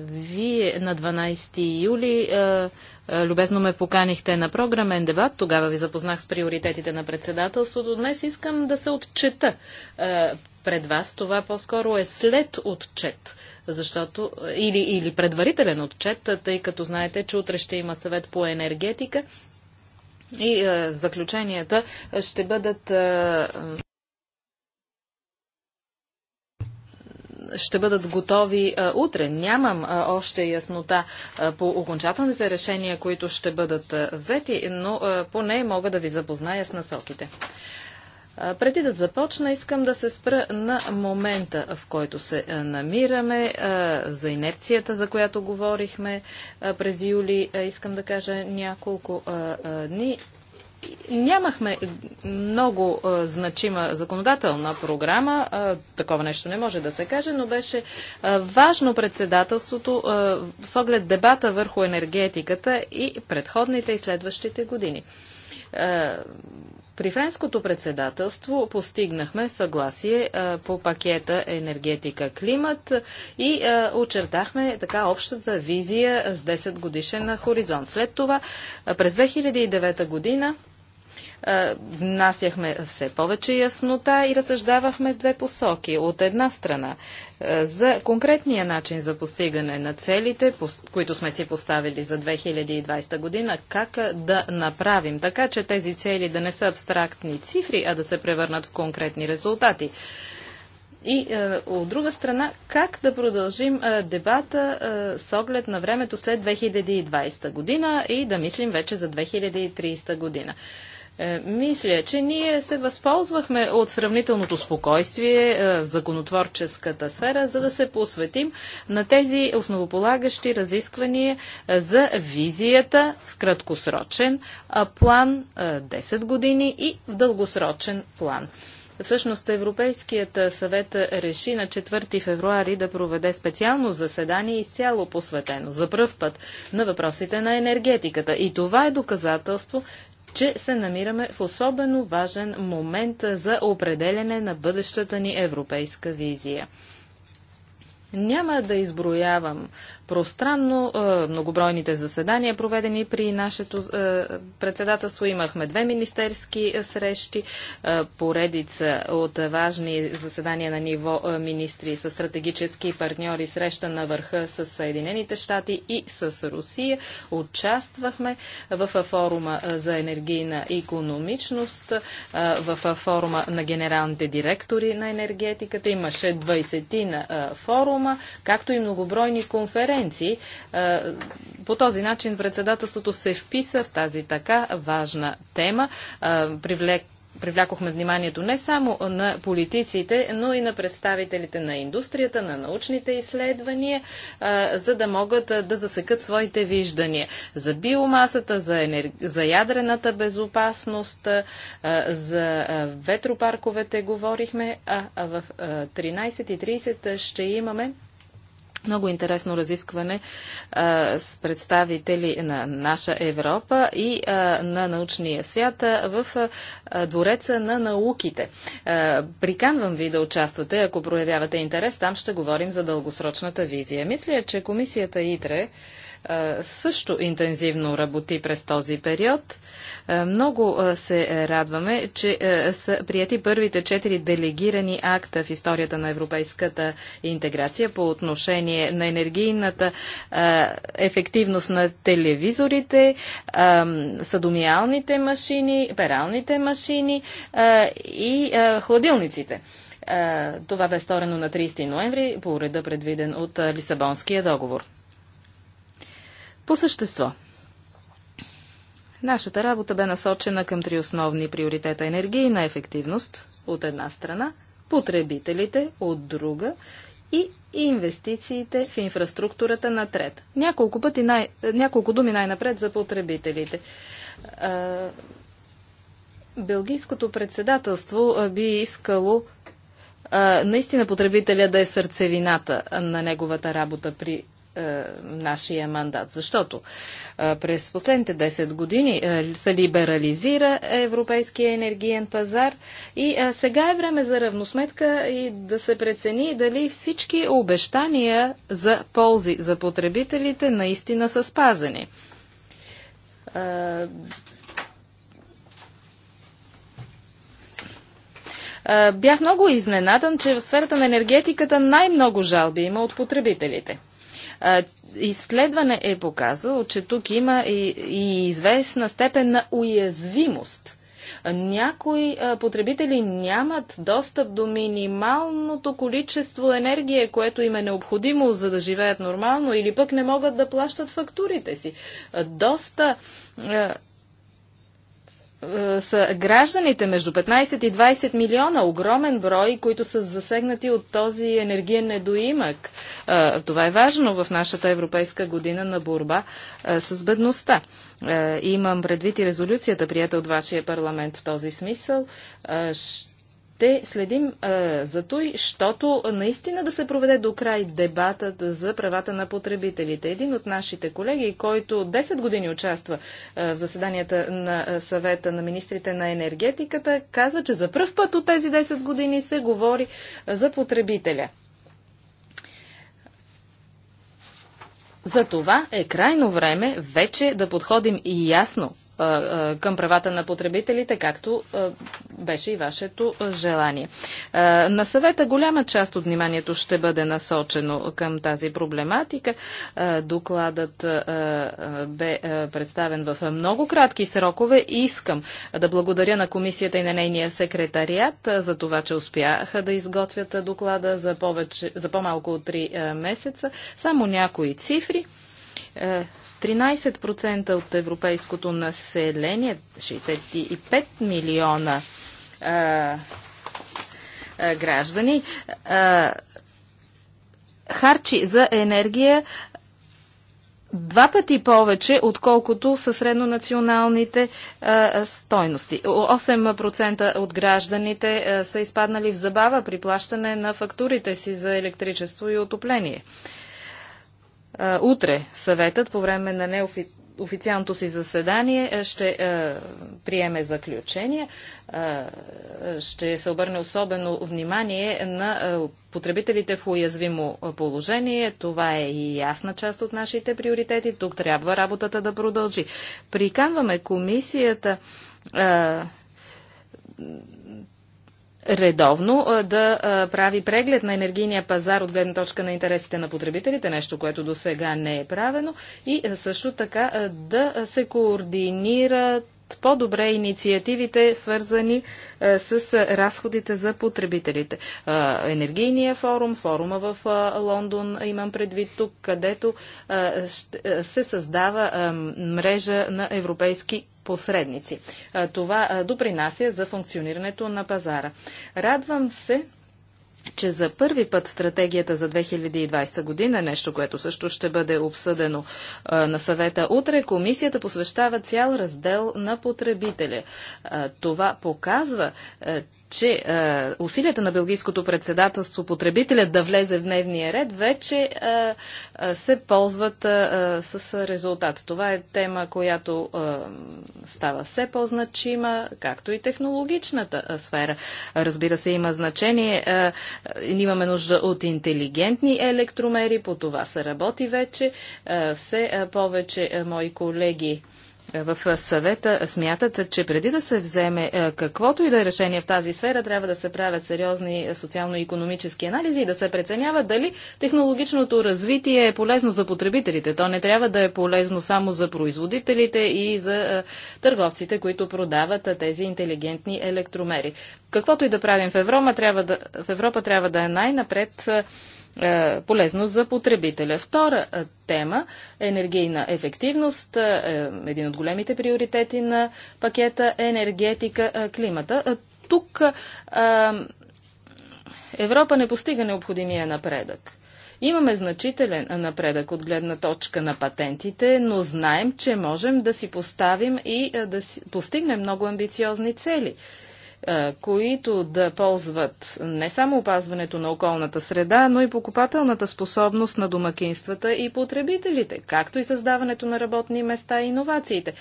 вие на 12 юли е, е, любезно ме поканихте на програмен дебат. Тогава ви запознах с приоритетите на председателството. Днес искам да се отчета е, пред вас. Това по-скоро е след отчет защото, или, или предварителен отчет, тъй като знаете, че утре ще има съвет по енергетика и е, заключенията ще бъдат. Е, ще бъдат готови а, утре. Нямам а, още яснота а, по окончателните решения, които ще бъдат взети, но поне мога да ви запозная с насоките. Преди да започна, искам да се спра на момента, в който се намираме, за инерцията, за която говорихме през юли. Искам да кажа няколко дни. Нямахме много а, значима законодателна програма. А, такова нещо не може да се каже, но беше а, важно председателството а, с оглед дебата върху енергетиката и предходните и следващите години. А, при френското председателство постигнахме съгласие а, по пакета енергетика климат и а, очертахме така общата визия с 10 годишен хоризонт. След това а, през 2009 година внасяхме все повече яснота и разсъждавахме в две посоки. От една страна за конкретния начин за постигане на целите, които сме си поставили за 2020 година, как да направим така, че тези цели да не са абстрактни цифри, а да се превърнат в конкретни резултати. И е, от друга страна, как да продължим е, дебата е, с оглед на времето след 2020 година и да мислим вече за 2030 година. Е, мисля, че ние се възползвахме от сравнителното спокойствие е, в законотворческата сфера, за да се посветим на тези основополагащи разисквания е, за визията в краткосрочен план 10 години и в дългосрочен план. Всъщност Европейският съвет реши на 4 февруари да проведе специално заседание изцяло посветено за пръв път на въпросите на енергетиката. И това е доказателство, че се намираме в особено важен момент за определене на бъдещата ни европейска визия. Няма да изброявам пространно. Е, многобройните заседания, проведени при нашето е, председателство, имахме две министерски е, срещи, поредица от важни заседания на ниво министри с стратегически партньори, среща на върха с Съединените щати и с Русия. Участвахме в форума за енергийна економичност, в форума на генералните директори на енергетиката. Имаше 20 на форума, както и многобройни конференции конференции. Е, по този начин председателството се вписа в тази така важна тема. Е, привлек привлякохме вниманието не само на политиците, но и на представителите на индустрията, на научните изследвания, е, за да могат да засекат своите виждания за биомасата, за, енер... за ядрената безопасност, за ветропарковете говорихме, а в 13.30 ще имаме много интересно разискване а, с представители на наша Европа и а, на научния свят а, в а, Двореца на науките. А, приканвам ви да участвате, ако проявявате интерес. Там ще говорим за дългосрочната визия. Мисля, че комисията ИТРЕ също интензивно работи през този период. Много се радваме, че са прияти първите четири делегирани акта в историята на европейската интеграция по отношение на енергийната ефективност на телевизорите, съдомиалните машини, пералните машини и хладилниците. Това бе сторено на 30 ноември по реда предвиден от Лисабонския договор. По същество. Нашата работа бе насочена към три основни приоритета – енергийна ефективност от една страна, потребителите от друга и инвестициите в инфраструктурата на трета. Няколко, пъти най... Няколко думи най-напред за потребителите. Белгийското председателство би искало наистина потребителя да е сърцевината на неговата работа при е, нашия мандат. Защото е, през последните 10 години е, се либерализира европейския енергиен пазар и сега е време за равносметка и да се прецени дали всички обещания за ползи за потребителите наистина са спазени. Бях много изненадан, че в сферата на енергетиката най-много жалби има от потребителите – Изследване е показало, че тук има и, и известна степен на уязвимост. Някои потребители нямат достъп до минималното количество енергия, което им е необходимо за да живеят нормално или пък не могат да плащат фактурите си. Доста е, са гражданите между 15 и 20 милиона, огромен брой, които са засегнати от този енергиен недоимък. Е, това е важно в нашата европейска година на борба е, с бедността. Имам предвид и резолюцията, прията от вашия парламент в този смисъл. Ще ще следим а, за той, защото наистина да се проведе до край дебатът за правата на потребителите. Един от нашите колеги, който 10 години участва а, в заседанията на а, съвета на министрите на енергетиката, каза, че за първ път от тези 10 години се говори а, за потребителя. За това е крайно време вече да подходим и ясно към правата на потребителите, както беше и вашето желание. На съвета голяма част от вниманието ще бъде насочено към тази проблематика. Докладът бе представен в много кратки срокове. Искам да благодаря на комисията и на нейния секретариат за това, че успяха да изготвят доклада за, повече, за по-малко от 3 месеца. Само някои цифри. 13% от европейското население, 65 милиона а, а, граждани, а, харчи за енергия два пъти повече, отколкото са среднонационалните а, стойности. 8% от гражданите а, са изпаднали в забава при плащане на фактурите си за електричество и отопление. А, Утре съветът по време на неофициалното си заседание ще е, приеме заключение. Е, ще се обърне особено внимание на е, потребителите в уязвимо положение. Това е и ясна част от нашите приоритети. Тук трябва работата да продължи. Приканваме комисията редовно да прави преглед на енергийния пазар от гледна точка на интересите на потребителите, нещо, което до сега не е правено, и също така да се координират по-добре инициативите, свързани а, с разходите за потребителите. А, енергийния форум, форума в Лондон, имам предвид тук, където ще, се създава мрежа на европейски посредници. Това допринася за функционирането на пазара. Радвам се, че за първи път стратегията за 2020 година, нещо, което също ще бъде обсъдено на съвета утре, комисията посвещава цял раздел на потребителя. това показва, че е, усилията на Белгийското председателство потребителят да влезе в дневния ред вече е, е, се ползват е, е, с резултат. Това е тема, която е, става все по-значима, както и технологичната е, сфера. Разбира се, има значение. Е, е, имаме нужда от интелигентни електромери, по това се работи вече. Е, все е, повече е, мои колеги. Е, е, в е, съвета смятат, че преди да се вземе е, каквото и да е решение в тази сфера, трябва да се правят сериозни социално-економически анализи и да се преценява дали технологичното развитие е полезно за потребителите. То не трябва да е полезно само за производителите и за търговците, които продават тези интелигентни електромери. Каквото и да правим в Европа, трябва да, в Европа трябва да е най-напред е, полезно за потребителя. Втора е, тема е енергийна ефективност. Е, е, един от големите приоритети на пакета е енергетика, климата. Тук Европа не постига необходимия напредък. Имаме значителен напредък от гледна точка на патентите, но знаем, че можем да си поставим и да си, постигнем много амбициозни цели които да ползват не само опазването на околната среда, но и покупателната способност на домакинствата и потребителите, както и създаването на работни места и иновациите.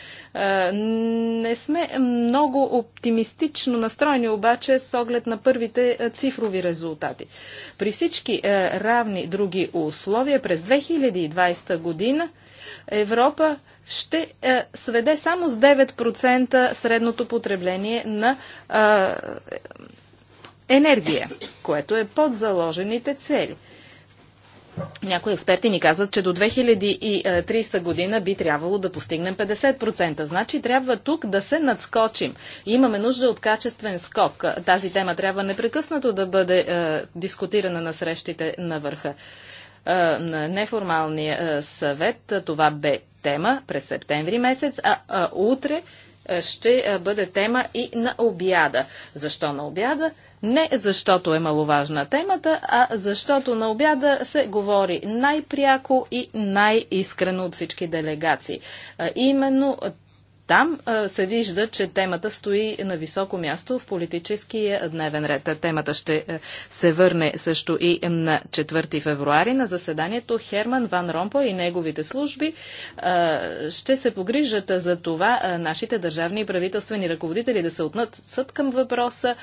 Не сме много оптимистично настроени обаче с оглед на първите цифрови резултати. При всички равни други условия през 2020 година Европа ще е, сведе само с 9% средното потребление на е, енергия, което е под заложените цели. Някои експерти ни казват, че до 2030 година би трябвало да постигнем 50%. Значи трябва тук да се надскочим. Имаме нужда от качествен скок. Тази тема трябва непрекъснато да бъде е, дискутирана на срещите на върха на неформалния съвет това бе тема през септември месец, а, утре ще бъде тема и на обяда. Защо на обяда? Не защото е маловажна темата, а защото на обяда се говори най-пряко и най-искрено от всички делегации. именно там се вижда, че темата стои на високо място в политическия дневен ред. Темата ще е, се върне също и на 4 февруари на заседанието Херман Ван Ромпо и неговите служби ще се погрижат за това нашите държавни и правителствени ръководители да се отнат към въпроса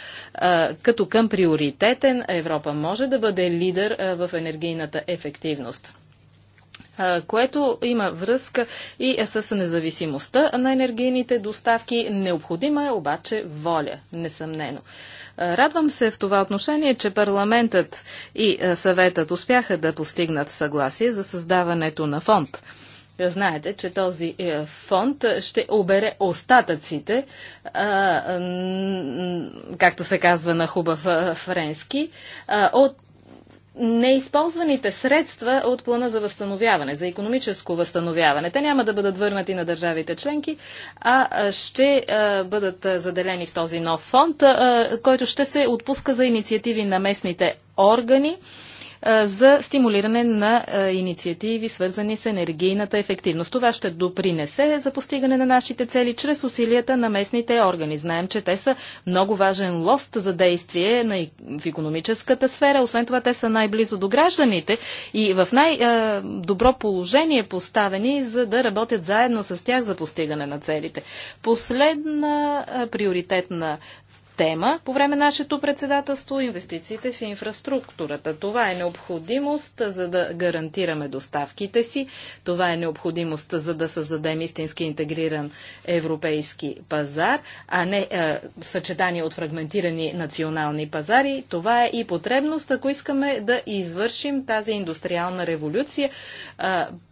като към приоритетен Европа може да бъде лидер в енергийната ефективност което има връзка и е с независимостта на енергийните доставки. Необходима е обаче воля, несъмнено. Радвам се в това отношение, че парламентът и съветът успяха да постигнат съгласие за създаването на фонд. Знаете, че този е, фонд ще обере остатъците, както се казва на хубав френски, от неизползваните средства от плана за възстановяване, за економическо възстановяване. Те няма да бъдат върнати на държавите членки, а ще бъдат заделени в този нов фонд, който ще се отпуска за инициативи на местните органи за стимулиране на инициативи, свързани с енергийната ефективност. Това ще допринесе за постигане на нашите цели чрез усилията на местните органи. Знаем, че те са много важен лост за действие в економическата сфера. Освен това, те са най-близо до гражданите и в най-добро положение поставени, за да работят заедно с тях за постигане на целите. Последна приоритетна тема по време на нашето председателство инвестициите в инфраструктурата. Това е необходимост за да гарантираме доставките си. Това е необходимост за да създадем истински интегриран европейски пазар, а не е, съчетание от фрагментирани национални пазари. Това е и потребност, ако искаме да извършим тази индустриална революция, е,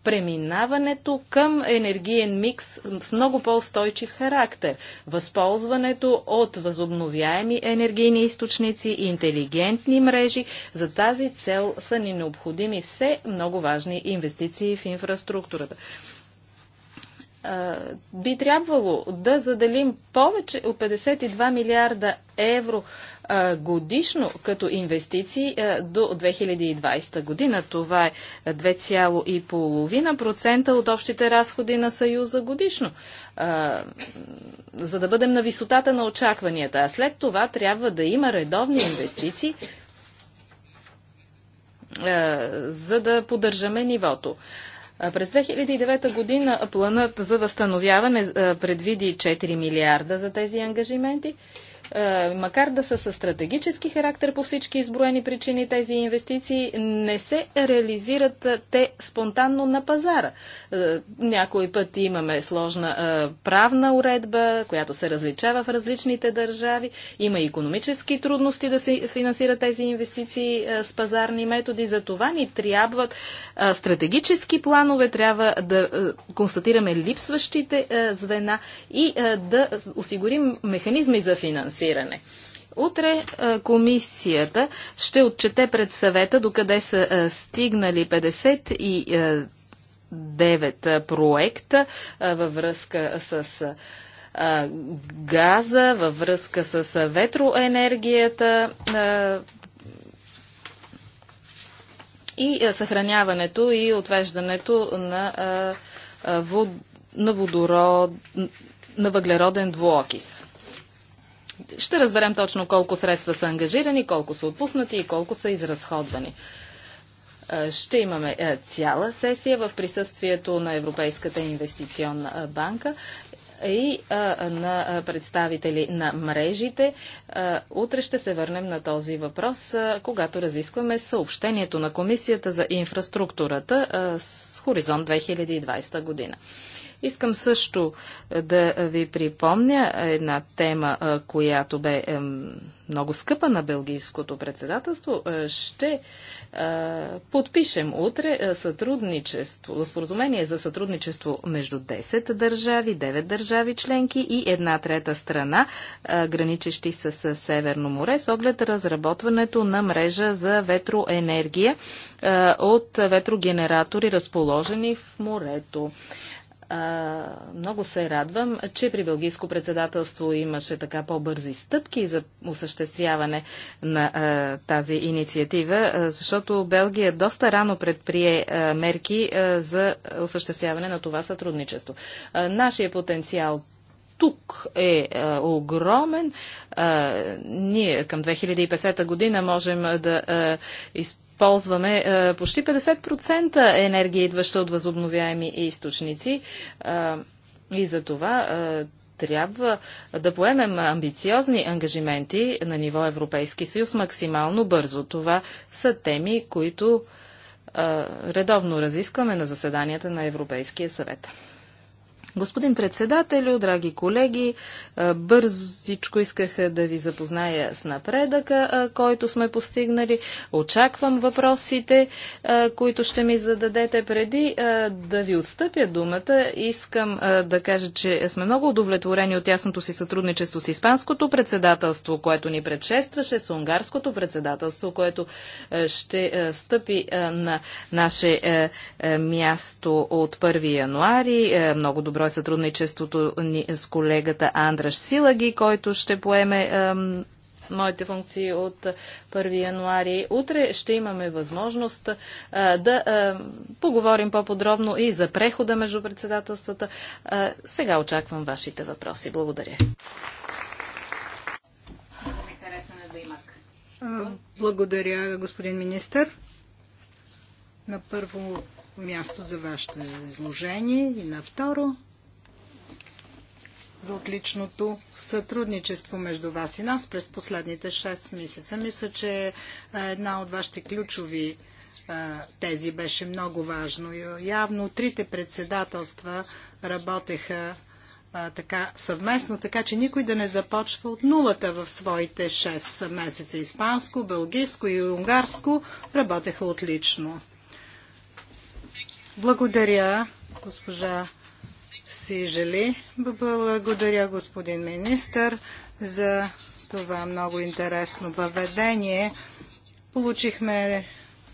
преминаването към енергиен микс с много по-устойчив характер, възползването от възобновяване възобновяеми енергийни източници и интелигентни мрежи. За тази цел са ни необходими все много важни инвестиции в инфраструктурата би трябвало да заделим повече от 52 милиарда евро годишно като инвестиции до 2020 година. Това е 2,5% от общите разходи на Съюза годишно. За да бъдем на висотата на очакванията. А след това трябва да има редовни инвестиции, за да поддържаме нивото. През 2009 година планът за възстановяване предвиди 4 милиарда за тези ангажименти. Е, макар да са със стратегически характер по всички изброени причини тези инвестиции, не се реализират е, те спонтанно на пазара. Е, някой път имаме сложна правна уредба, която се различава в различните държави. Има и економически трудности да се финансират тези инвестиции с пазарни методи. За това ни трябват стратегически планове, трябва да констатираме липсващите звена и да осигурим механизми за финансиране финансиране. Утре е, комисията ще отчете пред съвета докъде са е, стигнали 50 и 9 е, проекта във връзка с газа, във връзка с ветроенергията и съхраняването и отвеждането на, на, водород, на въглероден двуокис ще разберем точно колко средства са ангажирани, колко са отпуснати и колко са изразходвани. Е, ще имаме е, цяла сесия в присъствието на Европейската инвестиционна е, банка и на представители на мрежите. утре ще се върнем на този въпрос, когато разискваме съобщението на Комисията за инфраструктурата с Хоризонт 2020 година. Искам също е, да е, ви припомня една тема, е, която бе много скъпа на Белгийското председателство. Ще подпишем утре сътрудничество, споразумение за сътрудничество между 10 държави, 9 държави членки и една трета страна, граничещи с Северно море, с оглед разработването на мрежа за ветроенергия от ветрогенератори, разположени в морето. А, много се радвам, че при Белгийско председателство имаше така по-бързи стъпки за осъществяване на а, тази инициатива, а, защото Белгия доста рано предприе а, мерки а, за осъществяване на това сътрудничество. А, нашия потенциал тук е а, огромен. А, ние към 2050 година можем да а, изпълняваме ползваме е, почти 50% енергия, идваща от възобновяеми източници. Е, и за това е, трябва да поемем амбициозни ангажименти на ниво Европейски съюз максимално бързо. Това са теми, които редовно разискваме на заседанията на Европейския съвет. Господин председателю, драги колеги, бързичко исках да ви запозная с напредъка, който сме постигнали. Очаквам въпросите, които ще ми зададете преди да ви отстъпя думата. Искам да кажа, че сме много удовлетворени от ясното си сътрудничество с Испанското председателство, което ни предшестваше, с Унгарското председателство, което ще встъпи на наше място от 1 януари. Много добре брой е сътрудничеството ни с колегата Андраш Силаги, който ще поеме моите функции от 1 януари. Утре ще имаме възможност а, да а, поговорим по-подробно и за прехода между председателствата. А, сега очаквам вашите въпроси. Благодаря. Благодаря, господин министър. На първо място за вашето изложение и на второ за отличното сътрудничество между вас и нас през последните 6 месеца. Мисля, че една от вашите ключови тези беше много важно. Явно трите председателства работеха така съвместно, така че никой да не започва от нулата в своите 6 месеца. Испанско, бългийско и унгарско работеха отлично. Благодаря, госпожа Сижели. Благодаря, господин министър, за това много интересно въведение. Получихме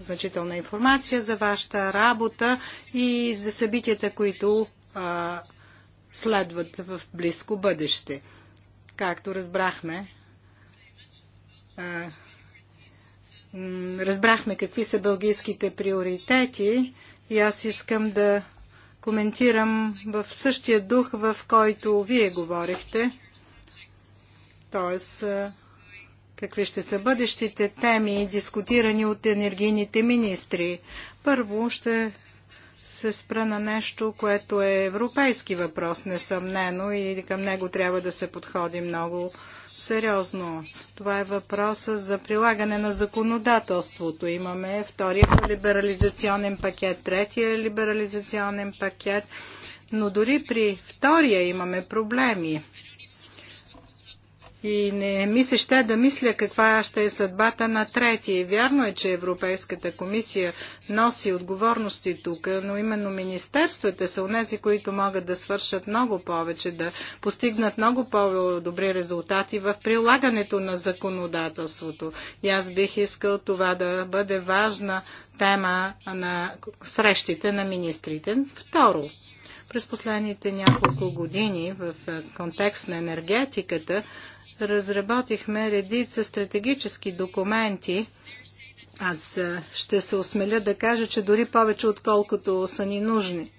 значителна информация за вашата работа и за събитията, които а, следват в близко бъдеще. Както разбрахме, а, разбрахме какви са бългийските приоритети и аз искам да коментирам в същия дух, в който вие говорихте, т.е. какви ще са бъдещите теми, дискутирани от енергийните министри. Първо ще се спра на нещо, което е европейски въпрос, несъмнено, и към него трябва да се подходи много сериозно. Това е въпроса за прилагане на законодателството. Имаме втория либерализационен пакет, третия либерализационен пакет, но дори при втория имаме проблеми и не ми се ще да мисля каква ще е съдбата на третия. Вярно е, че Европейската комисия носи отговорности тук, но именно министерствата са унези, които могат да свършат много повече, да постигнат много по-добри резултати в прилагането на законодателството. И аз бих искал това да бъде важна тема на срещите на министрите. Второ, през последните няколко години в контекст на енергетиката разработихме редица стратегически документи. Аз ще се осмеля да кажа, че дори повече отколкото са ни нужни.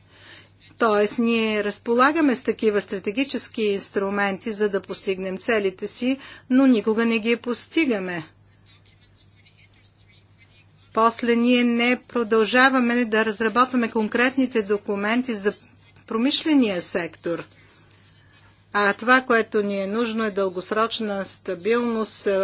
Тоест, ние разполагаме с такива стратегически инструменти, за да постигнем целите си, но никога не ги постигаме. После ние не продължаваме да разработваме конкретните документи за промишления сектор – а това, което ни е нужно е дългосрочна стабилност, е,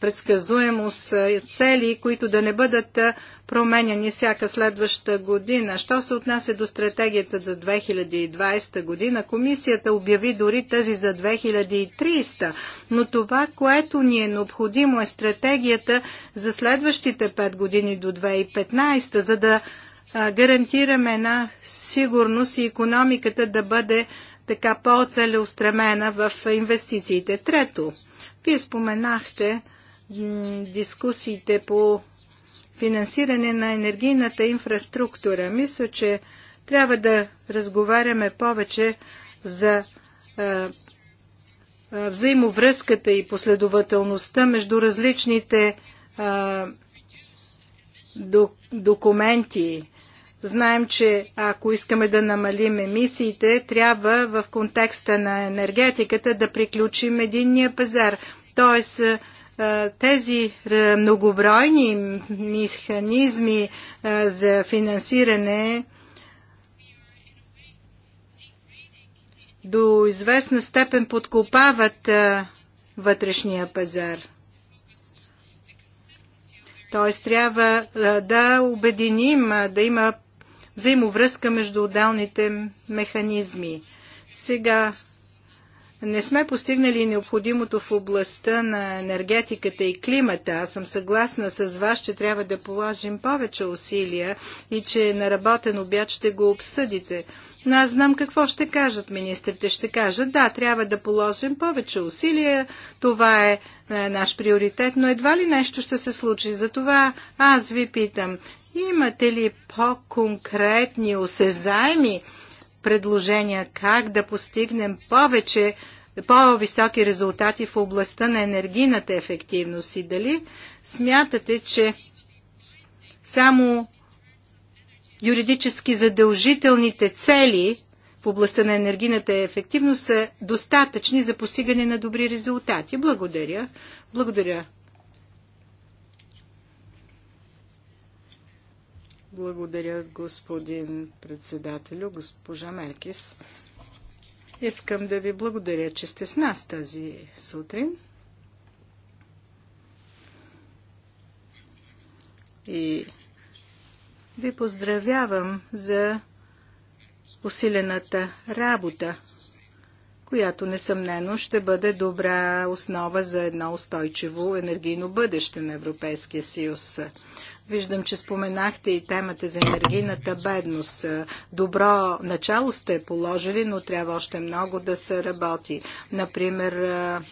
предсказуемост, е, цели, които да не бъдат е, променяни всяка следваща година. Що се отнася до стратегията за 2020 година, комисията обяви дори тази за 2300, но това, което ни е необходимо е стратегията за следващите 5 години до 2015, за да гарантираме една сигурност и економиката да бъде така по-целеустремена в инвестициите. Трето, вие споменахте дискусиите по финансиране на енергийната инфраструктура. Мисля, че трябва да разговаряме повече за а, взаимовръзката и последователността между различните а, документи Знаем, че ако искаме да намалим емисиите, трябва в контекста на енергетиката да приключим единния пазар. Тоест, тези многобройни механизми за финансиране до известна степен подкопават вътрешния пазар. Т.е. трябва да обединим, да има взаимовръзка между отделните механизми. Сега не сме постигнали необходимото в областта на енергетиката и климата. Аз съм съгласна с вас, че трябва да положим повече усилия и че е на работен обяд ще го обсъдите. Но аз знам какво ще кажат министрите. Ще кажат, да, трябва да положим повече усилия, това е, е наш приоритет, но едва ли нещо ще се случи. Затова аз ви питам, Имате ли по-конкретни, осезаеми предложения как да постигнем повече, по-високи резултати в областта на енергийната ефективност и дали смятате, че само юридически задължителните цели в областта на енергийната ефективност са достатъчни за постигане на добри резултати. Благодаря. Благодаря, Благодаря, господин председателю, госпожа Меркис. Искам да ви благодаря, че сте с нас тази сутрин. И ви поздравявам за усилената работа, която несъмнено ще бъде добра основа за едно устойчиво енергийно бъдеще на Европейския съюз. Виждам, че споменахте и темата за енергийната бедност. Добро начало сте положили, но трябва още много да се работи. Например,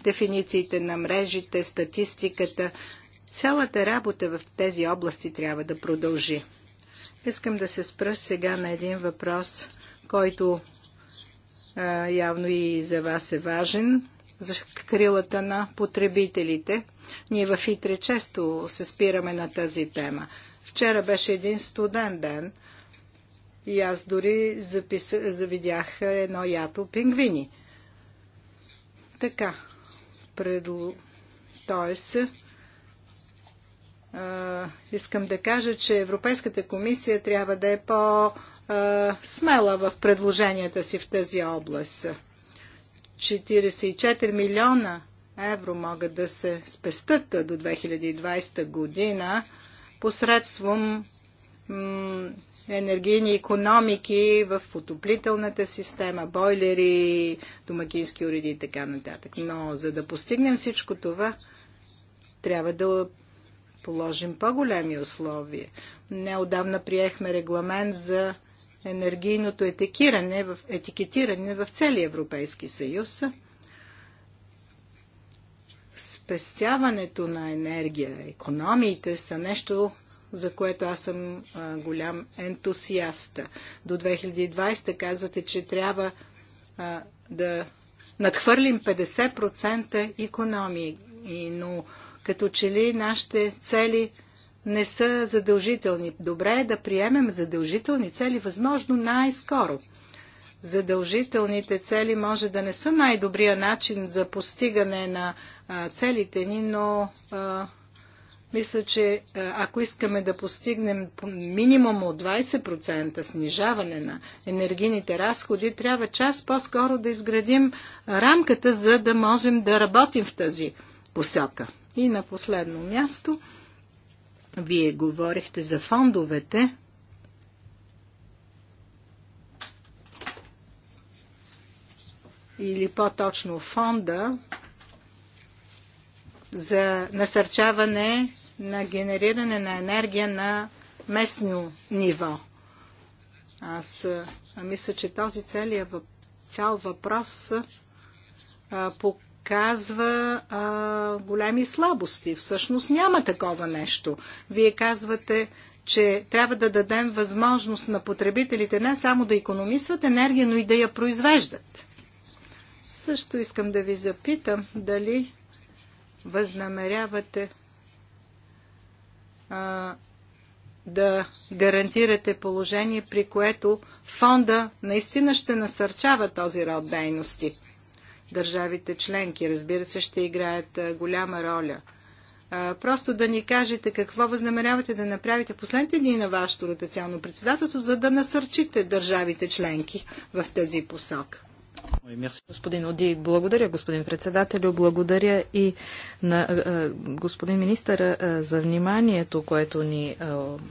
дефинициите на мрежите, статистиката. Цялата работа в тези области трябва да продължи. Искам да се спра сега на един въпрос, който явно и за вас е важен за крилата на потребителите. Ние в Итре често се спираме на тази тема. Вчера беше един студен ден и аз дори записа, завидях едно ято пингвини. Така, пред... Тоест, а, искам да кажа, че Европейската комисия трябва да е по-смела в предложенията си в тази област. 44 милиона евро могат да се спестат до 2020 година посредством енергийни економики в отоплителната система, бойлери, домакински уреди и така нататък. Но за да постигнем всичко това, трябва да положим по-големи условия. Неодавна приехме регламент за енергийното етикиране, в, етикетиране в целия Европейски съюз. Спестяването на енергия, економиите са нещо, за което аз съм голям ентусиаст. До 2020 казвате, че трябва да надхвърлим 50% економии, но като че ли нашите цели не са задължителни. Добре е да приемем задължителни цели възможно най-скоро. Задължителните цели може да не са най-добрия начин за постигане на а, целите ни, но а, мисля, че ако искаме да постигнем минимум от 20% снижаване на енергийните разходи, трябва час по-скоро да изградим рамката, за да можем да работим в тази посока. И на последно място – вие говорихте за фондовете. Или по-точно фонда за насърчаване на генериране на енергия на местно ниво. Аз мисля, че този цял въпрос по казва а, големи слабости. Всъщност няма такова нещо. Вие казвате, че трябва да дадем възможност на потребителите не само да економисват енергия, но и да я произвеждат. Също искам да ви запитам дали възнамерявате а, да гарантирате положение, при което фонда наистина ще насърчава този род дейности държавите членки. Разбира се, ще играят голяма роля. Просто да ни кажете какво възнамерявате да направите последните дни на вашето ротационно председателство, за да насърчите държавите членки в тази посока. Господин Оди, благодаря, господин председателю. Благодаря и на господин министър за вниманието, което ни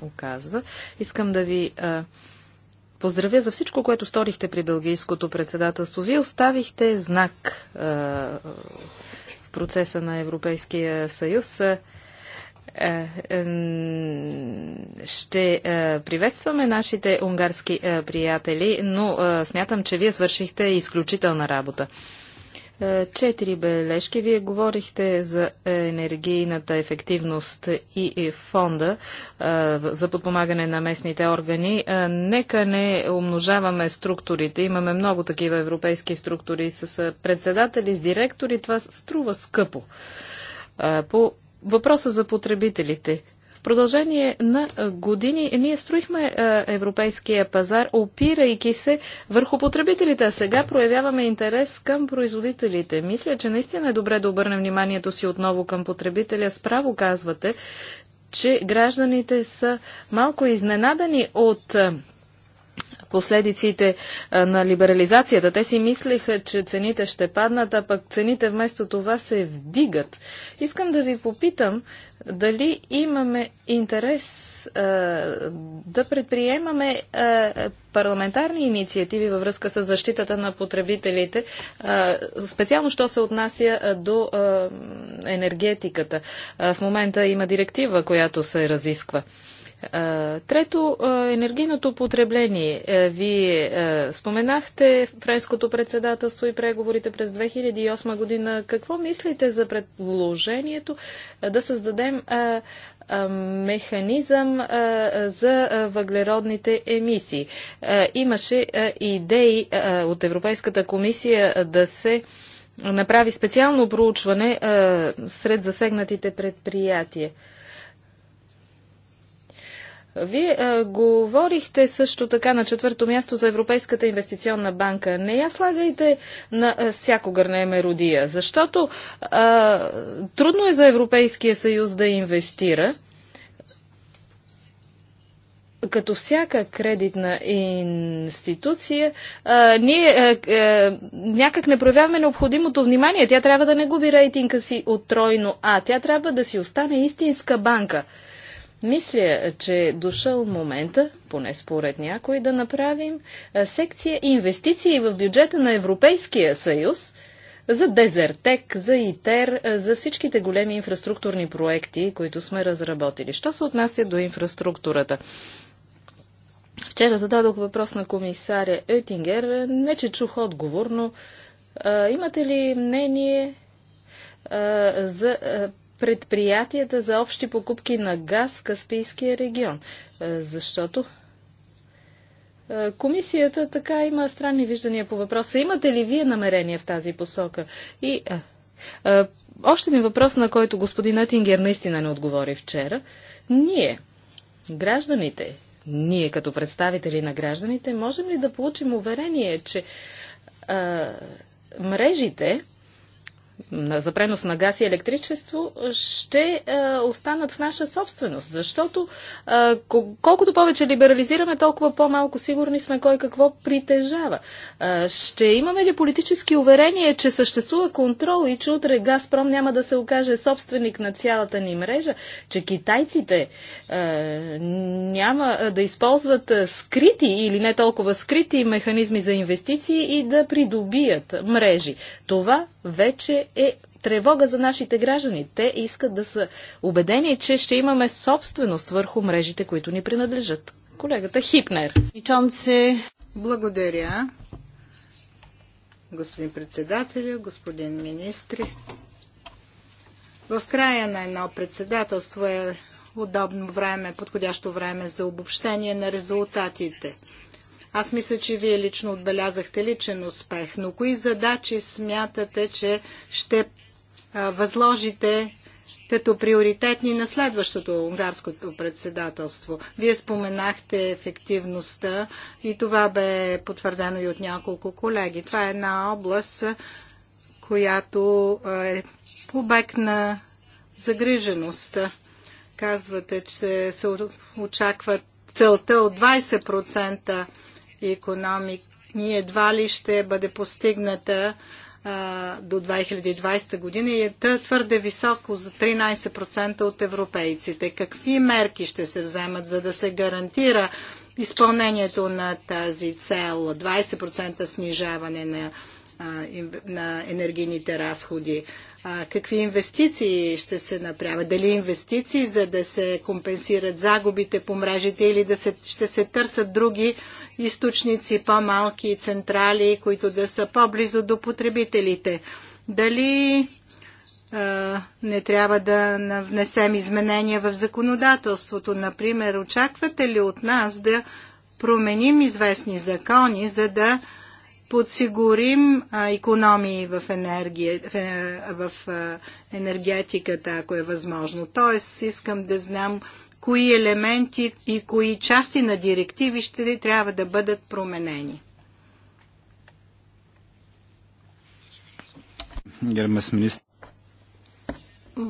оказва. Искам да ви поздравя за всичко, което сторихте при Белгийското председателство. Вие оставихте знак е, в процеса на Европейския съюз. Е, е, ще е, приветстваме нашите унгарски е, приятели, но е, смятам, че вие свършихте изключителна работа. Е, четири бележки. Вие говорихте за енергийната ефективност и фонда е, за подпомагане на местните органи. Е, нека не умножаваме структурите. Имаме много такива европейски структури с председатели, с директори. Това струва скъпо. По въпроса за потребителите. В продължение на години ние строихме европейския пазар, опирайки се върху потребителите, а сега проявяваме интерес към производителите. Мисля, че наистина е добре да обърнем вниманието си отново към потребителя. Справо казвате, че гражданите са малко изненадани от последиците на либерализацията. Те си мислиха, че цените ще паднат, а пък цените вместо това се вдигат. Искам да ви попитам дали имаме интерес а, да предприемаме а, парламентарни инициативи във връзка с защитата на потребителите, а, специално що се отнася до енергетиката. В момента има директива, която се разисква. Трето, енергийното потребление. Вие споменахте френското председателство и преговорите през 2008 година. Какво мислите за предложението да създадем механизъм за въглеродните емисии? Имаше идеи от Европейската комисия да се направи специално проучване сред засегнатите предприятия. Вие а, говорихте също така на четвърто място за Европейската инвестиционна банка. Не я слагайте на а, всяко гърне меродия, защото а, трудно е за Европейския съюз да инвестира. Като всяка кредитна институция, а, ние а, а, някак не проявяваме необходимото внимание. Тя трябва да не губи рейтинга си от тройно А. Тя трябва да си остане истинска банка – мисля, че е дошъл момента, поне според някой, да направим секция инвестиции в бюджета на Европейския съюз за Дезертек, за ИТЕР, за всичките големи инфраструктурни проекти, които сме разработили. Що се отнася до инфраструктурата? Вчера зададох въпрос на комисаря Етингер. Не, че чух отговор, но а, имате ли мнение а, за а, предприятията за общи покупки на газ в Каспийския регион. Е, защото е, комисията така има странни виждания по въпроса. Имате ли вие намерения в тази посока? И а, е, а, още един въпрос, на който господин Атингер наистина не отговори вчера. Ние, гражданите, ние като представители на гражданите, можем ли да получим уверение, че а, мрежите, за пренос на газ и електричество ще е, останат в наша собственост. Защото е, колкото повече либерализираме, толкова по-малко сигурни сме кой какво притежава. Е, ще имаме ли политически уверение, че съществува контрол и че утре Газпром няма да се окаже собственик на цялата ни мрежа, че китайците няма да използват скрити или не толкова скрити механизми за инвестиции и да придобият мрежи. Това вече е тревога за нашите граждани. Те искат да са убедени, че ще имаме собственост върху мрежите, които ни принадлежат. Колегата Хипнер. Благодаря. Господин председател, господин министри. В края на едно председателство е удобно време, подходящо време за обобщение на резултатите. Аз мисля, че вие лично отбелязахте личен успех, но кои задачи смятате, че ще възложите като приоритетни на следващото унгарското председателство. Вие споменахте ефективността и това бе потвърдено и от няколко колеги. Това е една област, която е обект на загриженост. Казвате, че се очаква целта от 20% економик. Ние едва ли ще бъде постигната а, до 2020 година и е твърде високо за 13% от европейците. Какви мерки ще се вземат, за да се гарантира изпълнението на тази цел 20% снижаване на, а, на енергийните разходи? какви инвестиции ще се направят. Дали инвестиции, за да се компенсират загубите по мрежите или да се, ще се търсят други източници, по-малки централи, които да са по-близо до потребителите. Дали не трябва да внесем изменения в законодателството. Например, очаквате ли от нас да променим известни закони, за да подсигурим економии в, енергия, в, е, е, енергетиката, ако е възможно. Тоест, искам да знам кои елементи и кои части на директиви ще трябва да бъдат променени.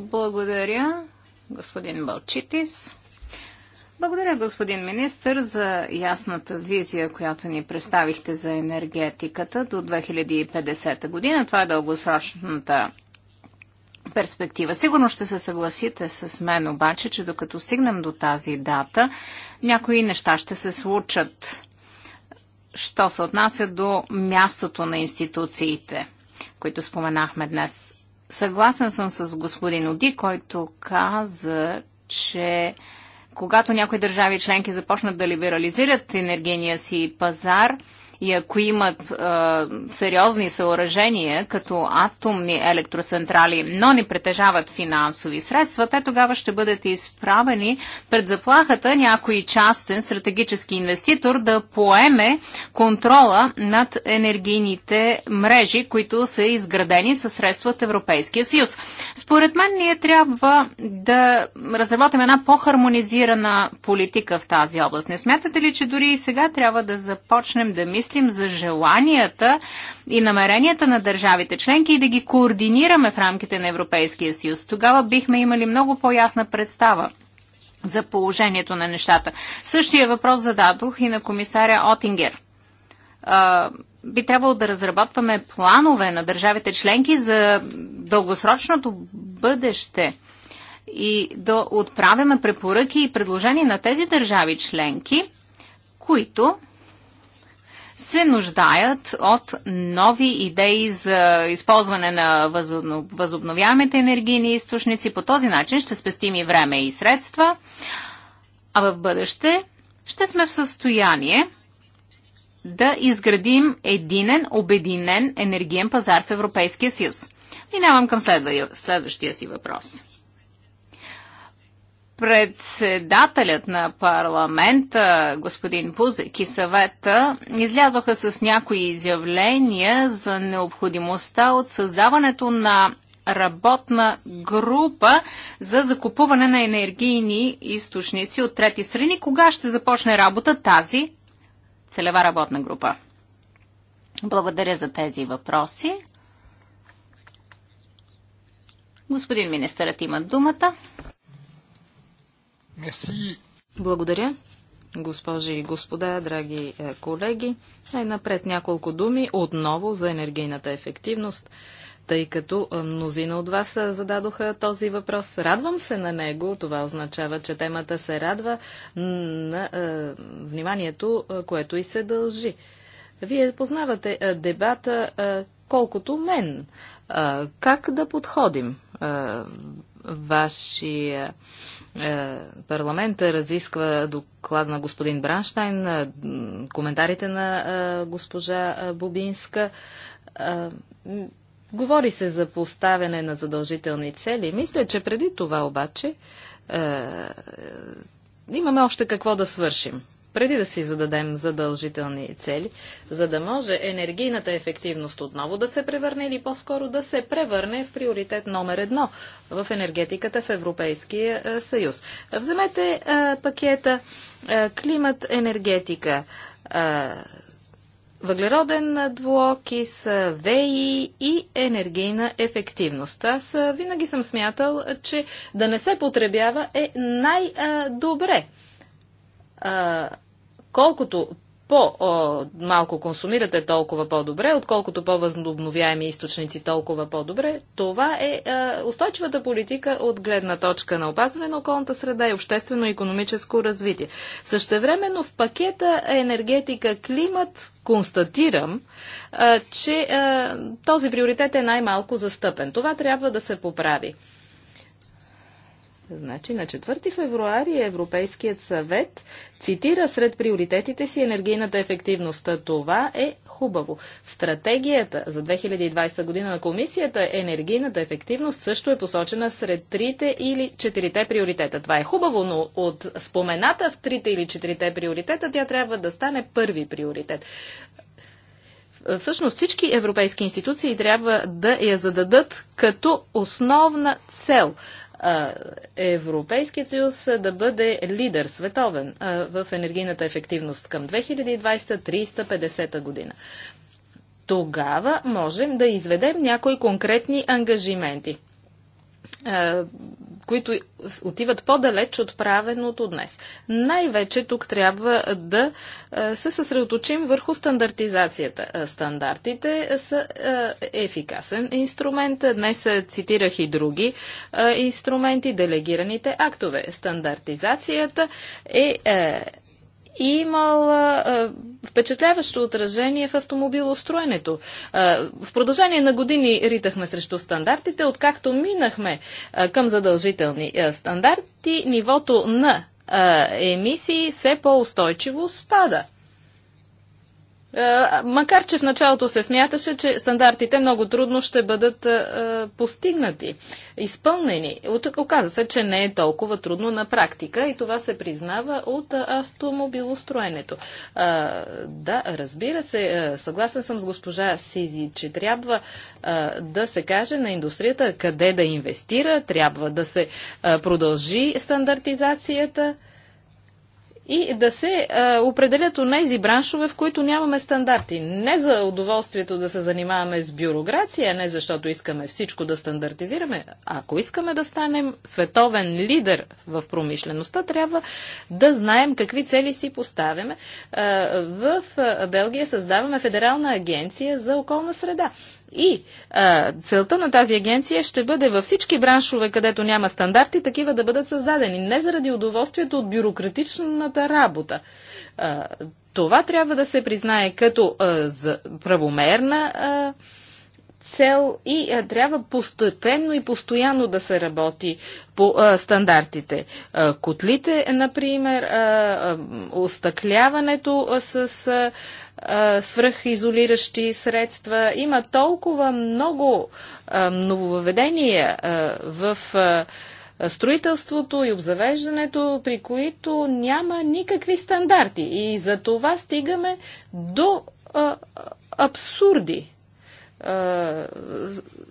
Благодаря, господин Балчитис. Благодаря, господин министр, за ясната визия, която ни представихте за енергетиката до 2050 година. Това е дългосрочната перспектива. Сигурно ще се съгласите с мен обаче, че докато стигнем до тази дата, някои неща ще се случат, що се отнася до мястото на институциите, които споменахме днес. Съгласен съм с господин Оди, който каза, че когато някои държави членки започнат да либерализират енергийния си пазар, и ако имат е, сериозни съоръжения, като атомни електроцентрали, но не притежават финансови средства, те тогава ще бъдат изправени пред заплахата някой частен стратегически инвеститор да поеме контрола над енергийните мрежи, които са изградени със средства от Европейския съюз. Според мен ние трябва да разработим една по-хармонизирана политика в тази област. Не смятате ли, че дори и сега трябва да започнем да мислим мислим за желанията и намеренията на държавите членки и да ги координираме в рамките на Европейския съюз. Тогава бихме имали много по-ясна представа за положението на нещата. Същия въпрос зададох и на комисаря Отингер би трябвало да разработваме планове на държавите членки за дългосрочното бъдеще и да отправяме препоръки и предложения на тези държави членки, които се нуждаят от нови идеи за използване на възобновяемите енергийни източници. По този начин ще спестим и време и средства, а в бъдеще ще сме в състояние да изградим единен, обединен енергиен пазар в Европейския съюз. Минавам към следващия си въпрос председателят на парламента, господин Пузек и съвета, излязоха с някои изявления за необходимостта от създаването на работна група за закупуване на енергийни източници от трети страни. Кога ще започне работа тази целева работна група? Благодаря за тези въпроси. Господин министърът има думата. Merci. Благодаря. Госпожи и господа, драги е, колеги, най-напред няколко думи отново за енергийната ефективност, тъй като е, мнозина от вас е, зададоха този въпрос. Радвам се на него, това означава, че темата се радва на вниманието, което и се дължи. Вие познавате дебата колкото мен. Как да подходим? вашия е, парламент разисква доклад на господин Бранштайн, е, коментарите на е, госпожа Бубинска. Говори се за поставяне на задължителни цели. Мисля, че преди това обаче имаме още какво да свършим преди да си зададем задължителни цели, за да може енергийната ефективност отново да се превърне или по-скоро да се превърне в приоритет номер едно в енергетиката в Европейския е, съюз. Вземете а, е, пакета а, е, климат, енергетика, а, въглероден двуокис, ВЕИ и енергийна ефективност. Аз винаги съм смятал, че да не се потребява е най-добре а, колкото по-малко консумирате, толкова по-добре, отколкото по-възобновяеми източници, толкова по-добре. Това е а, устойчивата политика от гледна точка на опазване на околната среда и обществено-економическо развитие. Същевременно в пакета енергетика климат констатирам, а, че а, този приоритет е най-малко застъпен. Това трябва да се поправи. Значи на 4 февруари Европейският съвет цитира сред приоритетите си енергийната ефективност. Това е хубаво. В стратегията за 2020 година на комисията е енергийната ефективност също е посочена сред трите или четирите приоритета. Това е хубаво, но от спомената в трите или четирите приоритета тя трябва да стане първи приоритет всъщност всички европейски институции трябва да я зададат като основна цел. Европейският съюз да бъде лидер световен в енергийната ефективност към 2020-350 година. Тогава можем да изведем някои конкретни ангажименти. Е, които отиват по-далеч от правеното днес. Най-вече тук трябва да е, се съсредоточим върху стандартизацията. Е, стандартите са ефикасен инструмент. Днес цитирах и други инструменти, делегираните актове. Стандартизацията е имал а, е, впечатляващо отражение в автомобилостроенето. А, е, в продължение на години ритахме срещу стандартите, откакто минахме а, е, към задължителни а, стандарти, нивото на а, емисии все по-устойчиво спада. Е, макар, че в началото се смяташе, че стандартите много трудно ще бъдат е, е, постигнати, изпълнени. Оказа се, че не е толкова трудно на практика и това се признава от автомобилостроенето. Да, разбира се, съгласен съм с госпожа Сизи, че трябва да се каже на индустрията къде да инвестира, трябва да се продължи стандартизацията и да се а, определят онези браншове, в които нямаме стандарти. Не за удоволствието да се занимаваме с бюрокрация, не защото искаме всичко да стандартизираме. Ако искаме да станем световен лидер в промишлеността, трябва да знаем какви цели си поставяме. А, в Белгия създаваме Федерална агенция за околна среда. И а, целта на тази агенция ще бъде във всички браншове, където няма стандарти, такива да бъдат създадени. Не заради удоволствието от бюрократичната работа. А, това трябва да се признае като а, за правомерна а, цел и а, трябва постепенно и постоянно да се работи по а, стандартите. А, котлите, например, а, а, остъкляването с. А, свръхизолиращи средства. Има толкова много нововведения в строителството и обзавеждането, при които няма никакви стандарти. И за това стигаме до абсурди.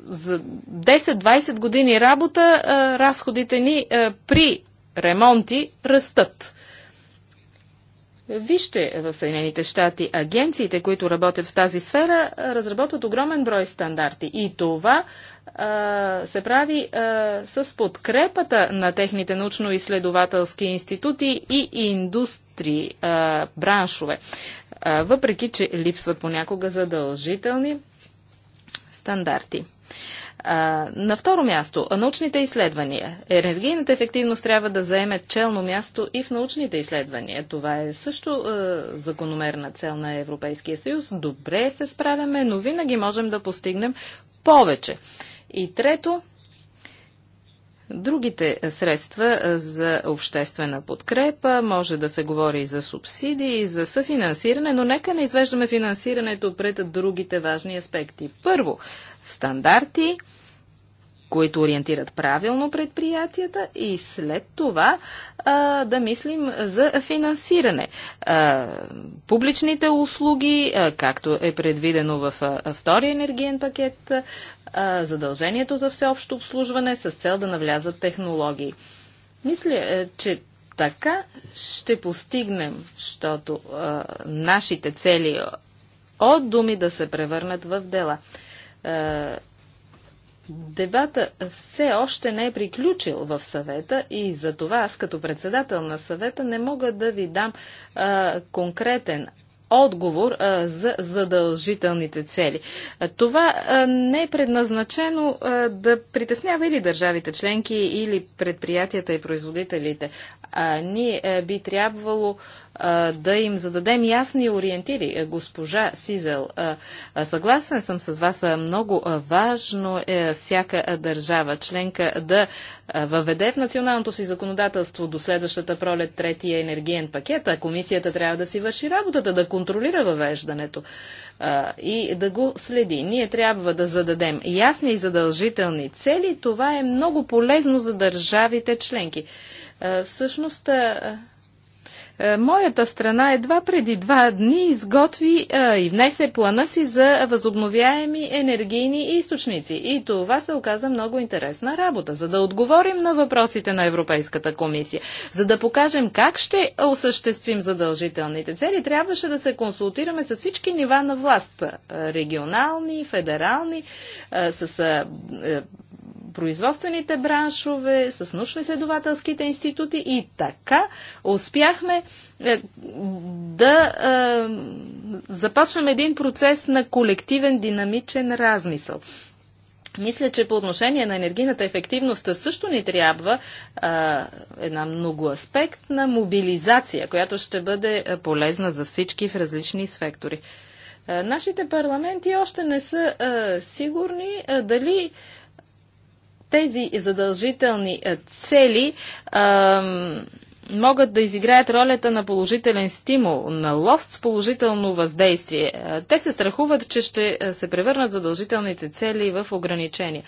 за 10-20 години работа разходите ни при ремонти растат. Вижте в Съединените щати, агенциите, които работят в тази сфера, разработват огромен брой стандарти. И това а, се прави а, с подкрепата на техните научно-изследователски институти и индустрии, а, браншове. А, въпреки, че липсват понякога задължителни стандарти. А, на второ място, научните изследвания. Енергийната ефективност трябва да заеме челно място и в научните изследвания. Това е също а, закономерна цел на Европейския съюз. Добре се справяме, но винаги можем да постигнем повече. И трето, другите средства за обществена подкрепа, може да се говори и за субсидии, и за съфинансиране, но нека не извеждаме финансирането пред другите важни аспекти. Първо, стандарти, които ориентират правилно предприятията и след това а, да мислим за финансиране. А, публичните услуги, а, както е предвидено в а, втория енергиен пакет, а, задължението за всеобщо обслужване с цел да навлязат технологии. Мисля, а, е, че така ще постигнем, защото а, нашите цели от думи да се превърнат в дела. Е, дебата все още не е приключил в съвета и за това аз като председател на съвета не мога да ви дам а, е, конкретен отговор а, е, за задължителните цели. А, това а, не е предназначено а, да притеснява или държавите членки, или предприятията и производителите а, ние а, би трябвало да им зададем ясни ориентири. Е, госпожа Сизел, съгласен съм с вас, много важно е всяка държава членка да въведе в националното си законодателство до следващата пролет третия енергиен пакет, а комисията трябва да си върши работата, да контролира въвеждането и да го следи. Ние трябва да зададем ясни и задължителни цели. Това е много полезно за държавите членки. Е, всъщност, е, е, моята страна едва преди два дни изготви и внесе плана си за възобновяеми енергийни източници. И това се оказа много интересна работа, за да отговорим на въпросите на Европейската комисия. За да покажем как ще осъществим задължителните цели, трябваше да се консултираме с всички нива на власт. Регионални, федерални, с производствените браншове, с научно-изследователските институти и така успяхме е, да е, започнем един процес на колективен динамичен размисъл. Мисля, че по отношение на енергийната ефективност също ни трябва а, е, една многоаспектна мобилизация, която ще бъде полезна за всички в различни сектори. Нашите парламенти още не са а, сигурни а, дали тези задължителни е, цели а, могат да изиграят ролята на положителен стимул, на лост с положително въздействие. Е, те се страхуват, че ще е, се превърнат задължителните цели в ограничения.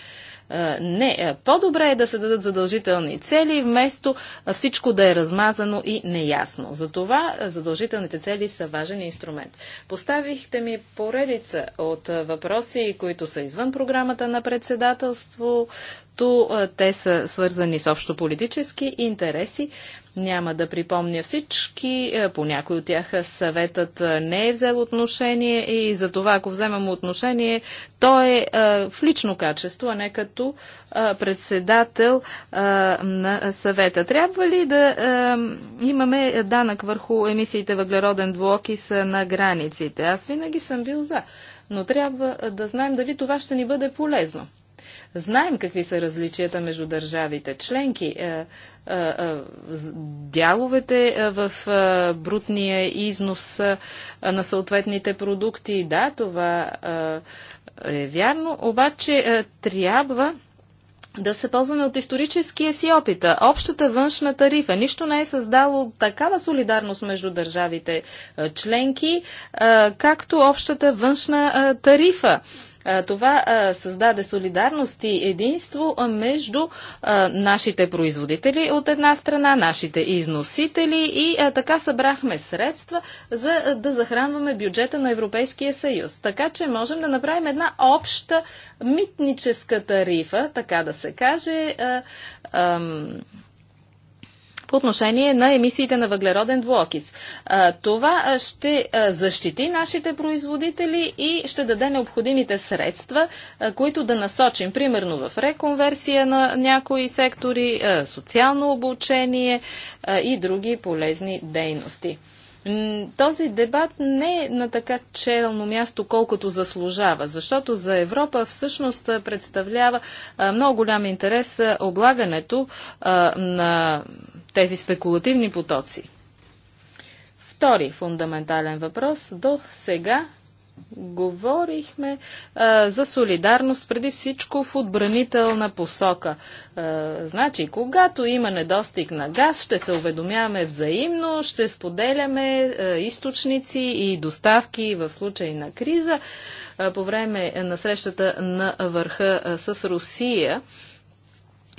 Не, по-добре е да се дадат задължителни цели, вместо всичко да е размазано и неясно. Затова задължителните цели са важен инструмент. Поставихте ми поредица от въпроси, които са извън програмата на председателство, като те са свързани с общо политически интереси. Няма да припомня всички, по някои от тях съветът не е взел отношение и за това, ако вземам отношение, то е в лично качество, а не като председател на съвета. Трябва ли да имаме данък върху емисиите въглероден двуокис на границите? Аз винаги съм бил за, но трябва да знаем дали това ще ни бъде полезно. Знаем какви са различията между държавите членки. Е, е, е, дяловете в брутния износ на съответните продукти, да, това е вярно, обаче трябва да се ползваме от историческия си опит. Общата външна тарифа. Нищо не е създало такава солидарност между държавите членки, както общата външна тарифа. Това създаде солидарност и единство между нашите производители от една страна, нашите износители и така събрахме средства за да захранваме бюджета на Европейския съюз. Така че можем да направим една обща митническа тарифа, така да се каже, по отношение на емисиите на въглероден двуокис. Това ще защити нашите производители и ще даде необходимите средства, които да насочим, примерно в реконверсия на някои сектори, социално обучение и други полезни дейности. Този дебат не е на така челно място, колкото заслужава, защото за Европа всъщност представлява много голям интерес облагането на тези спекулативни потоци. Втори фундаментален въпрос. До сега говорихме а, за солидарност преди всичко в отбранителна посока. А, значи, когато има недостиг на газ, ще се уведомяваме взаимно, ще споделяме а, източници и доставки в случай на криза. А, по време на срещата на върха а, с Русия, а,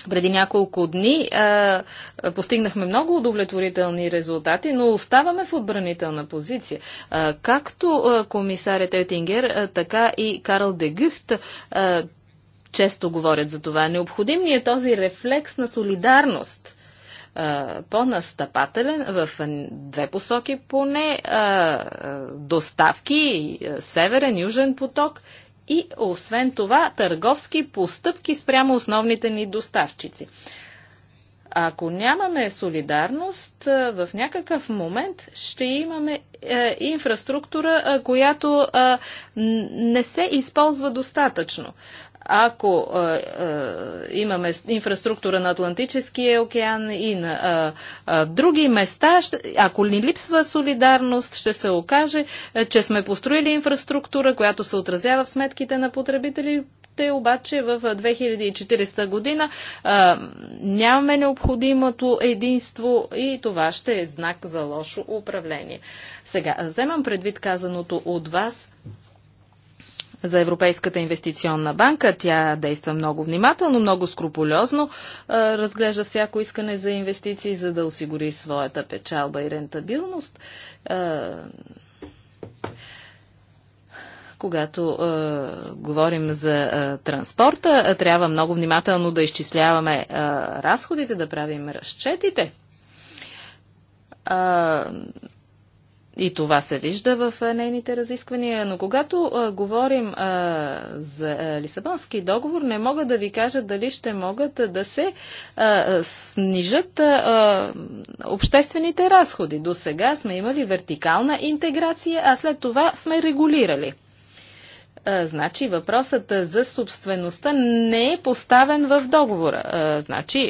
преди няколко дни а, постигнахме много удовлетворителни резултати, но оставаме в отбранителна позиция. А, както а, комисарят Етингер, така и Карл Дегюхт а, често говорят за това. Необходим ни е този рефлекс на солидарност по-настъпателен в две посоки поне доставки, северен, южен поток и освен това търговски постъпки спрямо основните ни доставчици. Ако нямаме солидарност, в някакъв момент ще имаме е, инфраструктура, която е, не се използва достатъчно ако а, е, а, е, имаме инфраструктура на Атлантическия океан и на а, е, а, други места, ще, ако ни липсва солидарност, ще се окаже, а, че сме построили инфраструктура, която се отразява в сметките на Те обаче в 2040 година а, нямаме необходимото единство и това ще е знак за лошо управление. Сега, вземам предвид казаното от вас за Европейската инвестиционна банка. Тя действа много внимателно, много скрупулезно, разглежда всяко искане за инвестиции, за да осигури своята печалба и рентабилност. Когато е, говорим за е, транспорта, трябва много внимателно да изчисляваме е, разходите, да правим разчетите. И това се вижда в нейните разисквания. Но когато а, говорим а, за а, Лисабонски договор, не мога да ви кажа дали ще могат да се а, снижат а, обществените разходи. До сега сме имали вертикална интеграция, а след това сме регулирали значи въпросът за собствеността не е поставен в договора. Значи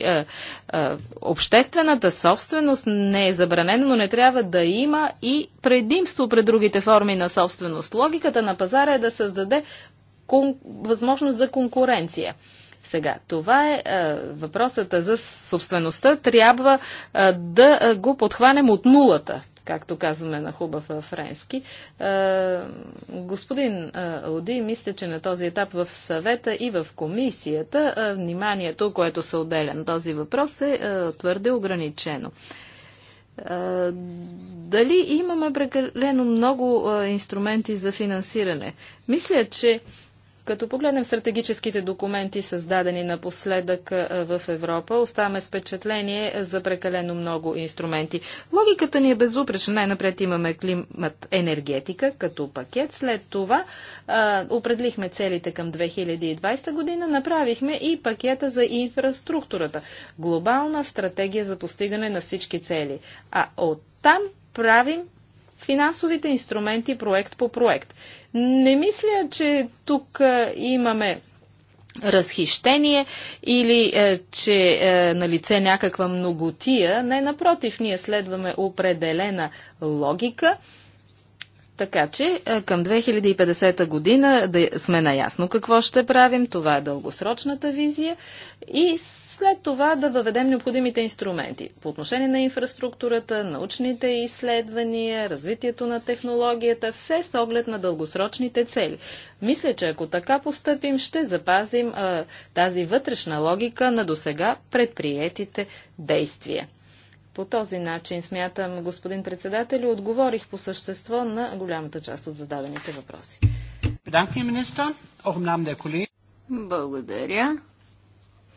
обществената собственост не е забранена, но не трябва да има и предимство пред другите форми на собственост. Логиката на пазара е да създаде кон... възможност за конкуренция. Сега, това е, въпросът за собствеността. Трябва да го подхванем от нулата както казваме на хубав френски. Господин Оди, мисля, че на този етап в съвета и в комисията вниманието, което се отделя на този въпрос е твърде ограничено. Дали имаме прекалено много инструменти за финансиране? Мисля, че като погледнем стратегическите документи, създадени напоследък в Европа, оставаме с впечатление за прекалено много инструменти. Логиката ни е безупречна. Най-напред имаме климат енергетика като пакет. След това а, определихме целите към 2020 година, направихме и пакета за инфраструктурата. Глобална стратегия за постигане на всички цели. А от там правим финансовите инструменти проект по проект. Не мисля, че тук е, имаме разхищение или е, че е, на лице някаква многотия. Не, напротив, ние следваме определена логика. Така че към 2050 година да сме наясно какво ще правим. Това е дългосрочната визия. И след това да въведем необходимите инструменти по отношение на инфраструктурата, научните изследвания, развитието на технологията, все с оглед на дългосрочните цели. Мисля, че ако така постъпим, ще запазим а, тази вътрешна логика на досега предприетите действия. По този начин, смятам, господин председател, отговорих по същество на голямата част от зададените въпроси. Благодаря.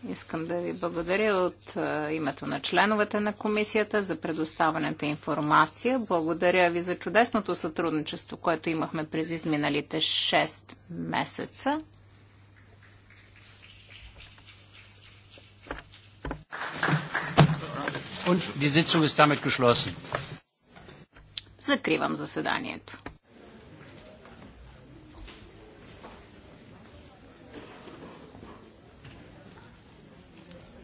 Искам да ви благодаря от името на членовете на комисията за предоставената информация. Благодаря ви за чудесното сътрудничество, което имахме през изминалите 6 месеца. Закривам заседанието.